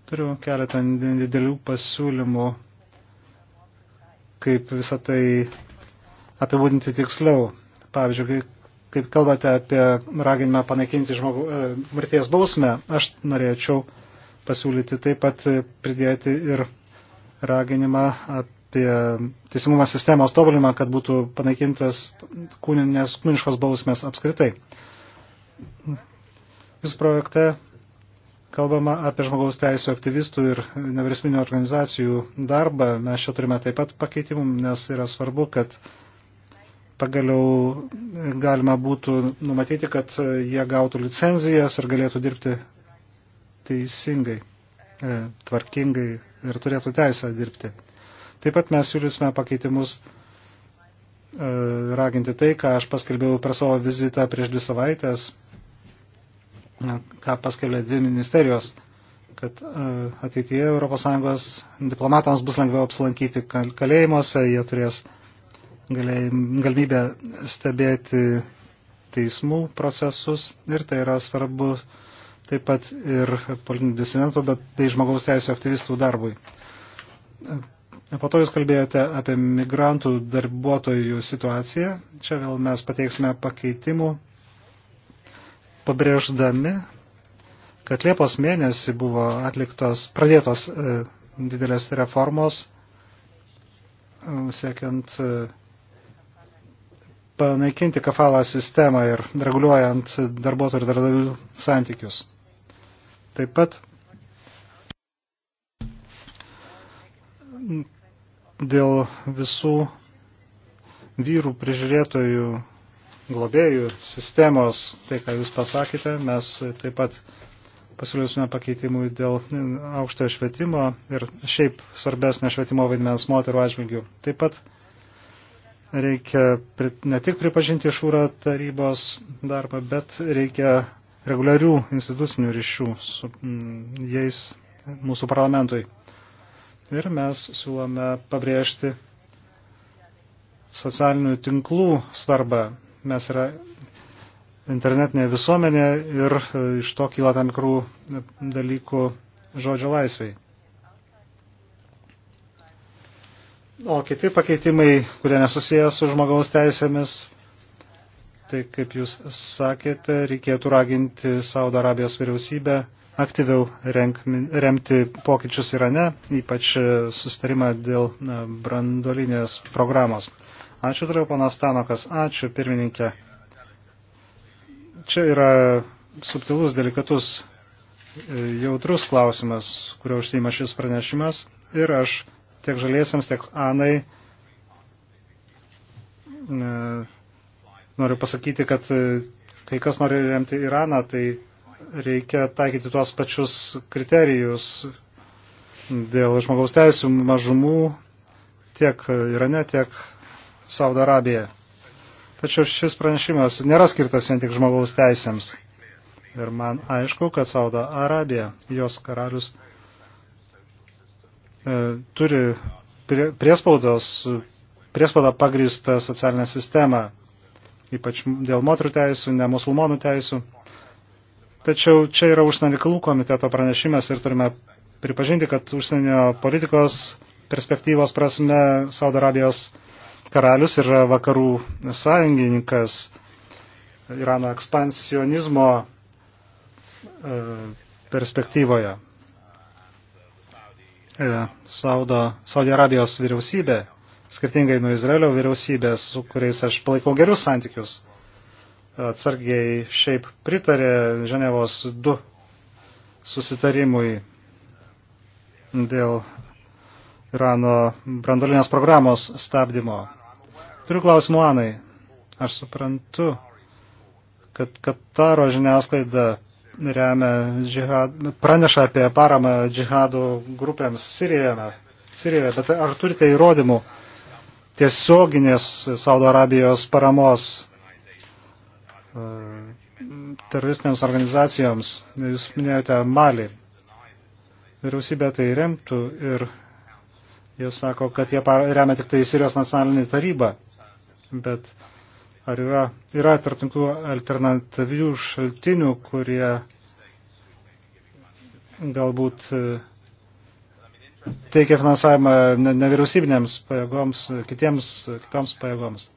Turiu keletą didelių pasiūlymų, kaip visą tai apibūdinti tiksliau. Pavyzdžiui, kaip kalbate apie raginimą panaikinti žmogų, e, mirties bausmę, aš norėčiau pasiūlyti taip pat pridėti ir raginimą apie teisingumo sistemos tobulimą, kad būtų panaikintas kūninės, kūniškos bausmės apskritai. Jūs projekte kalbama apie žmogaus teisų aktyvistų ir nevyriausybinio organizacijų darbą. Mes čia turime taip pat pakeitimų, nes yra svarbu, kad pagaliau galima būtų numatyti, kad jie gautų licenzijas ir galėtų dirbti teisingai, e, tvarkingai ir turėtų teisę dirbti. Taip pat mes siūlysime pakeitimus e, raginti tai, ką aš paskelbėjau per savo vizitą prieš dvi savaitės ką paskelbė dvi ministerijos, kad e, ateityje ES diplomatams bus lengviau apsilankyti kalėjimuose, jie turės galimybę stebėti teismų procesus ir tai yra svarbu taip pat ir politinių disidentų, bet tai žmogaus teisų aktyvistų darbui. E, po to jūs kalbėjote apie migrantų darbuotojų situaciją. Čia vėl mes pateiksime pakeitimų pabrėždami, kad Liepos mėnesį buvo atliktos, pradėtos e, didelės reformos, e, siekiant e, panaikinti kafalą sistemą ir reguliuojant darbuotojų ir darbdavių santykius. Taip pat dėl visų vyrų prižiūrėtojų globėjų sistemos, tai ką Jūs pasakėte, mes taip pat pasiūlysime pakeitimų dėl aukštojo švietimo ir šiaip svarbesnio švietimo vaidmens moterų atžvilgių. Taip pat reikia ne tik pripažinti šūrą tarybos darbą, bet reikia reguliarių institucinių ryšių su mm, jais mūsų parlamentui. Ir mes siūlome pabrėžti socialinių tinklų svarbą mes yra internetinė visuomenė ir e, iš to kyla tam tikrų e, dalykų žodžio laisviai. O kiti pakeitimai, kurie nesusiję su žmogaus teisėmis, tai kaip jūs sakėte, reikėtų raginti Saudo Arabijos vyriausybę aktyviau remti pokyčius Irane, ypač e, sustarimą dėl brandolinės programos. Ačiū toliau, panas Tanokas. Ačiū, pirmininkė. Čia yra subtilus, delikatus, e, jautrus klausimas, kurio užsima šis pranešimas. Ir aš tiek žaliesiams, tiek Anai e, noriu pasakyti, kad e, kai kas nori remti Iraną, tai reikia taikyti tuos pačius kriterijus dėl žmogaus teisų mažumų tiek Irane, tiek Saudo Arabiją. Tačiau šis pranešimas nėra skirtas vien tik žmogaus teisėms. Ir man aišku, kad Saudo Arabija, jos karalius, e, turi prie, priespaudos, priespaudą pagrįstą socialinę sistemą, ypač dėl moterų teisų, ne musulmonų teisų. Tačiau čia yra užsienio reikalų komiteto pranešimas ir turime pripažinti, kad užsienio politikos perspektyvos prasme Saudo Arabijos karalius yra vakarų sąjungininkas Irano ekspansionizmo e, perspektyvoje. E, Saudo, Saudi Arabijos vyriausybė, skirtingai nuo Izraelio vyriausybės, su kuriais aš palaikau gerus santykius, atsargiai šiaip pritarė Ženevos 2 susitarimui dėl Irano brandolinės programos stabdymo. Turiu klausimų Anai. Aš suprantu, kad Kataro žiniasklaida remia džihad, praneša apie paramą džihadų grupėms Sirijoje, Sirijoje, bet ar turite įrodymų tiesioginės Saudo Arabijos paramos e, teroristinėms organizacijoms? Jūs minėjote Mali. Vyriausybė tai remtų ir Jie sako, kad jie remia tik tai Sirijos nacionalinį tarybą, bet ar yra, yra tarptinklų alternatyvių šaltinių, kurie galbūt e, teikia finansavimą nevyriausybinėms pajėgoms, kitiems, kitoms pajėgoms.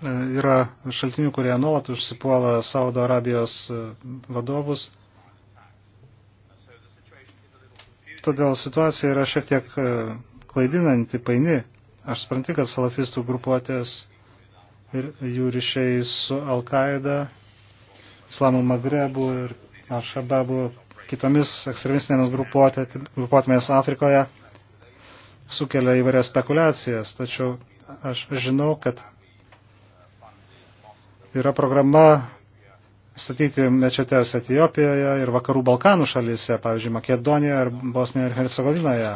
E, yra šaltinių, kurie nuolat užsipuola Saudo Arabijos e, vadovus Todėl situacija yra šiek tiek e, klaidinanti, paini. Aš suprantu, kad salafistų grupuotės ir jų ryšiai su Al-Qaeda, Islamo Magrebu ir Al-Shababu kitomis ekstremistinėmis grupuotėmis Afrikoje sukelia įvairias spekulacijas. Tačiau aš žinau, kad yra programa statyti mečetės Etijopijoje ir vakarų Balkanų šalyse, pavyzdžiui, Makedonijoje ir Bosnijoje ir Hercegovinoje.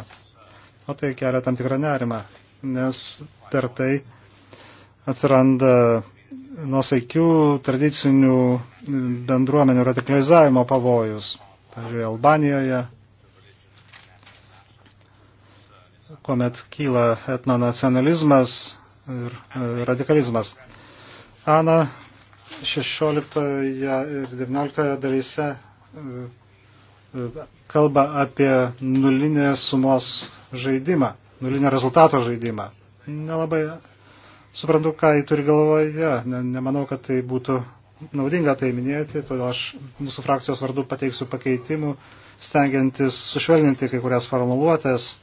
O tai kelia tam tikrą nerimą, nes per tai atsiranda nusaikių tradicinių bendruomenių radikalizavimo pavojus. Pavyzdžiui, Albanijoje, kuomet kyla etnonacionalizmas ir e, radikalizmas. Ana 16 ir 19 dalyse e, e, kalba apie nulinės sumos žaidimą, nulinio rezultato žaidimą. Nelabai suprantu, ką jį turi galvoje. Ne, nemanau, kad tai būtų naudinga tai minėti, todėl aš mūsų frakcijos vardu pateiksiu pakeitimų, stengiantis sušvelninti kai kurias formuluotės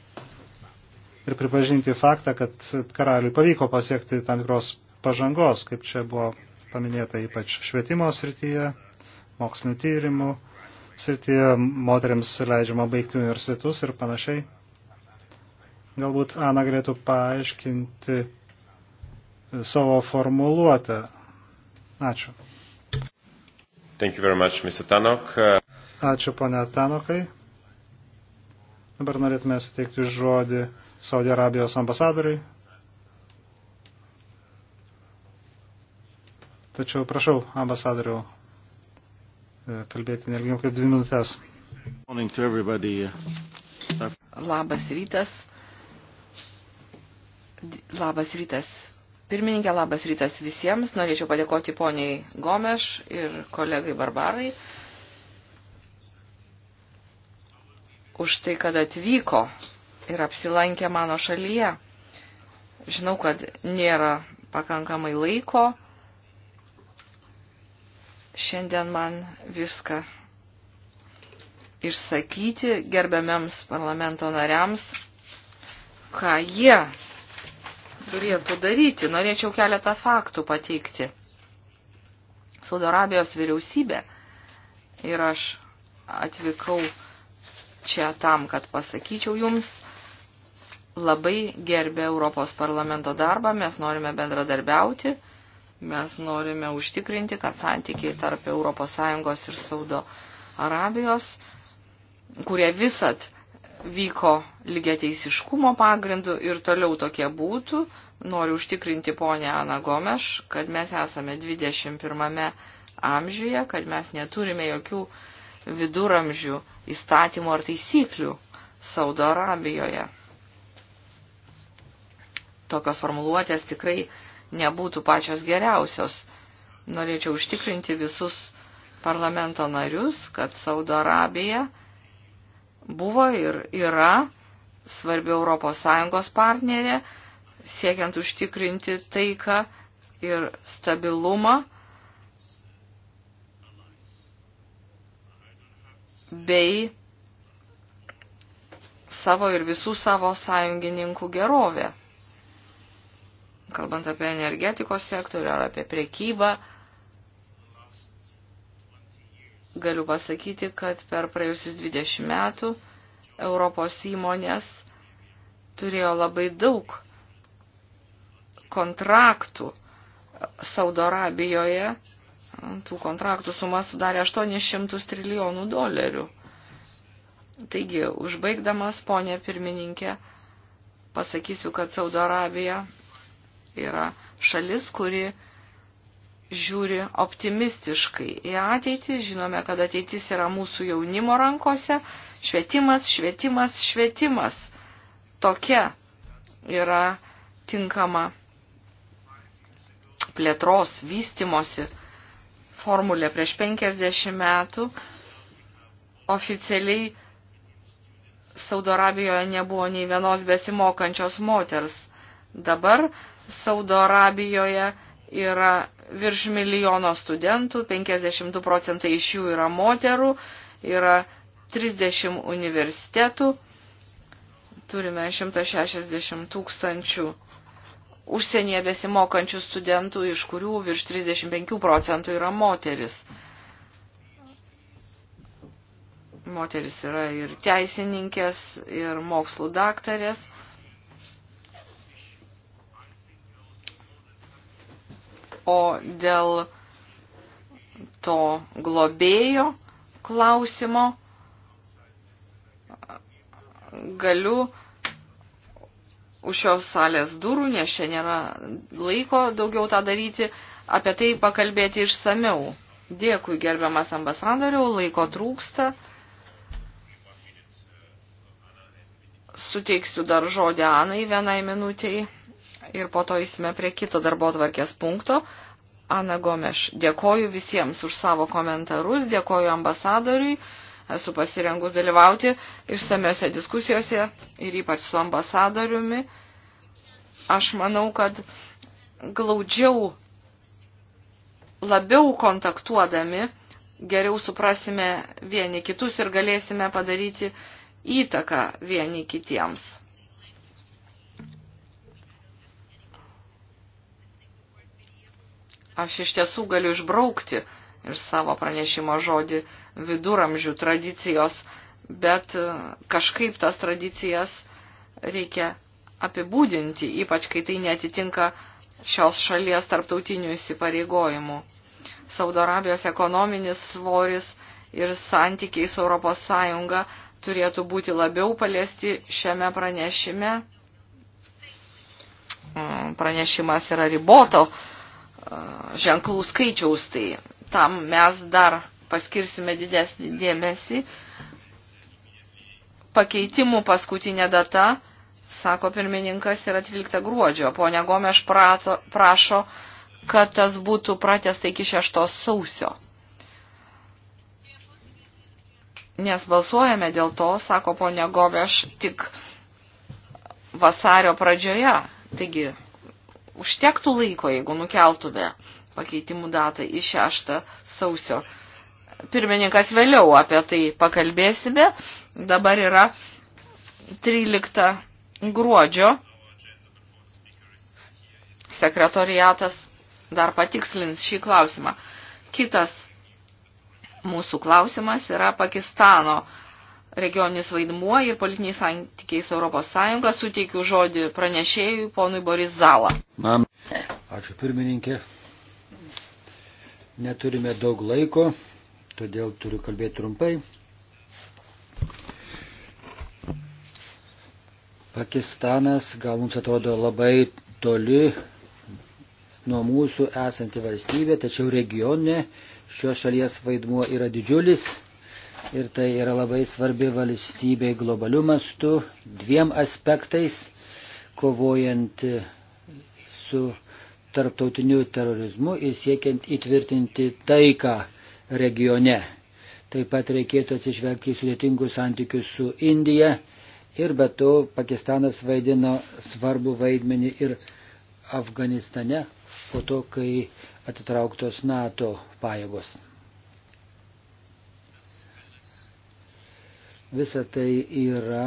ir pripažinti faktą, kad karaliui pavyko pasiekti tam tikros pažangos, kaip čia buvo paminėta ypač švietimo srityje, mokslinių tyrimų srityje, moteriams leidžiama baigti universitetus ir panašiai. Galbūt Ana galėtų paaiškinti savo formuluotę. Ačiū. Thank you very much, Mr. Tanok. Ačiū, ponia Tanokai. Dabar norėtume suteikti žodį Saudi Arabijos ambasadoriui. Tačiau prašau, ambasadoriau, e, kalbėti nelgiau kaip dvi minutės. Labas rytas. Labas rytas. Pirmininkė, labas rytas visiems. Norėčiau padėkoti poniai Gomeš ir kolegai Barbarai už tai, kad atvyko ir apsilankė mano šalyje. Žinau, kad nėra pakankamai laiko šiandien man viską išsakyti gerbiamiams parlamento nariams, ką jie turėtų daryti. Norėčiau keletą faktų pateikti. Saudo Arabijos vyriausybė ir aš atvykau čia tam, kad pasakyčiau jums, labai gerbė Europos parlamento darbą, mes norime bendradarbiauti Mes norime užtikrinti, kad santykiai tarp ES ir Saudo Arabijos, kurie visat vyko lygiateisiškumo pagrindu ir toliau tokie būtų. Noriu užtikrinti ponę Aną Gomeš, kad mes esame 21 amžiuje, kad mes neturime jokių viduramžių įstatymų ar taisyklių Saudo Arabijoje. Tokios formuluotės tikrai nebūtų pačios geriausios. Norėčiau užtikrinti visus parlamento narius, kad Saudo Arabija buvo ir yra svarbi ES partnerė, siekiant užtikrinti taiką ir stabilumą bei savo ir visų savo sąjungininkų gerovę kalbant apie energetikos sektorių ar apie prekybą, galiu pasakyti, kad per praėjusius 20 metų Europos įmonės turėjo labai daug kontraktų Saudo Arabijoje. Tų kontraktų suma sudarė 800 trilijonų dolerių. Taigi, užbaigdamas, ponė pirmininkė, pasakysiu, kad Saudo Arabija yra šalis, kuri žiūri optimistiškai į ateitį. Žinome, kad ateitis yra mūsų jaunimo rankose. Švietimas, švietimas, švietimas. Tokia yra tinkama plėtros, vystimosi formulė prieš 50 metų. Oficialiai Saudo Arabijoje nebuvo nei vienos besimokančios moters. Dabar Saudo Arabijoje yra virš milijono studentų, 52 procentai iš jų yra moterų, yra 30 universitetų, turime 160 tūkstančių užsienyje besimokančių studentų, iš kurių virš 35 procentų yra moteris. Moteris yra ir teisininkės, ir mokslų daktarės. O dėl to globėjo klausimo galiu už šios salės durų, nes čia nėra laiko daugiau tą daryti, apie tai pakalbėti išsameu. Dėkui, gerbiamas ambasadoriau, laiko trūksta. Suteiksiu dar žodį Anai vienai minutiai ir po to įsime prie kito darbo tvarkės punkto. Ana Gomeš, dėkoju visiems už savo komentarus, dėkoju ambasadoriui, esu pasirengus dalyvauti išsamiose diskusijose ir ypač su ambasadoriumi. Aš manau, kad glaudžiau, labiau kontaktuodami, geriau suprasime vieni kitus ir galėsime padaryti įtaką vieni kitiems. Aš iš tiesų galiu išbraukti iš savo pranešimo žodį viduramžių tradicijos, bet e, kažkaip tas tradicijas reikia apibūdinti, ypač kai tai netitinka šios šalies tarptautinių įsipareigojimų. Saudo Arabijos ekonominis svoris ir santykiai su Europos Sąjunga turėtų būti labiau paliesti šiame pranešime. Mm, pranešimas yra riboto ženklų skaičiaus, tai tam mes dar paskirsime didesnį dėmesį. Pakeitimų paskutinė data, sako pirmininkas, yra 12 gruodžio. Pone Gomeš prato, prašo, kad tas būtų pratesta iki 6 sausio. Nes balsuojame dėl to, sako ponia Gomeš, tik vasario pradžioje. Taigi užtektų laiko, jeigu nukeltume pakeitimų datą į 6 sausio. Pirmininkas vėliau apie tai pakalbėsime. Dabar yra 13 gruodžio. Sekretoriatas dar patikslins šį klausimą. Kitas mūsų klausimas yra Pakistano regioninis vaidmuo ir politiniai santykiai su Europos Sąjunga. Suteikiu žodį pranešėjui ponui Boris Zala. Man. Ačiū pirmininkė. Neturime daug laiko, todėl turiu kalbėti trumpai. Pakistanas gal mums atrodo labai toli nuo mūsų esanti valstybė, tačiau regione šios šalies vaidmuo yra didžiulis Ir tai yra labai svarbi valstybė globalių mastų dviem aspektais - kovojant su tarptautiniu terorizmu ir siekiant įtvirtinti taiką regione. Taip pat reikėtų atsižvelgti į sudėtingus santykius su Indija ir be to Pakistanas vaidino svarbų vaidmenį ir Afganistane po to, kai atitrauktos NATO pajėgos. Visa tai yra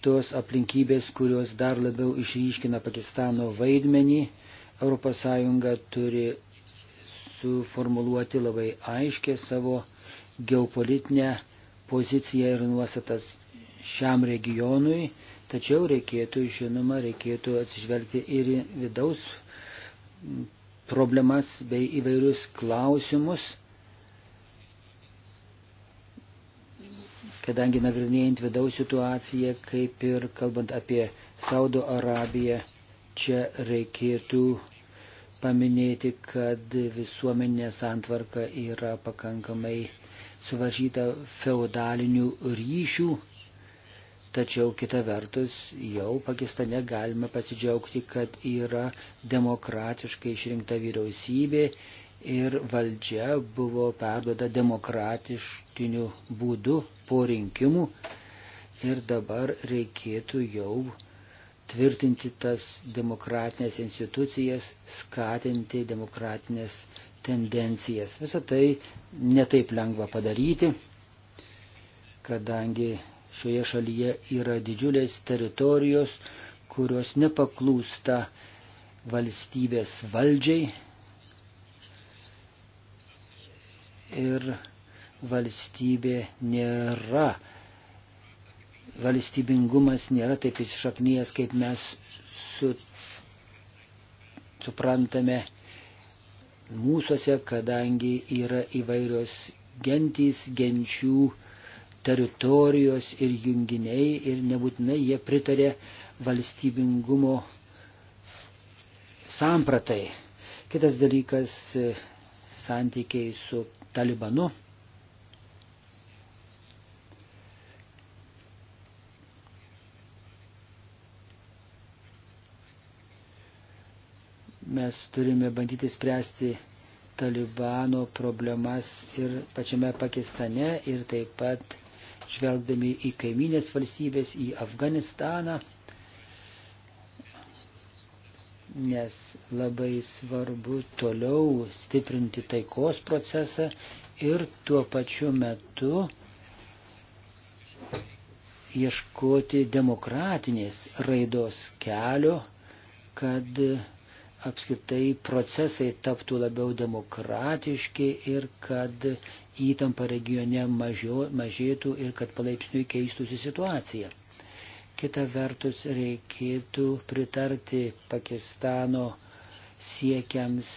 tos aplinkybės, kurios dar labiau išryškina Pakistano vaidmenį. ES turi suformuluoti labai aiškę savo geopolitinę poziciją ir nuostatas šiam regionui, tačiau reikėtų, žinoma, reikėtų atsižvelgti ir vidaus problemas bei įvairius klausimus kadangi nagrinėjant vidaus situaciją, kaip ir kalbant apie Saudo Arabiją, čia reikėtų paminėti, kad visuomenė santvarka yra pakankamai suvaržyta feudalinių ryšių, tačiau kita vertus jau Pakistane galime pasidžiaugti, kad yra demokratiškai išrinkta vyriausybė ir valdžia buvo perduoda demokratiškiniu būdu po rinkimų ir dabar reikėtų jau tvirtinti tas demokratinės institucijas, skatinti demokratinės tendencijas. Visą tai netaip lengva padaryti, kadangi šioje šalyje yra didžiulės teritorijos, kurios nepaklūsta valstybės valdžiai, ir valstybė nėra, valstybingumas nėra taip įsišaknyjas, kaip mes su, suprantame mūsųse, kadangi yra įvairios gentys, genčių, teritorijos ir junginiai ir nebūtinai jie pritarė valstybingumo sampratai. Kitas dalykas - santykiai su Talibanu. Mes turime bandyti spręsti Talibano problemas ir pačiame Pakistane ir taip pat žvelgdami į kaiminės valstybės, į Afganistaną nes labai svarbu toliau stiprinti taikos procesą ir tuo pačiu metu ieškoti demokratinės raidos kelio, kad apskritai procesai taptų labiau demokratiški ir kad įtampa regione mažio, mažėtų ir kad palaipsniui keistųsi situacija. Kita vertus, reikėtų pritarti Pakistano siekiams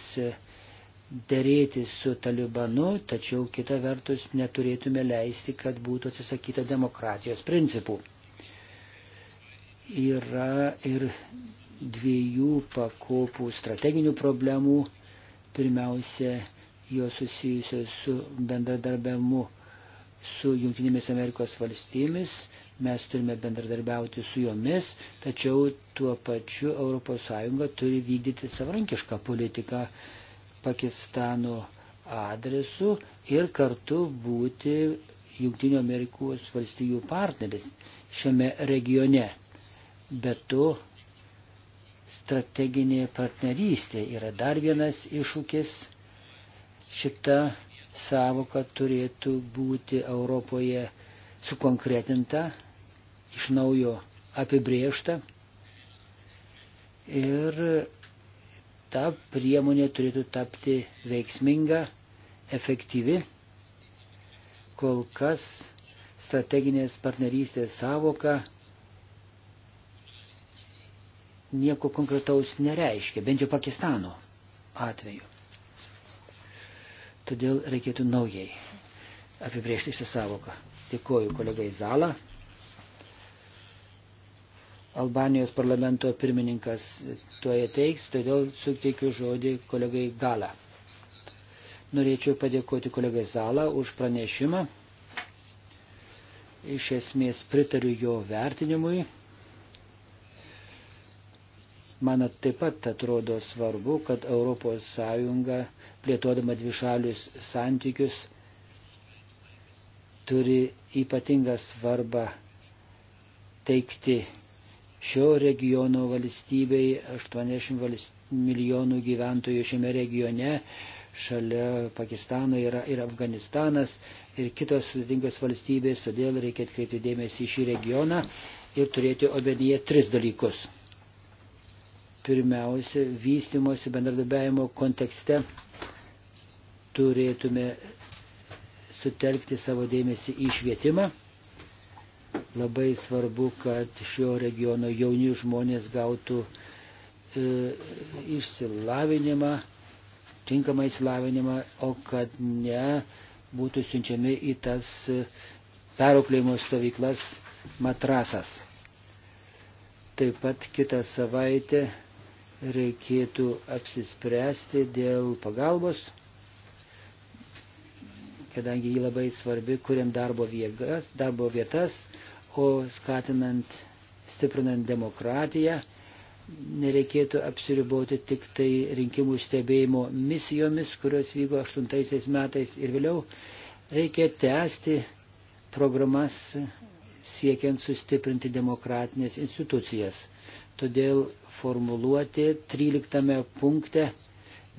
dėrėti su talibanu, tačiau kita vertus neturėtume leisti, kad būtų atsisakyta demokratijos principų. Yra ir dviejų pakopų strateginių problemų. Pirmiausia, jos susijusios su bendradarbiamu su Junktinėmis Amerikos valstybėmis, mes turime bendradarbiauti su jomis, tačiau tuo pačiu ES turi vykdyti savarankišką politiką Pakistano adresu ir kartu būti Junktinio Amerikos valstijų partneris šiame regione. Be to, strateginė partnerystė yra dar vienas iššūkis. Šita savoka turėtų būti Europoje sukonkretinta iš naujo apibriešta ir ta priemonė turėtų tapti veiksminga, efektyvi. Kol kas strateginės partnerystės savoka nieko konkretaus nereiškia, bent jau Pakistano atveju. Todėl reikėtų naujai apibriežti šią savoką. Dėkoju kolegai Zalą. Albanijos parlamento pirmininkas tuoje teiks, todėl suteikiu žodį kolegai Gala. Norėčiau padėkoti kolegai Zala už pranešimą. Iš esmės pritariu jo vertinimui. Man taip pat atrodo svarbu, kad ES plėtodama dvišalius santykius turi ypatingą svarbą teikti šio regiono valstybei, 80 milijonų gyventojų šiame regione, šalia Pakistano yra ir Afganistanas ir kitos sudėtingos valstybės, todėl reikia atkreipti dėmesį į šį regioną ir turėti omenyje tris dalykus. Pirmiausia, vystimosi bendradarbiavimo kontekste turėtume sutelkti savo dėmesį į švietimą Labai svarbu, kad šio regiono jauni žmonės gautų e, išsilavinimą, tinkamą išsilavinimą, o kad ne būtų siunčiami į tas e, perauklėjimo stovyklas matrasas. Taip pat kitą savaitę reikėtų apsispręsti dėl pagalbos, kadangi ji labai svarbi, kuriam darbo, viegas, darbo vietas, o skatinant, stiprinant demokratiją, nereikėtų apsiriboti tik tai rinkimų stebėjimo misijomis, kurios vyko 8 metais ir vėliau. Reikia tęsti programas siekiant sustiprinti demokratinės institucijas. Todėl formuluoti 13 punkte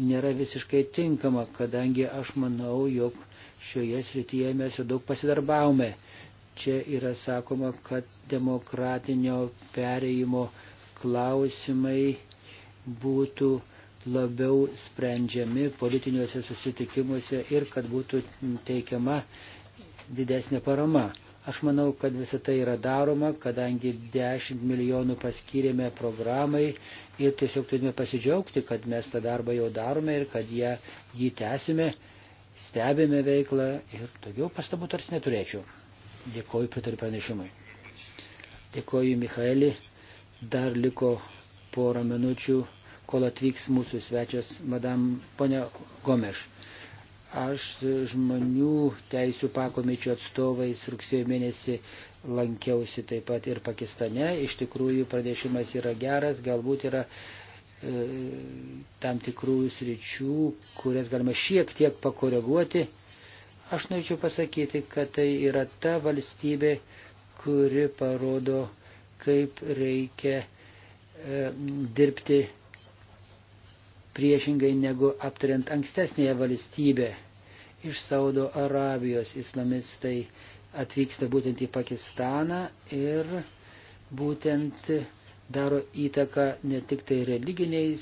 nėra visiškai tinkama, kadangi aš manau, jog šioje srityje mes jau daug pasidarbavome. Čia yra sakoma, kad demokratinio pereimo klausimai būtų labiau sprendžiami politiniuose susitikimuose ir kad būtų teikiama didesnė parama. Aš manau, kad visa tai yra daroma, kadangi 10 milijonų paskyrėme programai ir tiesiog turime pasidžiaugti, kad mes tą darbą jau darome ir kad ją, jį tęsime, stebime veiklą ir daugiau pastabų tarsi neturėčiau. Dėkoju, pritariu pranešimui. Dėkoju, Michaeli. Dar liko porą minučių, kol atvyks mūsų svečias, madam ponia Gomeš. Aš žmonių teisų pakomičių atstovais rugsėjo mėnesį lankiausi taip pat ir Pakistane. Iš tikrųjų, pradėšimas yra geras, galbūt yra e, tam tikrų sričių, kurias galima šiek tiek pakoreguoti. E, Aš norėčiau pasakyti, kad tai yra ta valstybė, kuri parodo, kaip reikia e, dirbti priešingai negu aptariant ankstesnėje valstybė. Iš Saudo Arabijos islamistai atvyksta būtent į Pakistaną ir būtent daro įtaką ne tik tai religiniai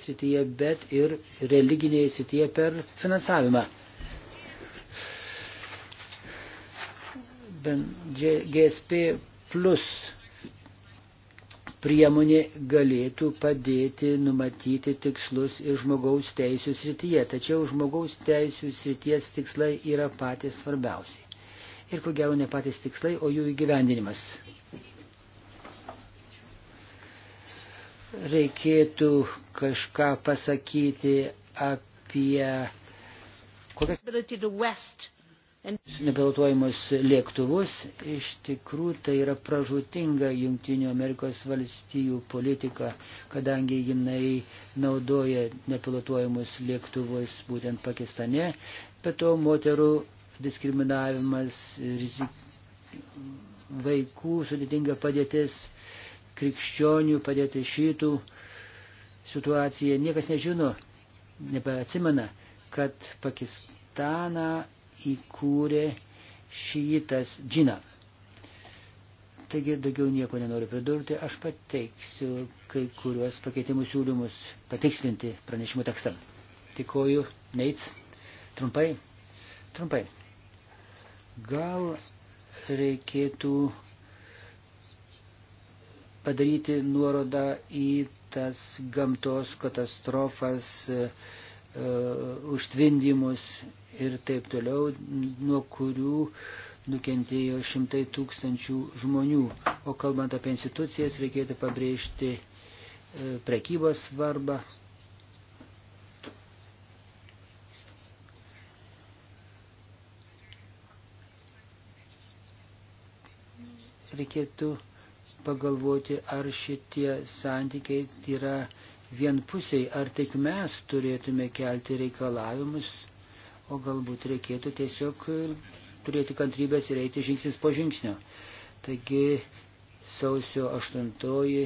srityje, bet ir religiniai srityje per finansavimą. GSP plus priemonė galėtų padėti numatyti tikslus ir žmogaus teisų srityje. Tačiau žmogaus teisų srities tikslai yra patys svarbiausiai. Ir ko gero ne patys tikslai, o jų įgyvendinimas. Reikėtų kažką pasakyti apie kokias. Nepilotuojamus lėktuvus iš tikrųjų tai yra pražutinga Junktinių Amerikos valstijų politika, kadangi jinai naudoja nepilotuojamus lėktuvus būtent Pakistane, bet to moterų diskriminavimas, rizik... vaikų sudėtinga padėtis, krikščionių padėtis šitų situacija, niekas nežino, nebeatsimena, kad Pakistaną įkūrė šitas džiną. Taigi daugiau nieko nenoriu pridurti, aš pateiksiu kai kuriuos pakeitimų siūlymus patikslinti pranešimo tekstą. Tikoju, Neits, trumpai, trumpai. Gal reikėtų padaryti nuorodą į tas gamtos katastrofas, E, užtvindymus ir taip toliau, nuo kurių nukentėjo šimtai tūkstančių žmonių. O kalbant apie institucijas, reikėtų pabrėžti e, prekybos svarbą. Reikėtų pagalvoti, ar šitie santykiai yra vienpusiai, ar tik mes turėtume kelti reikalavimus, o galbūt reikėtų tiesiog turėti kantrybės ir eiti žingsnis po žingsnio. Taigi sausio 8-oji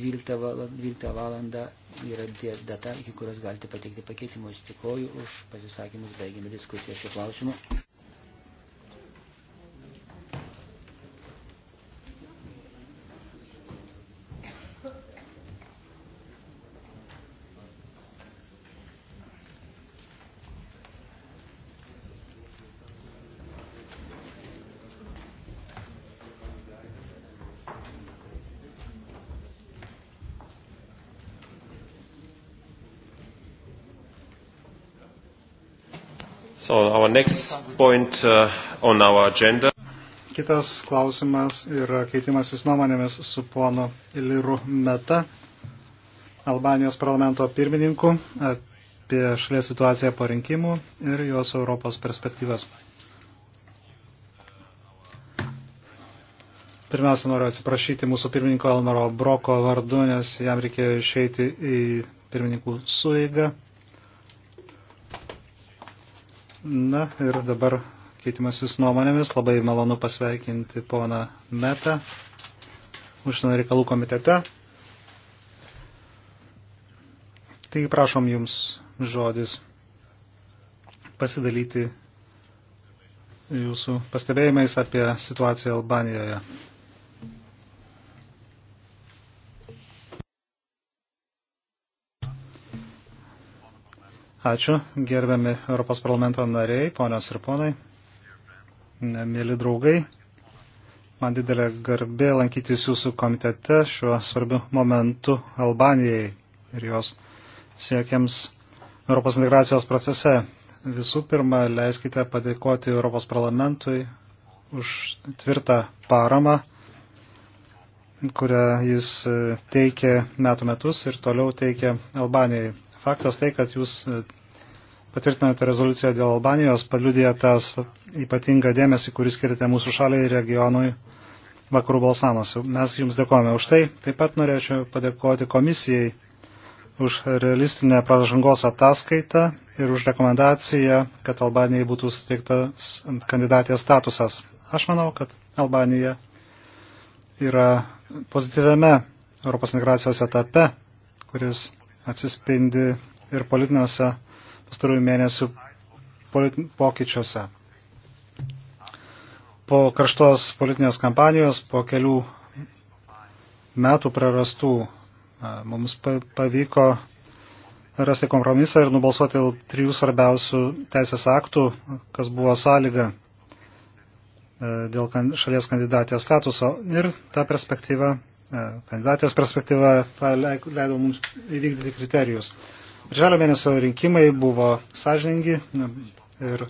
12 val. 12 valanda yra data, iki kurios galite pateikti pakeitimus. Tikoju už pasisakymus, baigėme diskusiją šiuo klausimu. So our next point uh, on our agenda. Kitas klausimas yra keitimasis nuomonėmis su pono Iliru Meta, Albanijos parlamento pirmininku, apie šalies situaciją po rinkimų ir jos Europos perspektyvas. Pirmiausia, noriu atsiprašyti mūsų pirmininko Almaro Broko vardu, nes jam reikėjo išeiti į pirmininkų sueigą. Na ir dabar keitimasis nuomonėmis. Labai malonu pasveikinti poną Metą užsienio reikalų komitete. Taigi prašom jums žodis pasidalyti jūsų pastebėjimais apie situaciją Albanijoje. Ačiū, gerbiami Europos parlamento nariai, ponios ir ponai, mėly draugai. Man didelė garbė lankytis jūsų komitete šiuo svarbiu momentu Albanijai ir jos siekiams Europos integracijos procese. Visų pirma, leiskite padėkoti Europos parlamentui už tvirtą paramą, kurią jis teikė metų metus ir toliau teikė Albanijai faktas tai, kad jūs e, patvirtinate rezoliuciją dėl Albanijos, paliudė tas ypatingą dėmesį, kuris skirite mūsų šaliai ir regionui Vakarų Balsanuose. Mes jums dėkojame už tai. Taip pat norėčiau padėkoti komisijai už realistinę pažangos ataskaitą ir už rekomendaciją, kad Albanijai būtų suteiktas kandidatės statusas. Aš manau, kad Albanija yra pozityviame Europos migracijos etape, kuris atsispindi ir politiniuose pastarųjų mėnesių politi pokyčiuose. Po karštos politinės kampanijos, po kelių metų prarastų mums pavyko rasti kompromisą ir nubalsuoti trijų svarbiausių teisės aktų, kas buvo sąlyga dėl šalies kandidatės statuso. Ir ta perspektyva E, kandidatės perspektyva leido mums įvykdyti kriterijus. Birželio mėnesio rinkimai buvo sąžiningi ir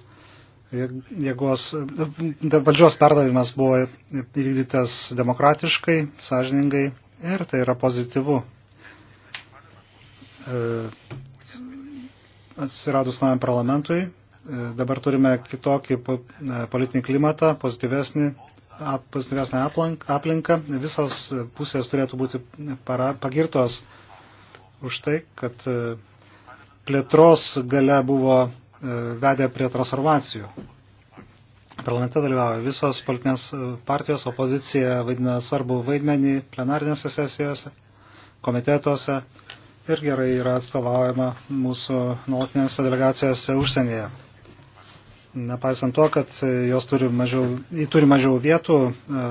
jėgos, e, valdžios perdavimas buvo įvykdytas demokratiškai, sąžiningai ir tai yra pozityvu. E, atsiradus naujam parlamentui, dabar turime kitokį politinį klimatą, pozityvesnį pozityvesnę aplinką. Visos pusės turėtų būti para, pagirtos už tai, kad e, plėtros gale buvo e, vedę prie transformacijų. Parlamente dalyvauja visos politinės e, partijos, opozicija vaidina svarbu vaidmenį plenarinėse sesijose, komitetuose ir gerai yra atstovaujama mūsų nuolatinėse delegacijose užsienyje. Nepaisant to, kad jos turi mažiau, turi mažiau vietų, e,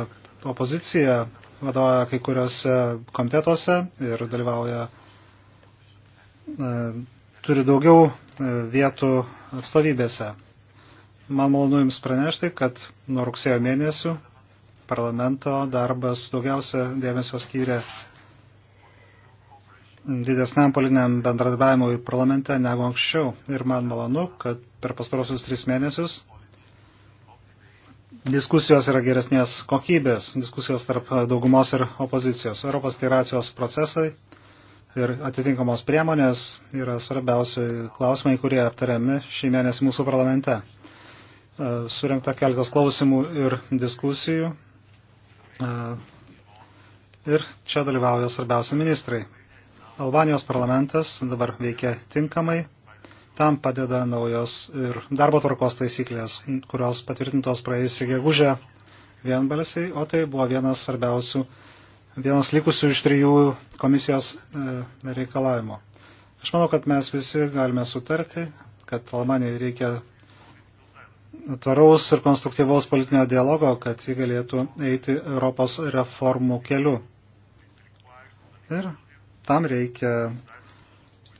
opozicija vadovauja kai kuriuose komitetuose ir dalyvauja, e, turi daugiau e, vietų atstovybėse. Man malonu Jums pranešti, kad nuo rugsėjo mėnesių parlamento darbas daugiausia dėmesio skyrė didesniam politiniam bendradarbiavimui parlamente negu anksčiau. Ir man malonu, kad per pastarosius tris mėnesius diskusijos yra geresnės kokybės, diskusijos tarp daugumos ir opozicijos. Europos integracijos procesai ir atitinkamos priemonės yra svarbiausi klausimai, kurie aptariami šį mėnesį mūsų parlamente. E, surinkta keletas klausimų ir diskusijų. E, ir čia dalyvauja svarbiausi ministrai. Albanijos parlamentas dabar veikia tinkamai. Tam padeda naujos ir darbo tvarkos taisyklės, kurios patvirtintos praėjusį gegužę vienbalsiai, o tai buvo vienas svarbiausių, vienas likusių iš trijų komisijos e, reikalavimo. Aš manau, kad mes visi galime sutarti, kad Almanijai reikia tvaraus ir konstruktyvaus politinio dialogo, kad ji galėtų eiti Europos reformų keliu. Ir tam reikia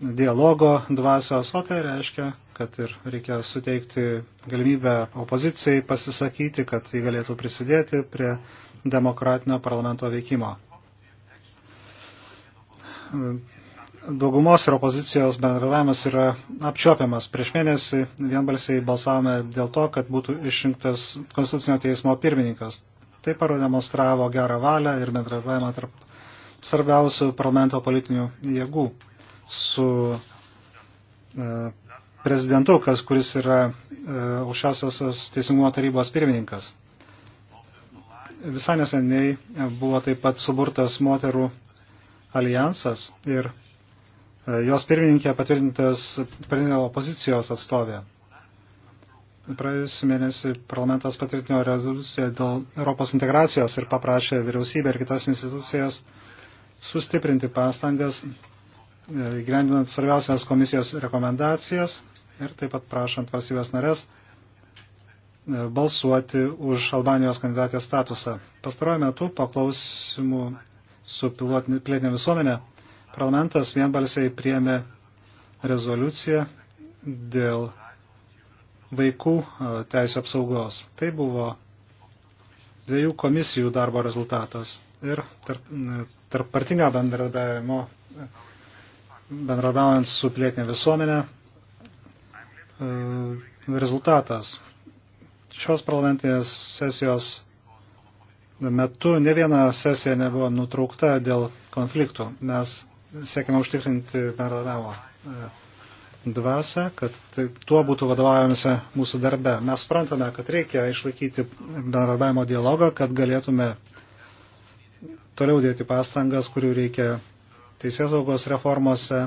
dialogo dvasios, o tai reiškia, kad ir reikia suteikti galimybę opozicijai pasisakyti, kad jį galėtų prisidėti prie demokratinio parlamento veikimo. Daugumos ir opozicijos bendravimas yra apčiopiamas. Prieš mėnesį vienbalsiai balsavome dėl to, kad būtų išrinktas Konstitucinio teismo pirmininkas. Tai parodemonstravo gerą valią ir bendravimą tarp svarbiausių parlamento politinių jėgų su e, prezidentu, kas, kuris yra e, aukščiausiosios teisingumo tarybos pirmininkas. Visai neseniai buvo taip pat suburtas moterų alijansas ir e, jos pirmininkė patvirtintas opozicijos atstovė. Praėjusį mėnesį parlamentas patvirtino rezoliuciją dėl Europos integracijos ir paprašė vyriausybę ir kitas institucijas uh, sustiprinti pastangas, e, įgyvendinant svarbiausias komisijos rekomendacijas ir taip pat prašant valstybės narės e, balsuoti už Albanijos kandidatės statusą. Pastaruoju metu po klausimų su pilietinė visuomenė parlamentas vienbalsiai priėmė rezoliuciją dėl vaikų e, teisų apsaugos. Tai buvo dviejų komisijų darbo rezultatas ir tarp, tarp partinio bendradarbiavimo, bendradarbiaujant su plėtinė visuomenė, e, rezultatas. Šios parlamentinės sesijos metu ne viena sesija nebuvo nutraukta dėl konfliktų. Mes siekime užtikrinti bendradarbiavimą e, dvasę, kad tai, tuo būtų vadovavimuose mūsų darbe. Mes suprantame, kad reikia išlaikyti bendradarbiavimo dialogą, kad galėtume toliau dėti pastangas, kurių reikia teisėsaugos reformose,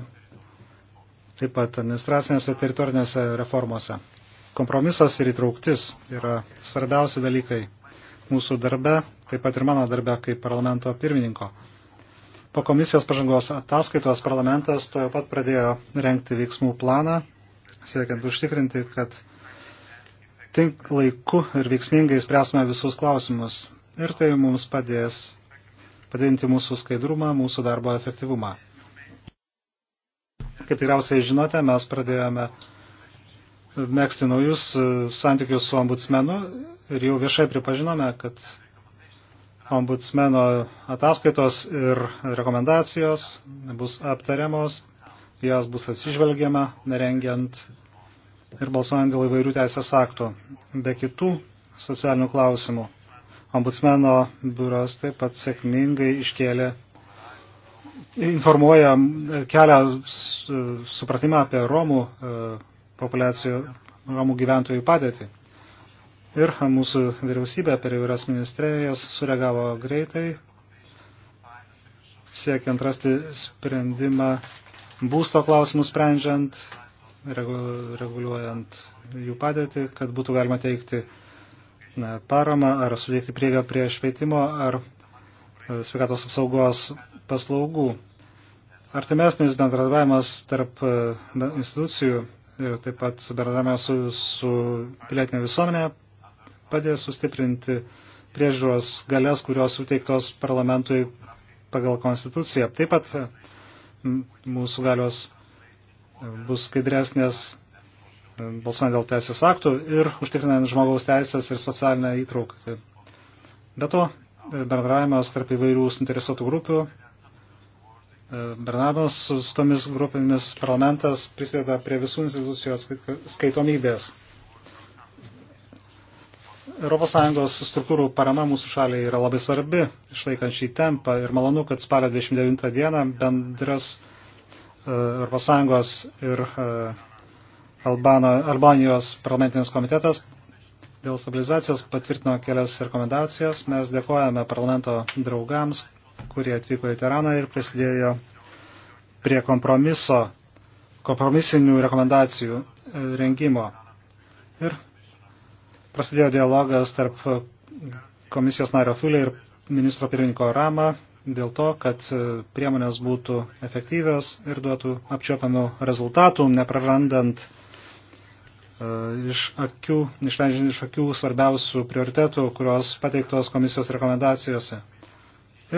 taip pat administracinėse teritorinėse reformose. Kompromisas ir įtrauktis yra svarbiausi dalykai mūsų darbe, taip pat ir mano darbe kaip parlamento pirmininko. Po komisijos pažangos ataskaitos parlamentas tojo pat pradėjo renkti veiksmų planą, siekiant užtikrinti, kad tink laiku ir veiksmingai spręsime visus klausimus. Ir tai mums padės padidinti mūsų skaidrumą, mūsų darbo efektyvumą. Kaip tikriausiai žinote, mes pradėjome mėgsti naujus e, santykius su ombudsmenu ir jau viešai pripažinome, kad ombudsmeno ataskaitos ir rekomendacijos bus aptariamos, jas bus atsižvelgiama, nerengiant ir balsuojant dėl įvairių teisės aktų, be kitų socialinių klausimų. Ombudsmeno biuras taip pat sėkmingai iškėlė, informuoja, kelia supratimą apie Romų e, populiacijų, Romų gyventojų padėtį. Ir mūsų vyriausybė per įvairias ministerijas sureagavo greitai, siekiant rasti sprendimą būsto klausimus sprendžiant, reguliuojant jų padėtį, kad būtų galima teikti paramą ar sudėkti prieigą prie švietimo ar e, sveikatos apsaugos paslaugų. Artimesnis bendradarbiavimas tarp e, institucijų ir taip pat bendradarbiavimas su, su pilietinė visuomenė padės sustiprinti priežiūros galės, kurios suteiktos parlamentui pagal konstituciją. Taip pat mūsų galios bus skaidresnės balsuojant dėl teisės aktų ir užtikrinant žmogaus teisės ir socialinę įtrauktį. Tai be to, bendravimas tarp įvairių suinteresuotų grupių, e, bendravimas su, su tomis grupėmis parlamentas prisideda prie visų institucijos skaitomybės. ES struktūrų parama mūsų šaliai yra labai svarbi, išlaikant šį tempą ir malonu, kad spalio 29 dieną bendras ES ir e, Albano, Albanijos parlamentinis komitetas dėl stabilizacijos patvirtino kelias rekomendacijas. Mes dėkojame parlamento draugams, kurie atvyko į Teraną ir prisidėjo prie kompromiso, kompromisinių rekomendacijų e, rengimo. Ir prasidėjo dialogas tarp komisijos nario Fulė ir ministro pirmininko Rama dėl to, kad e, priemonės būtų efektyvios ir duotų apčiopiamų rezultatų, neprarandant E, iš akių, išleidžiant iš akių svarbiausių prioritetų, kurios pateiktos komisijos rekomendacijose.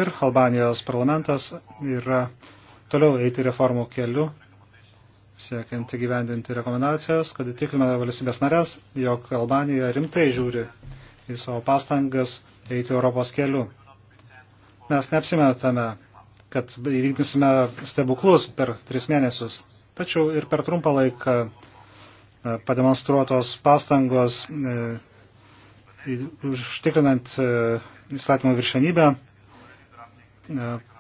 Ir Albanijos parlamentas yra toliau eiti reformų keliu, siekiant įgyvendinti rekomendacijas, kad įtikriname valstybės narės, jog Albanija rimtai žiūri į savo pastangas eiti Europos keliu. Mes neapsimetame, kad įvykdysime stebuklus per tris mėnesius, tačiau ir per trumpą laiką E, pademonstruotos pastangos e, užtikrinant e, įstatymų viršenybę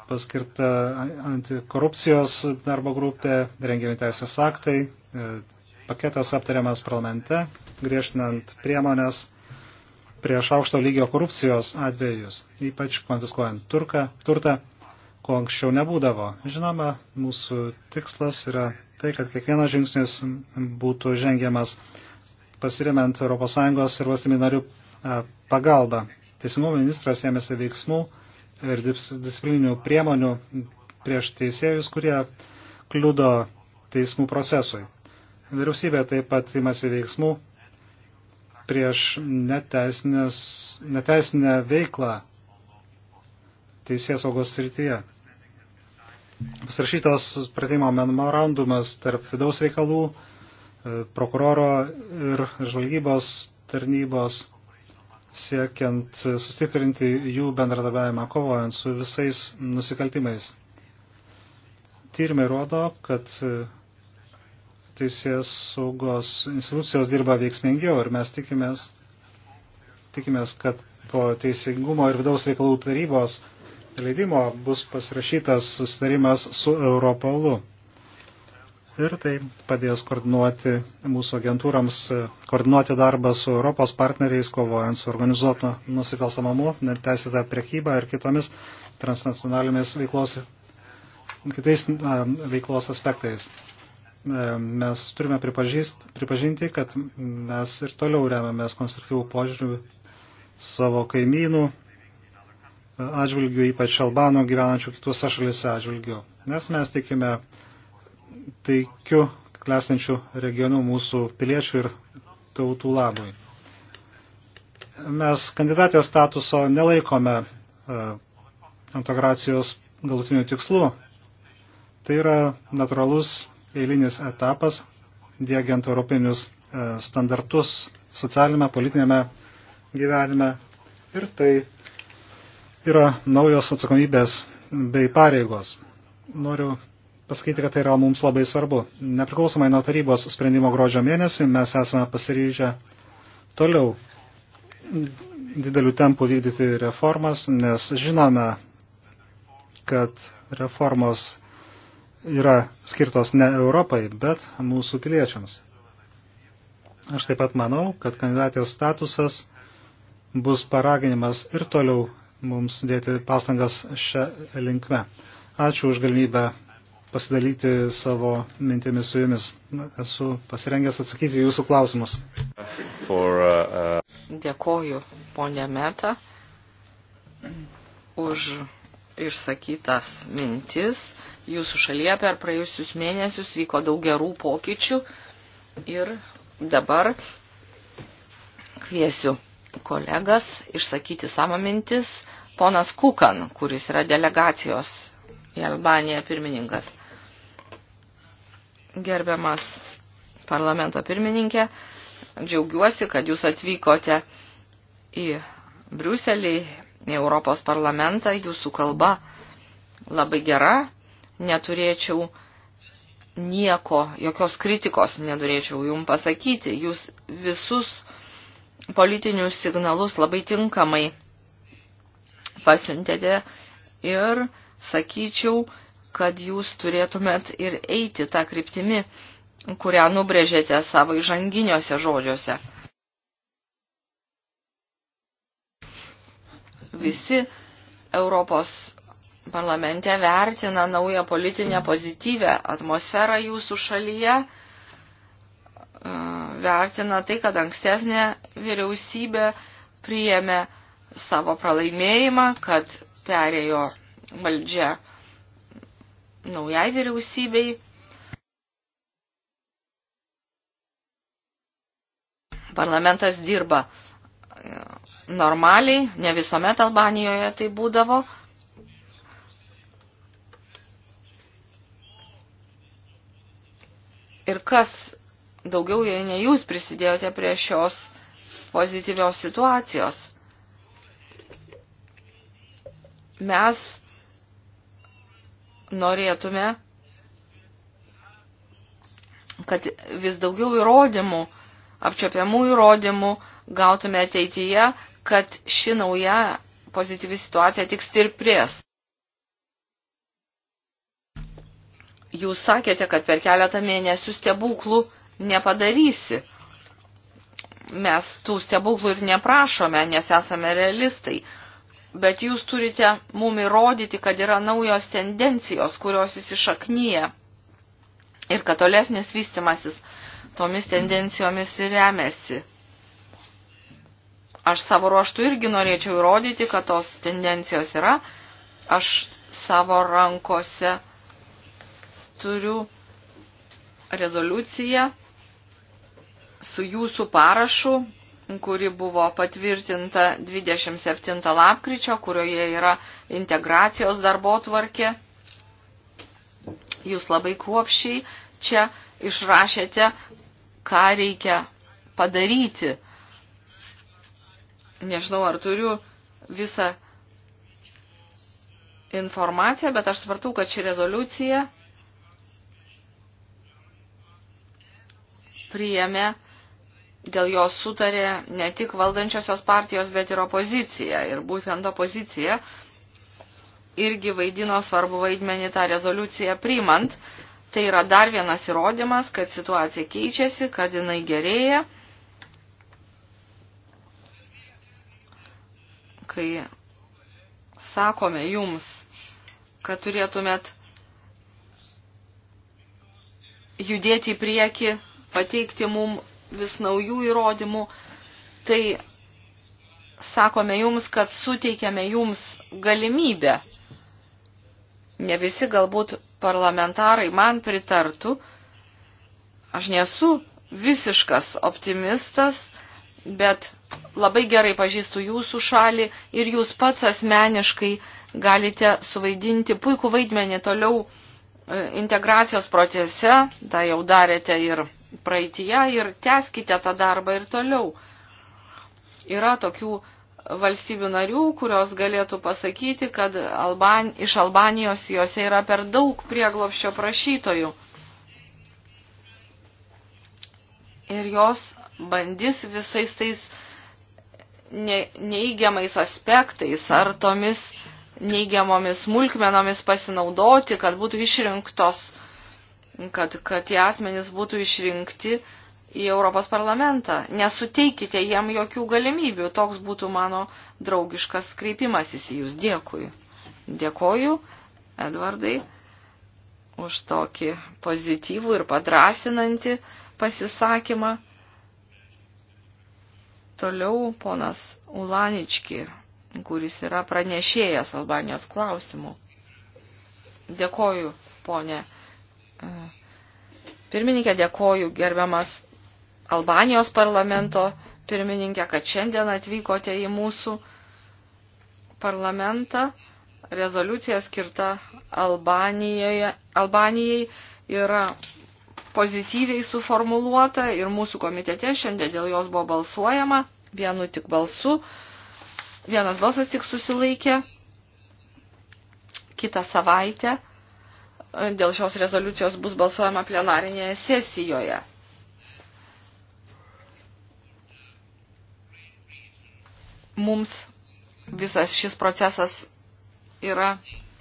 paskirta antikorupcijos darbo grupė, rengiami teisės aktai, paketas aptariamas parlamente, griežtinant priemonės prieš aukšto lygio korupcijos atvejus, ypač konfiskuojant turką, turtą, ko anksčiau nebūdavo. Žinoma, mūsų tikslas yra tai, kad kiekvienas žingsnis būtų žengiamas pasiremiant ES ir valstybių narių pagalbą. Teisingumo ministras ėmėsi veiksmų ir disciplininių priemonių prieš teisėjus, kurie kliudo teismų procesui. Vyriausybė taip pat imasi veiksmų prieš neteisinę veiklą teisės saugos srityje. Pasirašytas pratimo memorandumas tarp vidaus reikalų, e, prokuroro ir žvalgybos tarnybos siekiant sustiprinti jų bendradarbiavimą kovojant su visais nusikaltimais. Tyrimai rodo, kad e, teisės saugos institucijos dirba veiksmingiau ir mes tikimės, tikimės kad po teisingumo ir vidaus reikalų tarybos leidimo bus pasirašytas susitarimas su Europolu. Ir tai padės koordinuoti mūsų agentūrams, e, koordinuoti darbą su Europos partneriais, kovojant su organizuotu nusikalstamamu, neteisėta prekyba ir kitomis transnacionalinėmis veiklos, kitais na, veiklos aspektais. E, mes turime pripažinti, kad mes ir toliau remiamės konstruktyvų požiūrių savo kaimynų atžvilgių, ypač Albanų gyvenančių kitose šalise atžvilgių. Nes mes tikime taikių klestinčių regionų mūsų piliečių ir tautų labui. Mes kandidatės statuso nelaikome e, integracijos galutinių tikslų. Tai yra natūralus eilinis etapas, dėgiant europinius e, standartus socialinėme, politinėme gyvenime. Ir tai yra naujos atsakomybės bei pareigos. Noriu pasakyti, kad tai yra mums labai svarbu. Nepriklausomai nuo tarybos sprendimo gruodžio mėnesį mes esame pasiryžę toliau didelių tempų vykdyti reformas, nes žinome, kad reformos yra skirtos ne Europai, bet mūsų piliečiams. Aš taip pat manau, kad kandidatės statusas bus paraginimas ir toliau mums dėti pastangas šią linkme. Ačiū už galimybę pasidalyti savo mintimis su jumis. Esu pasirengęs atsakyti jūsų klausimus. For, uh, uh... Dėkoju, ponė Meta, už išsakytas mintis. Jūsų šalyje per praėjusius mėnesius vyko daug gerų pokyčių ir dabar kviesiu kolegas išsakyti savo mintis ponas Kukan, kuris yra delegacijos į Albaniją pirmininkas. Gerbiamas parlamento pirmininkė, džiaugiuosi, kad jūs atvykote į Briuselį, į Europos parlamentą. Jūsų kalba labai gera, neturėčiau nieko, jokios kritikos nenorėčiau jum pasakyti. Jūs visus politinius signalus labai tinkamai pasiuntėte ir sakyčiau, kad jūs turėtumėt ir eiti tą kryptimį, kurią nubrėžėte savo įžanginiuose žodžiuose. Visi Europos parlamente vertina naują politinę pozityvę atmosferą jūsų šalyje, e, vertina tai, kad ankstesnė vyriausybė priėmė savo pralaimėjimą, kad perėjo valdžia naujai vyriausybei. Parlamentas dirba e, normaliai, ne visuomet Albanijoje tai būdavo. Ir kas daugiau, jei ne jūs prisidėjote prie šios pozityvios situacijos mes norėtume, kad vis daugiau įrodymų, apčiopiamų įrodymų gautume ateityje, kad ši nauja pozityvi situacija tik stirprės. Jūs sakėte, kad per keletą mėnesių stebuklų nepadarysi. Mes tų stebuklų ir neprašome, nes esame realistai bet jūs turite mum įrodyti, kad yra naujos tendencijos, kurios įsišaknyja ir kad tolesnis vystimasis tomis tendencijomis ir remiasi. Aš savo ruoštų irgi norėčiau įrodyti, kad tos tendencijos yra. Aš savo rankose turiu rezoliuciją su jūsų parašu kuri buvo patvirtinta 27 lapkričio, kurioje yra integracijos darbo tvarkė. Jūs labai kruopšiai čia išrašėte, ką reikia padaryti. Nežinau, ar turiu visą informaciją, bet aš supratau, kad ši rezoliucija priėmė dėl jos sutarė ne tik valdančiosios partijos, bet ir opozicija. Ir būtent opozicija irgi vaidino svarbu vaidmenį tą rezoliuciją priimant. Tai yra dar vienas įrodymas, kad situacija keičiasi, kad jinai gerėja. Kai sakome jums, kad turėtumėt judėti į priekį, pateikti mums vis naujų įrodymų, tai sakome jums, kad suteikiame jums galimybę. Ne visi galbūt parlamentarai man pritartų. Aš nesu visiškas optimistas, bet labai gerai pažįstu jūsų šalį ir jūs pats asmeniškai galite suvaidinti puikų vaidmenį toliau e, integracijos procese, tą tai jau darėte ir praeitie ir teskite tą darbą ir toliau. Yra tokių valstybių narių, kurios galėtų pasakyti, kad Alban, iš Albanijos juose yra per daug prieglopščio prašytojų. Ir jos bandys visais tais ne, neįgiamais aspektais ar tomis neįgiamomis smulkmenomis pasinaudoti, kad būtų išrinktos uh, kad, kad tie asmenys būtų išrinkti į Europos parlamentą. Nesuteikite jiem jokių galimybių. Toks būtų mano draugiškas kreipimasis į jūs. Dėkui. Dėkoju, Edvardai, už tokį pozityvų ir padrasinantį pasisakymą. Toliau ponas Ulanički, kuris yra pranešėjas Albanijos klausimų. Dėkoju, ponė pirmininkė, dėkoju gerbiamas Albanijos parlamento pirmininkė, kad šiandien atvykote į mūsų parlamentą. Rezoliucija skirta Albanijoje, Albanijai yra pozityviai suformuluota ir mūsų komitete šiandien dėl jos buvo balsuojama vienu tik balsu. Vienas balsas tik susilaikė. Kitą savaitę dėl šios rezoliucijos bus balsuojama plenarinėje sesijoje. Mums visas šis procesas yra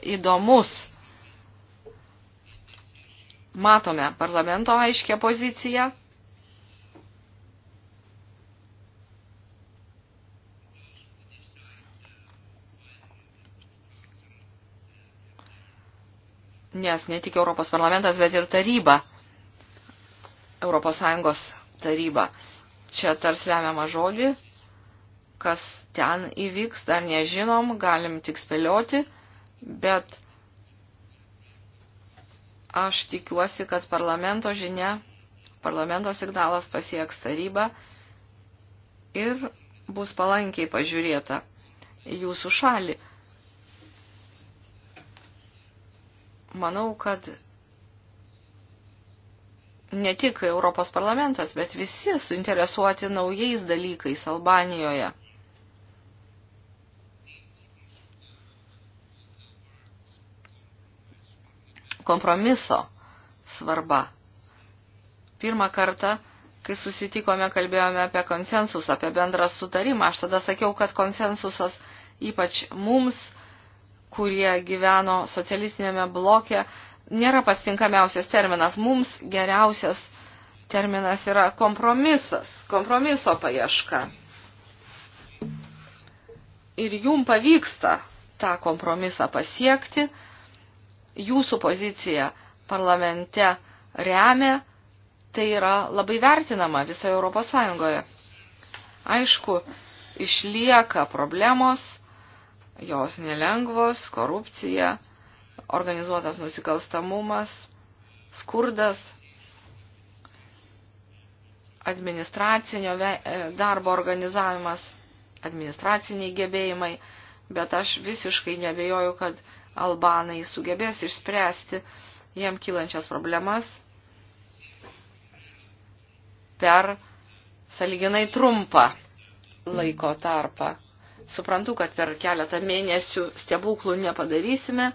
įdomus. Matome parlamento aiškę poziciją. nes ne tik Europos parlamentas, bet ir taryba, Europos Sąjungos taryba. Čia tars lemiamą žodį, kas ten įvyks, dar nežinom, galim tik spėlioti, bet aš tikiuosi, kad parlamento žinia, parlamento signalas pasieks tarybą ir bus palankiai pažiūrėta į jūsų šalį. manau, kad ne tik Europos parlamentas, bet visi suinteresuoti naujais dalykais Albanijoje. Kompromiso svarba. Pirmą kartą, kai susitikome, kalbėjome apie konsensusą, apie bendrą sutarimą. Aš tada sakiau, kad konsensusas ypač mums kurie gyveno socialistinėme bloke, nėra pats tinkamiausias terminas. Mums geriausias terminas yra kompromisas, kompromiso paieška. Ir jum pavyksta tą kompromisą pasiekti, jūsų pozicija parlamente remia, tai yra labai vertinama visoje Europos Sąjungoje. Aišku, išlieka problemos, Jos nelengvos - korupcija, organizuotas nusikalstamumas, skurdas, administracinio e, darbo organizavimas, administraciniai gebėjimai, bet aš visiškai nebejoju, kad Albanai sugebės išspręsti jiem kylančias problemas per saliginai trumpą laiko tarpą. Suprantu, kad per keletą mėnesių stebuklų nepadarysime.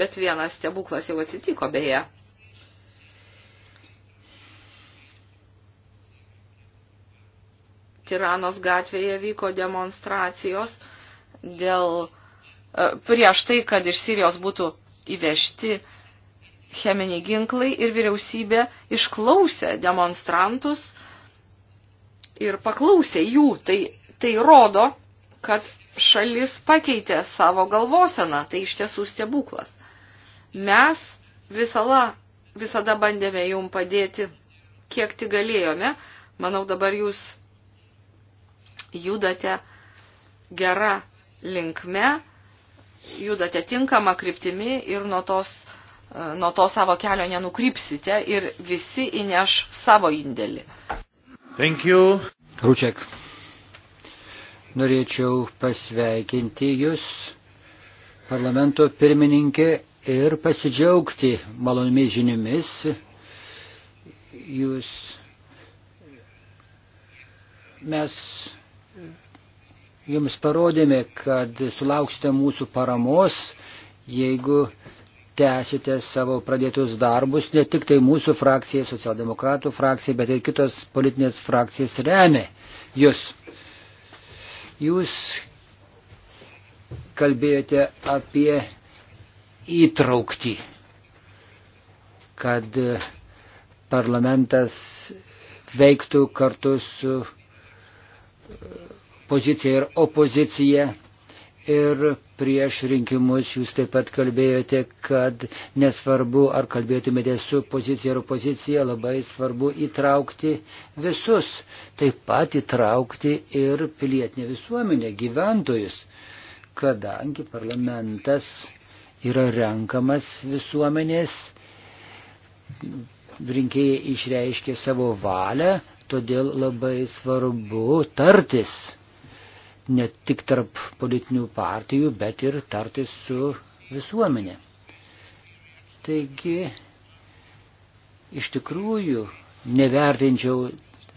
Bet vienas stebuklas jau atsitiko beje. Tiranos gatvėje vyko demonstracijos dėl e, prieš tai, kad iš Sirijos būtų įvežti cheminiai ginklai ir vyriausybė išklausė demonstrantus ir paklausė jų. Tai, tai rodo, kad šalis pakeitė savo galvoseną. Tai iš tiesų stebuklas. Mes visala, visada bandėme jum padėti, kiek tik galėjome. Manau, dabar jūs judate gerą linkme, judate tinkamą kryptimi ir nuo tos nuo to savo kelio nenukrypsite ir visi įneš savo indėlį. Thank you. Rūčiak. Norėčiau pasveikinti Jūs, parlamento pirmininkė, ir pasidžiaugti malonomis žiniomis. Jūs mes Jums parodėme, kad sulauksite mūsų paramos, jeigu tęsite savo pradėtus darbus, ne tik tai mūsų frakcija, socialdemokratų frakcija, bet ir kitos politinės frakcijas remia jūs. Jūs kalbėjote apie įtraukti, kad parlamentas veiktų kartu su e, pozicija ir opozicija ir prieš rinkimus jūs taip pat kalbėjote, kad nesvarbu, ar kalbėtumėte su pozicija ar opozicija, labai svarbu įtraukti visus, taip pat įtraukti ir pilietinę visuomenę, gyventojus, kadangi parlamentas yra renkamas visuomenės, rinkėjai išreiškė savo valią, todėl labai svarbu tartis ne tik tarp politinių partijų, bet ir tartis su visuomenė. Taigi, iš tikrųjų, nevertinčiau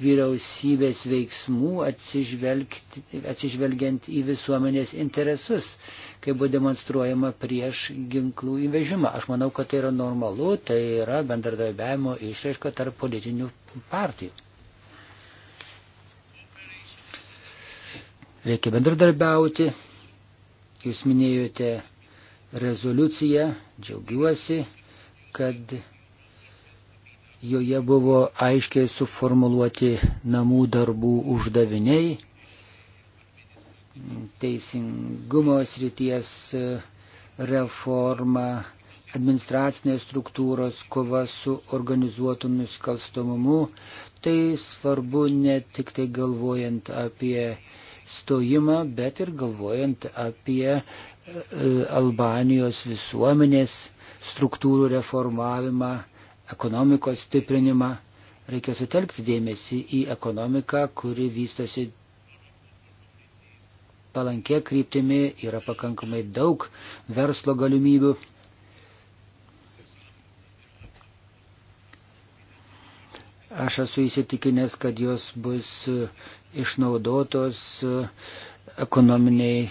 vyriausybės veiksmų atsižvelgiant į visuomenės interesus, kai buvo demonstruojama prieš ginklų įvežimą. Aš manau, kad tai yra normalu, tai yra bendradarbiavimo išraiška tarp politinių partijų. Reikia bendradarbiauti. Jūs minėjote rezoliuciją, džiaugiuosi, kad joje buvo aiškiai suformuluoti namų darbų uždaviniai, teisingumo srities e, reforma, administracinės struktūros, kova su organizuotu nusikalstamumu. Tai svarbu ne tik tai galvojant apie stojimą, bet ir galvojant apie e, Albanijos visuomenės struktūrų reformavimą, ekonomikos stiprinimą. Reikia sutelkti dėmesį į ekonomiką, kuri vystosi palankė kryptimi, yra pakankamai daug verslo galimybių. Aš esu įsitikinęs, kad jos bus e, išnaudotos e, ekonominiai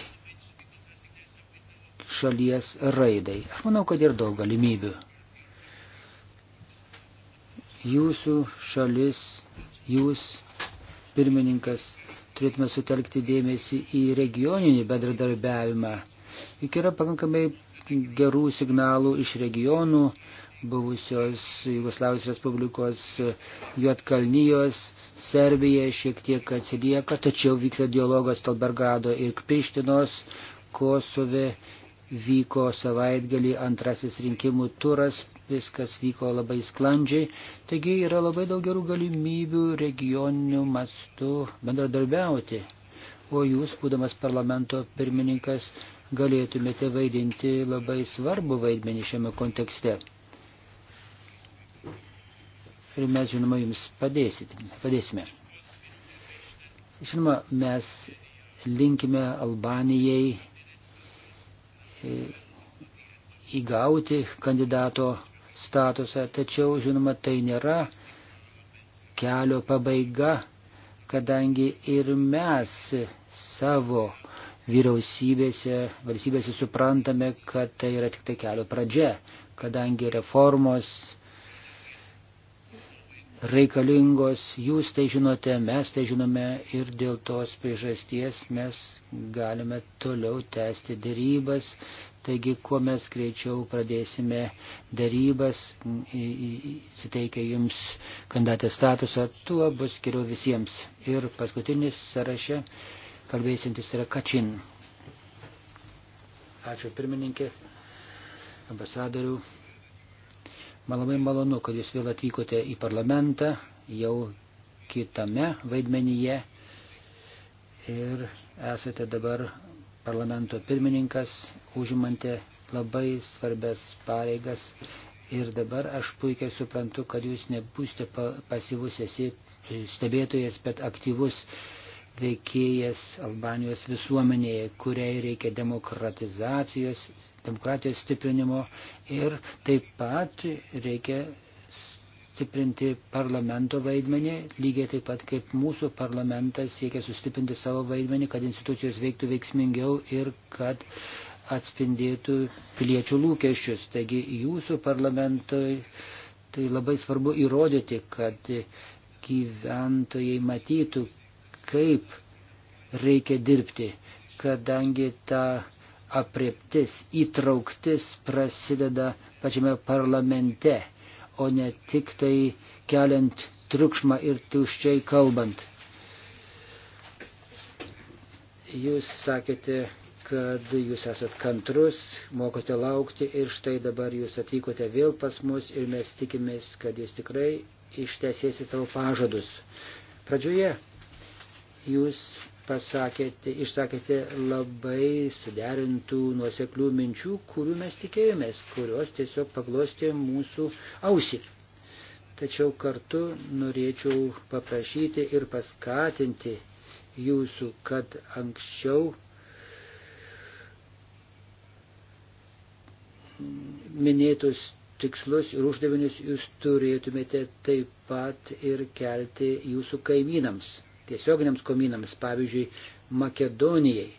šalies raidai. Aš manau, kad ir daug galimybių. Jūsų šalis, jūs, pirmininkas, turėtume sutelkti dėmesį į regioninį bendradarbiavimą. Juk yra pakankamai gerų signalų iš regionų, buvusios Jugoslavijos Respublikos e, Juotkalnyjos, Serbija šiek tiek atsilieka, tačiau vyksta dialogas Talbergado ir Kpištinos, Kosove vyko savaitgalį antrasis rinkimų turas, viskas vyko labai sklandžiai, taigi yra labai daug gerų galimybių regioniniu mastu bendradarbiauti. O jūs, būdamas parlamento pirmininkas, galėtumėte vaidinti labai svarbu vaidmenį šiame kontekste ir mes, žinoma, jums padėsite, padėsime. Žinoma, mes linkime Albanijai e, įgauti kandidato statusą, tačiau, žinoma, tai nėra kelio pabaiga, kadangi ir mes savo vyriausybėse, valstybėse suprantame, kad tai yra tik tai kelio pradžia, kadangi reformos reikalingos, jūs tai žinote, mes tai žinome ir dėl tos priežasties mes galime toliau tęsti dėrybas. Taigi, kuo mes greičiau pradėsime dėrybas, suteikia jums kandidatės statusą, tuo bus geriau visiems. Ir paskutinis sąraše kalbėsintis yra Kačin. Ačiū pirmininkė, ambasadorių. Man labai malonu, kad jūs vėl atvykote į parlamentą, jau kitame vaidmenyje ir esate dabar parlamento pirmininkas, užimantė labai svarbės pareigas ir dabar aš puikiai suprantu, kad jūs nebūsite pasyvus esi stebėtojas, bet aktyvus veikėjas Albanijos visuomenėje, kuriai reikia demokratizacijos, demokratijos stiprinimo ir taip pat reikia stiprinti parlamento vaidmenį, lygiai taip pat kaip mūsų parlamentas siekia sustiprinti savo vaidmenį, kad institucijos veiktų veiksmingiau ir kad atspindėtų piliečių lūkesčius. Taigi jūsų parlamentoj tai labai svarbu įrodyti, kad gyventojai matytų, kaip reikia dirbti, kadangi ta apriptis, įtrauktis prasideda pačiame parlamente, o ne tik tai keliant triukšmą ir tuščiai kalbant. Jūs sakėte, kad jūs esat kantrus, mokote laukti ir štai dabar jūs atvykote vėl pas mus ir mes tikimės, kad jūs tikrai ištesėsi savo pažadus. Pradžioje Jūs pasakėte, išsakėte labai suderintų nuoseklių minčių, kurių mes tikėjomės, kurios tiesiog paglostė mūsų ausį. Tačiau kartu norėčiau paprašyti ir paskatinti jūsų, kad anksčiau minėtus tikslus ir uždavinius jūs turėtumėte taip pat ir kelti jūsų kaimynams tiesioginiams komynams, pavyzdžiui, Makedonijai,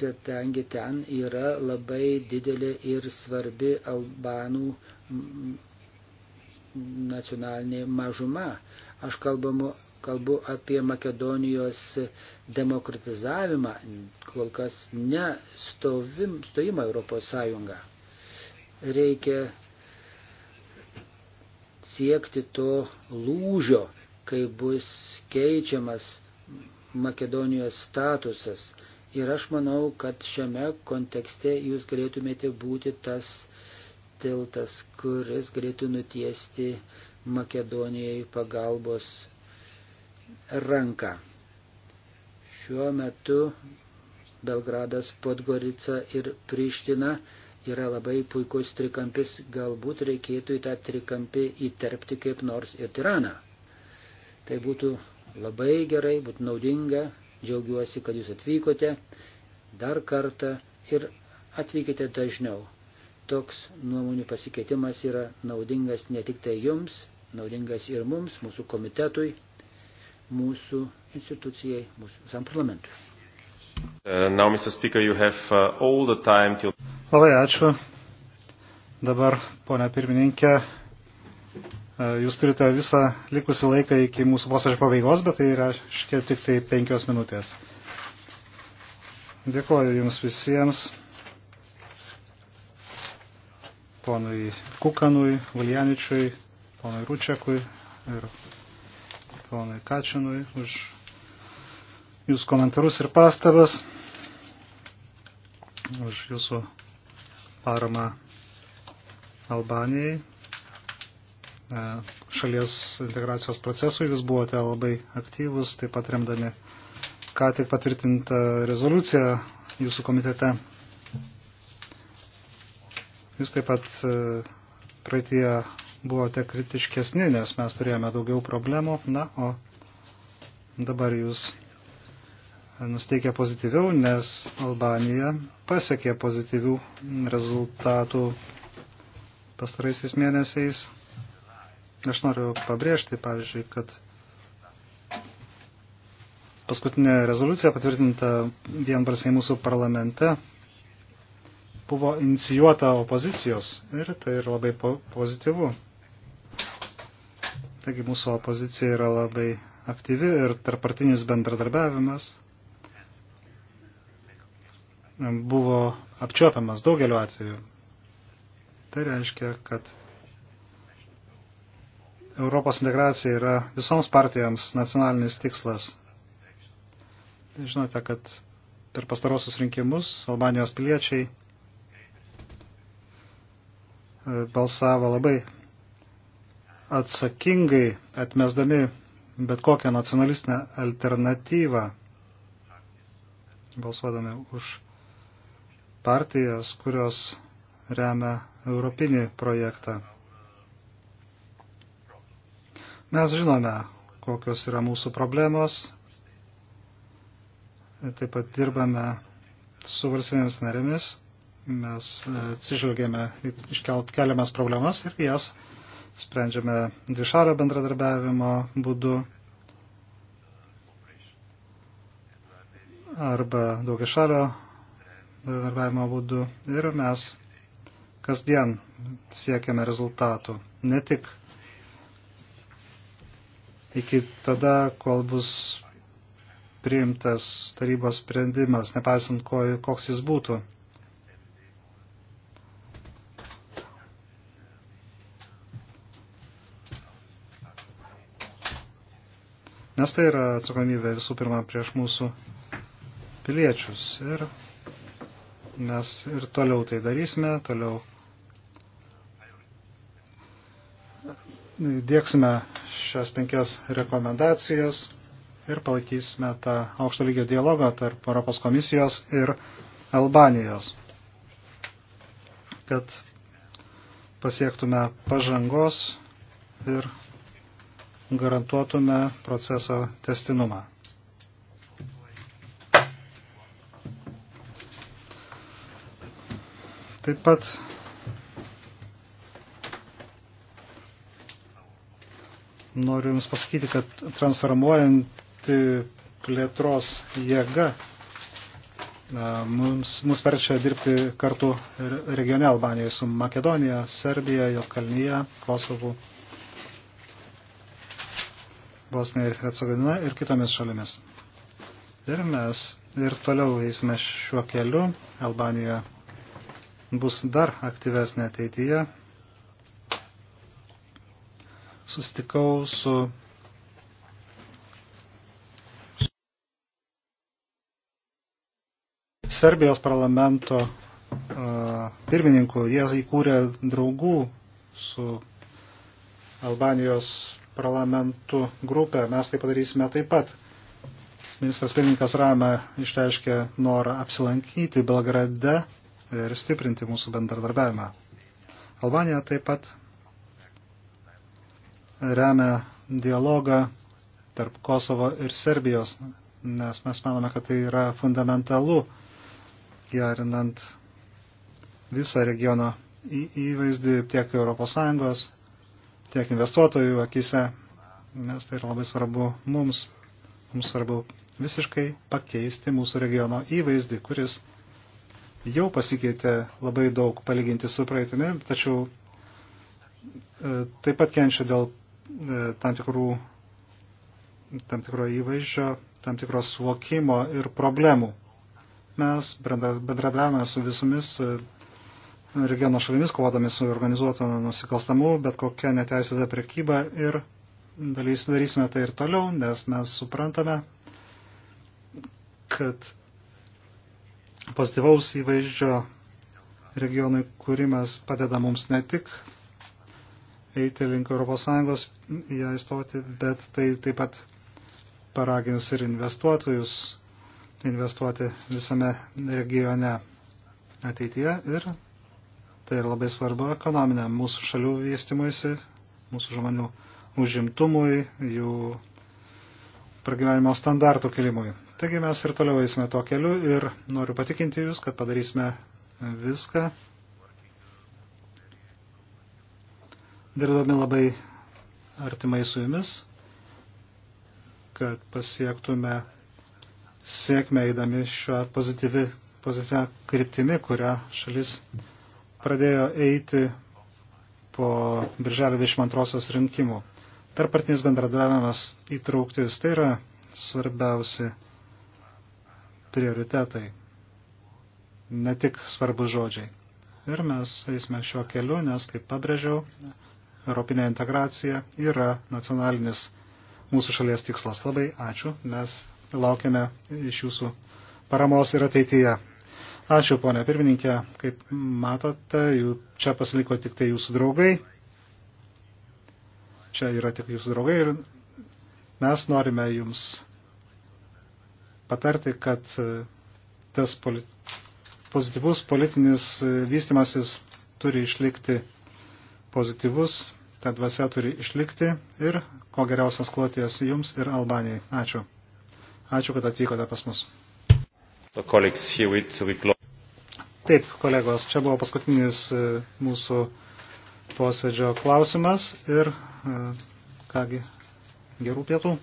kadangi ten yra labai didelė ir svarbi albanų nacionalinė mažuma. Aš kalbamu, kalbu apie Makedonijos demokratizavimą, kol kas ne stovim, stojimą Europos Sąjungą. Reikia siekti to lūžio, kai bus keičiamas Makedonijos statusas. Ir aš manau, kad šiame kontekste jūs galėtumėte būti tas tiltas, kuris galėtų nutiesti Makedonijai pagalbos ranką. Šiuo metu Belgradas, Podgorica ir Priština yra labai puikus trikampis, galbūt reikėtų į tą trikampį įterpti kaip nors ir tiraną. Tai būtų labai gerai, būtų naudinga. Džiaugiuosi, kad jūs atvykote dar kartą ir atvykite dažniau. Toks nuomonių pasikeitimas yra naudingas ne tik tai jums, naudingas ir mums, mūsų komitetui, mūsų institucijai, mūsų visam parlamentui. Uh, now, Speaker, have, uh, till... Labai ačiū. Dabar, ponia pirmininkė, E, jūs turite visą likusį laiką iki mūsų posėdžio pabaigos, bet tai yra šiek tik tai penkios minutės. Dėkuoju Jums visiems, ponui Kukanui, Valjaničiui, ponui Ručiakui ir ponui Kačinui už Jūsų komentarus ir pastabas, už Jūsų paramą Albanijai. E, šalies integracijos procesui. Jūs buvote labai aktyvus, taip pat remdami ką tik patvirtintą rezoliuciją jūsų komitete. Jūs taip pat e, praeitie buvote kritiškesni, nes mes turėjome daugiau problemų. Na, o dabar jūs nusteikia pozityviau, nes Albanija pasiekė pozityvių rezultatų pastaraisiais mėnesiais. Aš noriu pabrėžti, pavyzdžiui, kad paskutinė rezoliucija patvirtinta vienbarsiai mūsų parlamente buvo inicijuota opozicijos ir tai yra labai po pozityvu. Taigi mūsų opozicija yra labai aktyvi ir tarpartinis bendradarbiavimas buvo apčiuopiamas daugeliu atveju. Tai reiškia, kad Europos integracija yra visoms partijoms nacionalinis tikslas. Tai žinote, kad per pastarosius rinkimus Albanijos piliečiai e, balsavo labai atsakingai, atmesdami bet kokią nacionalistinę alternatyvą, balsuodami už partijas, kurios remia europinį projektą. Mes žinome, kokios yra mūsų problemos. Taip pat dirbame su valstybėmis narėmis. Mes atsižvelgėme iškelt keliamas problemas ir jas sprendžiame dvišalio bendradarbiavimo būdu arba daugišalio bendradarbiavimo būdu. Ir mes kasdien siekiame rezultatų. Ne tik iki tada, kol bus priimtas tarybos sprendimas, nepaisant ko, koks jis būtų. Nes tai yra atsakomybė visų pirma prieš mūsų piliečius. Ir mes ir toliau tai darysime, toliau dėksime šias penkias rekomendacijas ir palaikysime tą aukšto lygio dialogą tarp Europos komisijos ir Albanijos, kad pasiektume pažangos ir garantuotume proceso testinumą. Taip pat Noriu Jums pasakyti, kad transformuojanti plėtros jėga mums, mus verčia dirbti kartu regione Albanijoje su Makedonija, Serbija, Jotkalnyje, Kosovu, Bosnija ir Hercegovina ir kitomis šalimis. Ir mes ir toliau eisime šiuo keliu. Albanija bus dar aktyvesnė ateityje sustikau su Serbijos parlamento pirmininku. Jie įkūrė draugų su Albanijos parlamentu grupę. Mes tai padarysime taip pat. Ministras pirmininkas Rame išreiškė norą apsilankyti Belgrade ir stiprinti mūsų bendradarbiavimą. Albanija taip pat remia dialogą tarp Kosovo ir Serbijos, nes mes manome, kad tai yra fundamentalu gerinant visą regiono įvaizdį tiek ES, tiek investuotojų akise, nes tai yra labai svarbu mums. Mums svarbu visiškai pakeisti mūsų regiono įvaizdį, kuris jau pasikeitė labai daug palyginti su praeitimi, tačiau e, taip pat kenčia dėl E, tam tikrų tam tikro įvaizdžio, tam tikro suvokimo ir problemų. Mes bendradarbiavame su visomis e, regiono šalimis, kovodami su organizuotu nusikalstamu, bet kokia neteisėta prekyba ir dalys, darysime tai ir toliau, nes mes suprantame, kad pozityvaus įvaizdžio regionui kūrimas padeda mums ne tik eiti link ES, ją įstoti, bet tai taip pat paragins ir investuotojus investuoti visame regione ateityje ir tai yra labai svarbu ekonominė mūsų šalių vystimuisi, mūsų žmonių užimtumui, jų pragyvenimo standartų kelimui. Taigi mes ir toliau eisime to keliu ir noriu patikinti Jūs, kad padarysime viską, dirbdami labai artimai su jumis, kad pasiektume sėkmę įdami šią pozityvi, pozityvę kryptimį, kurią šalis pradėjo eiti po birželio 22 rinkimų. Tarpartinis bendradavimas įtrauktis tai yra svarbiausi prioritetai, ne tik svarbus žodžiai. Ir mes eisime šiuo keliu, nes, kaip pabrėžiau, europinė integracija yra nacionalinis mūsų šalies tikslas. Labai ačiū, mes laukiame iš jūsų paramos ir ateityje. Ačiū, ponė pirmininkė, kaip matote, jų čia pasiliko tik tai jūsų draugai. Čia yra tik jūsų draugai ir mes norime jums patarti, kad e, tas polit... pozityvus politinis e, vystimasis turi išlikti pozityvus, ta dvasia turi išlikti ir ko geriausios kloties jums ir Albanijai. Ačiū. Ačiū, kad atvykote pas mus. Taip, kolegos, čia buvo paskutinis e, mūsų posėdžio klausimas ir e, kągi, gerų pietų.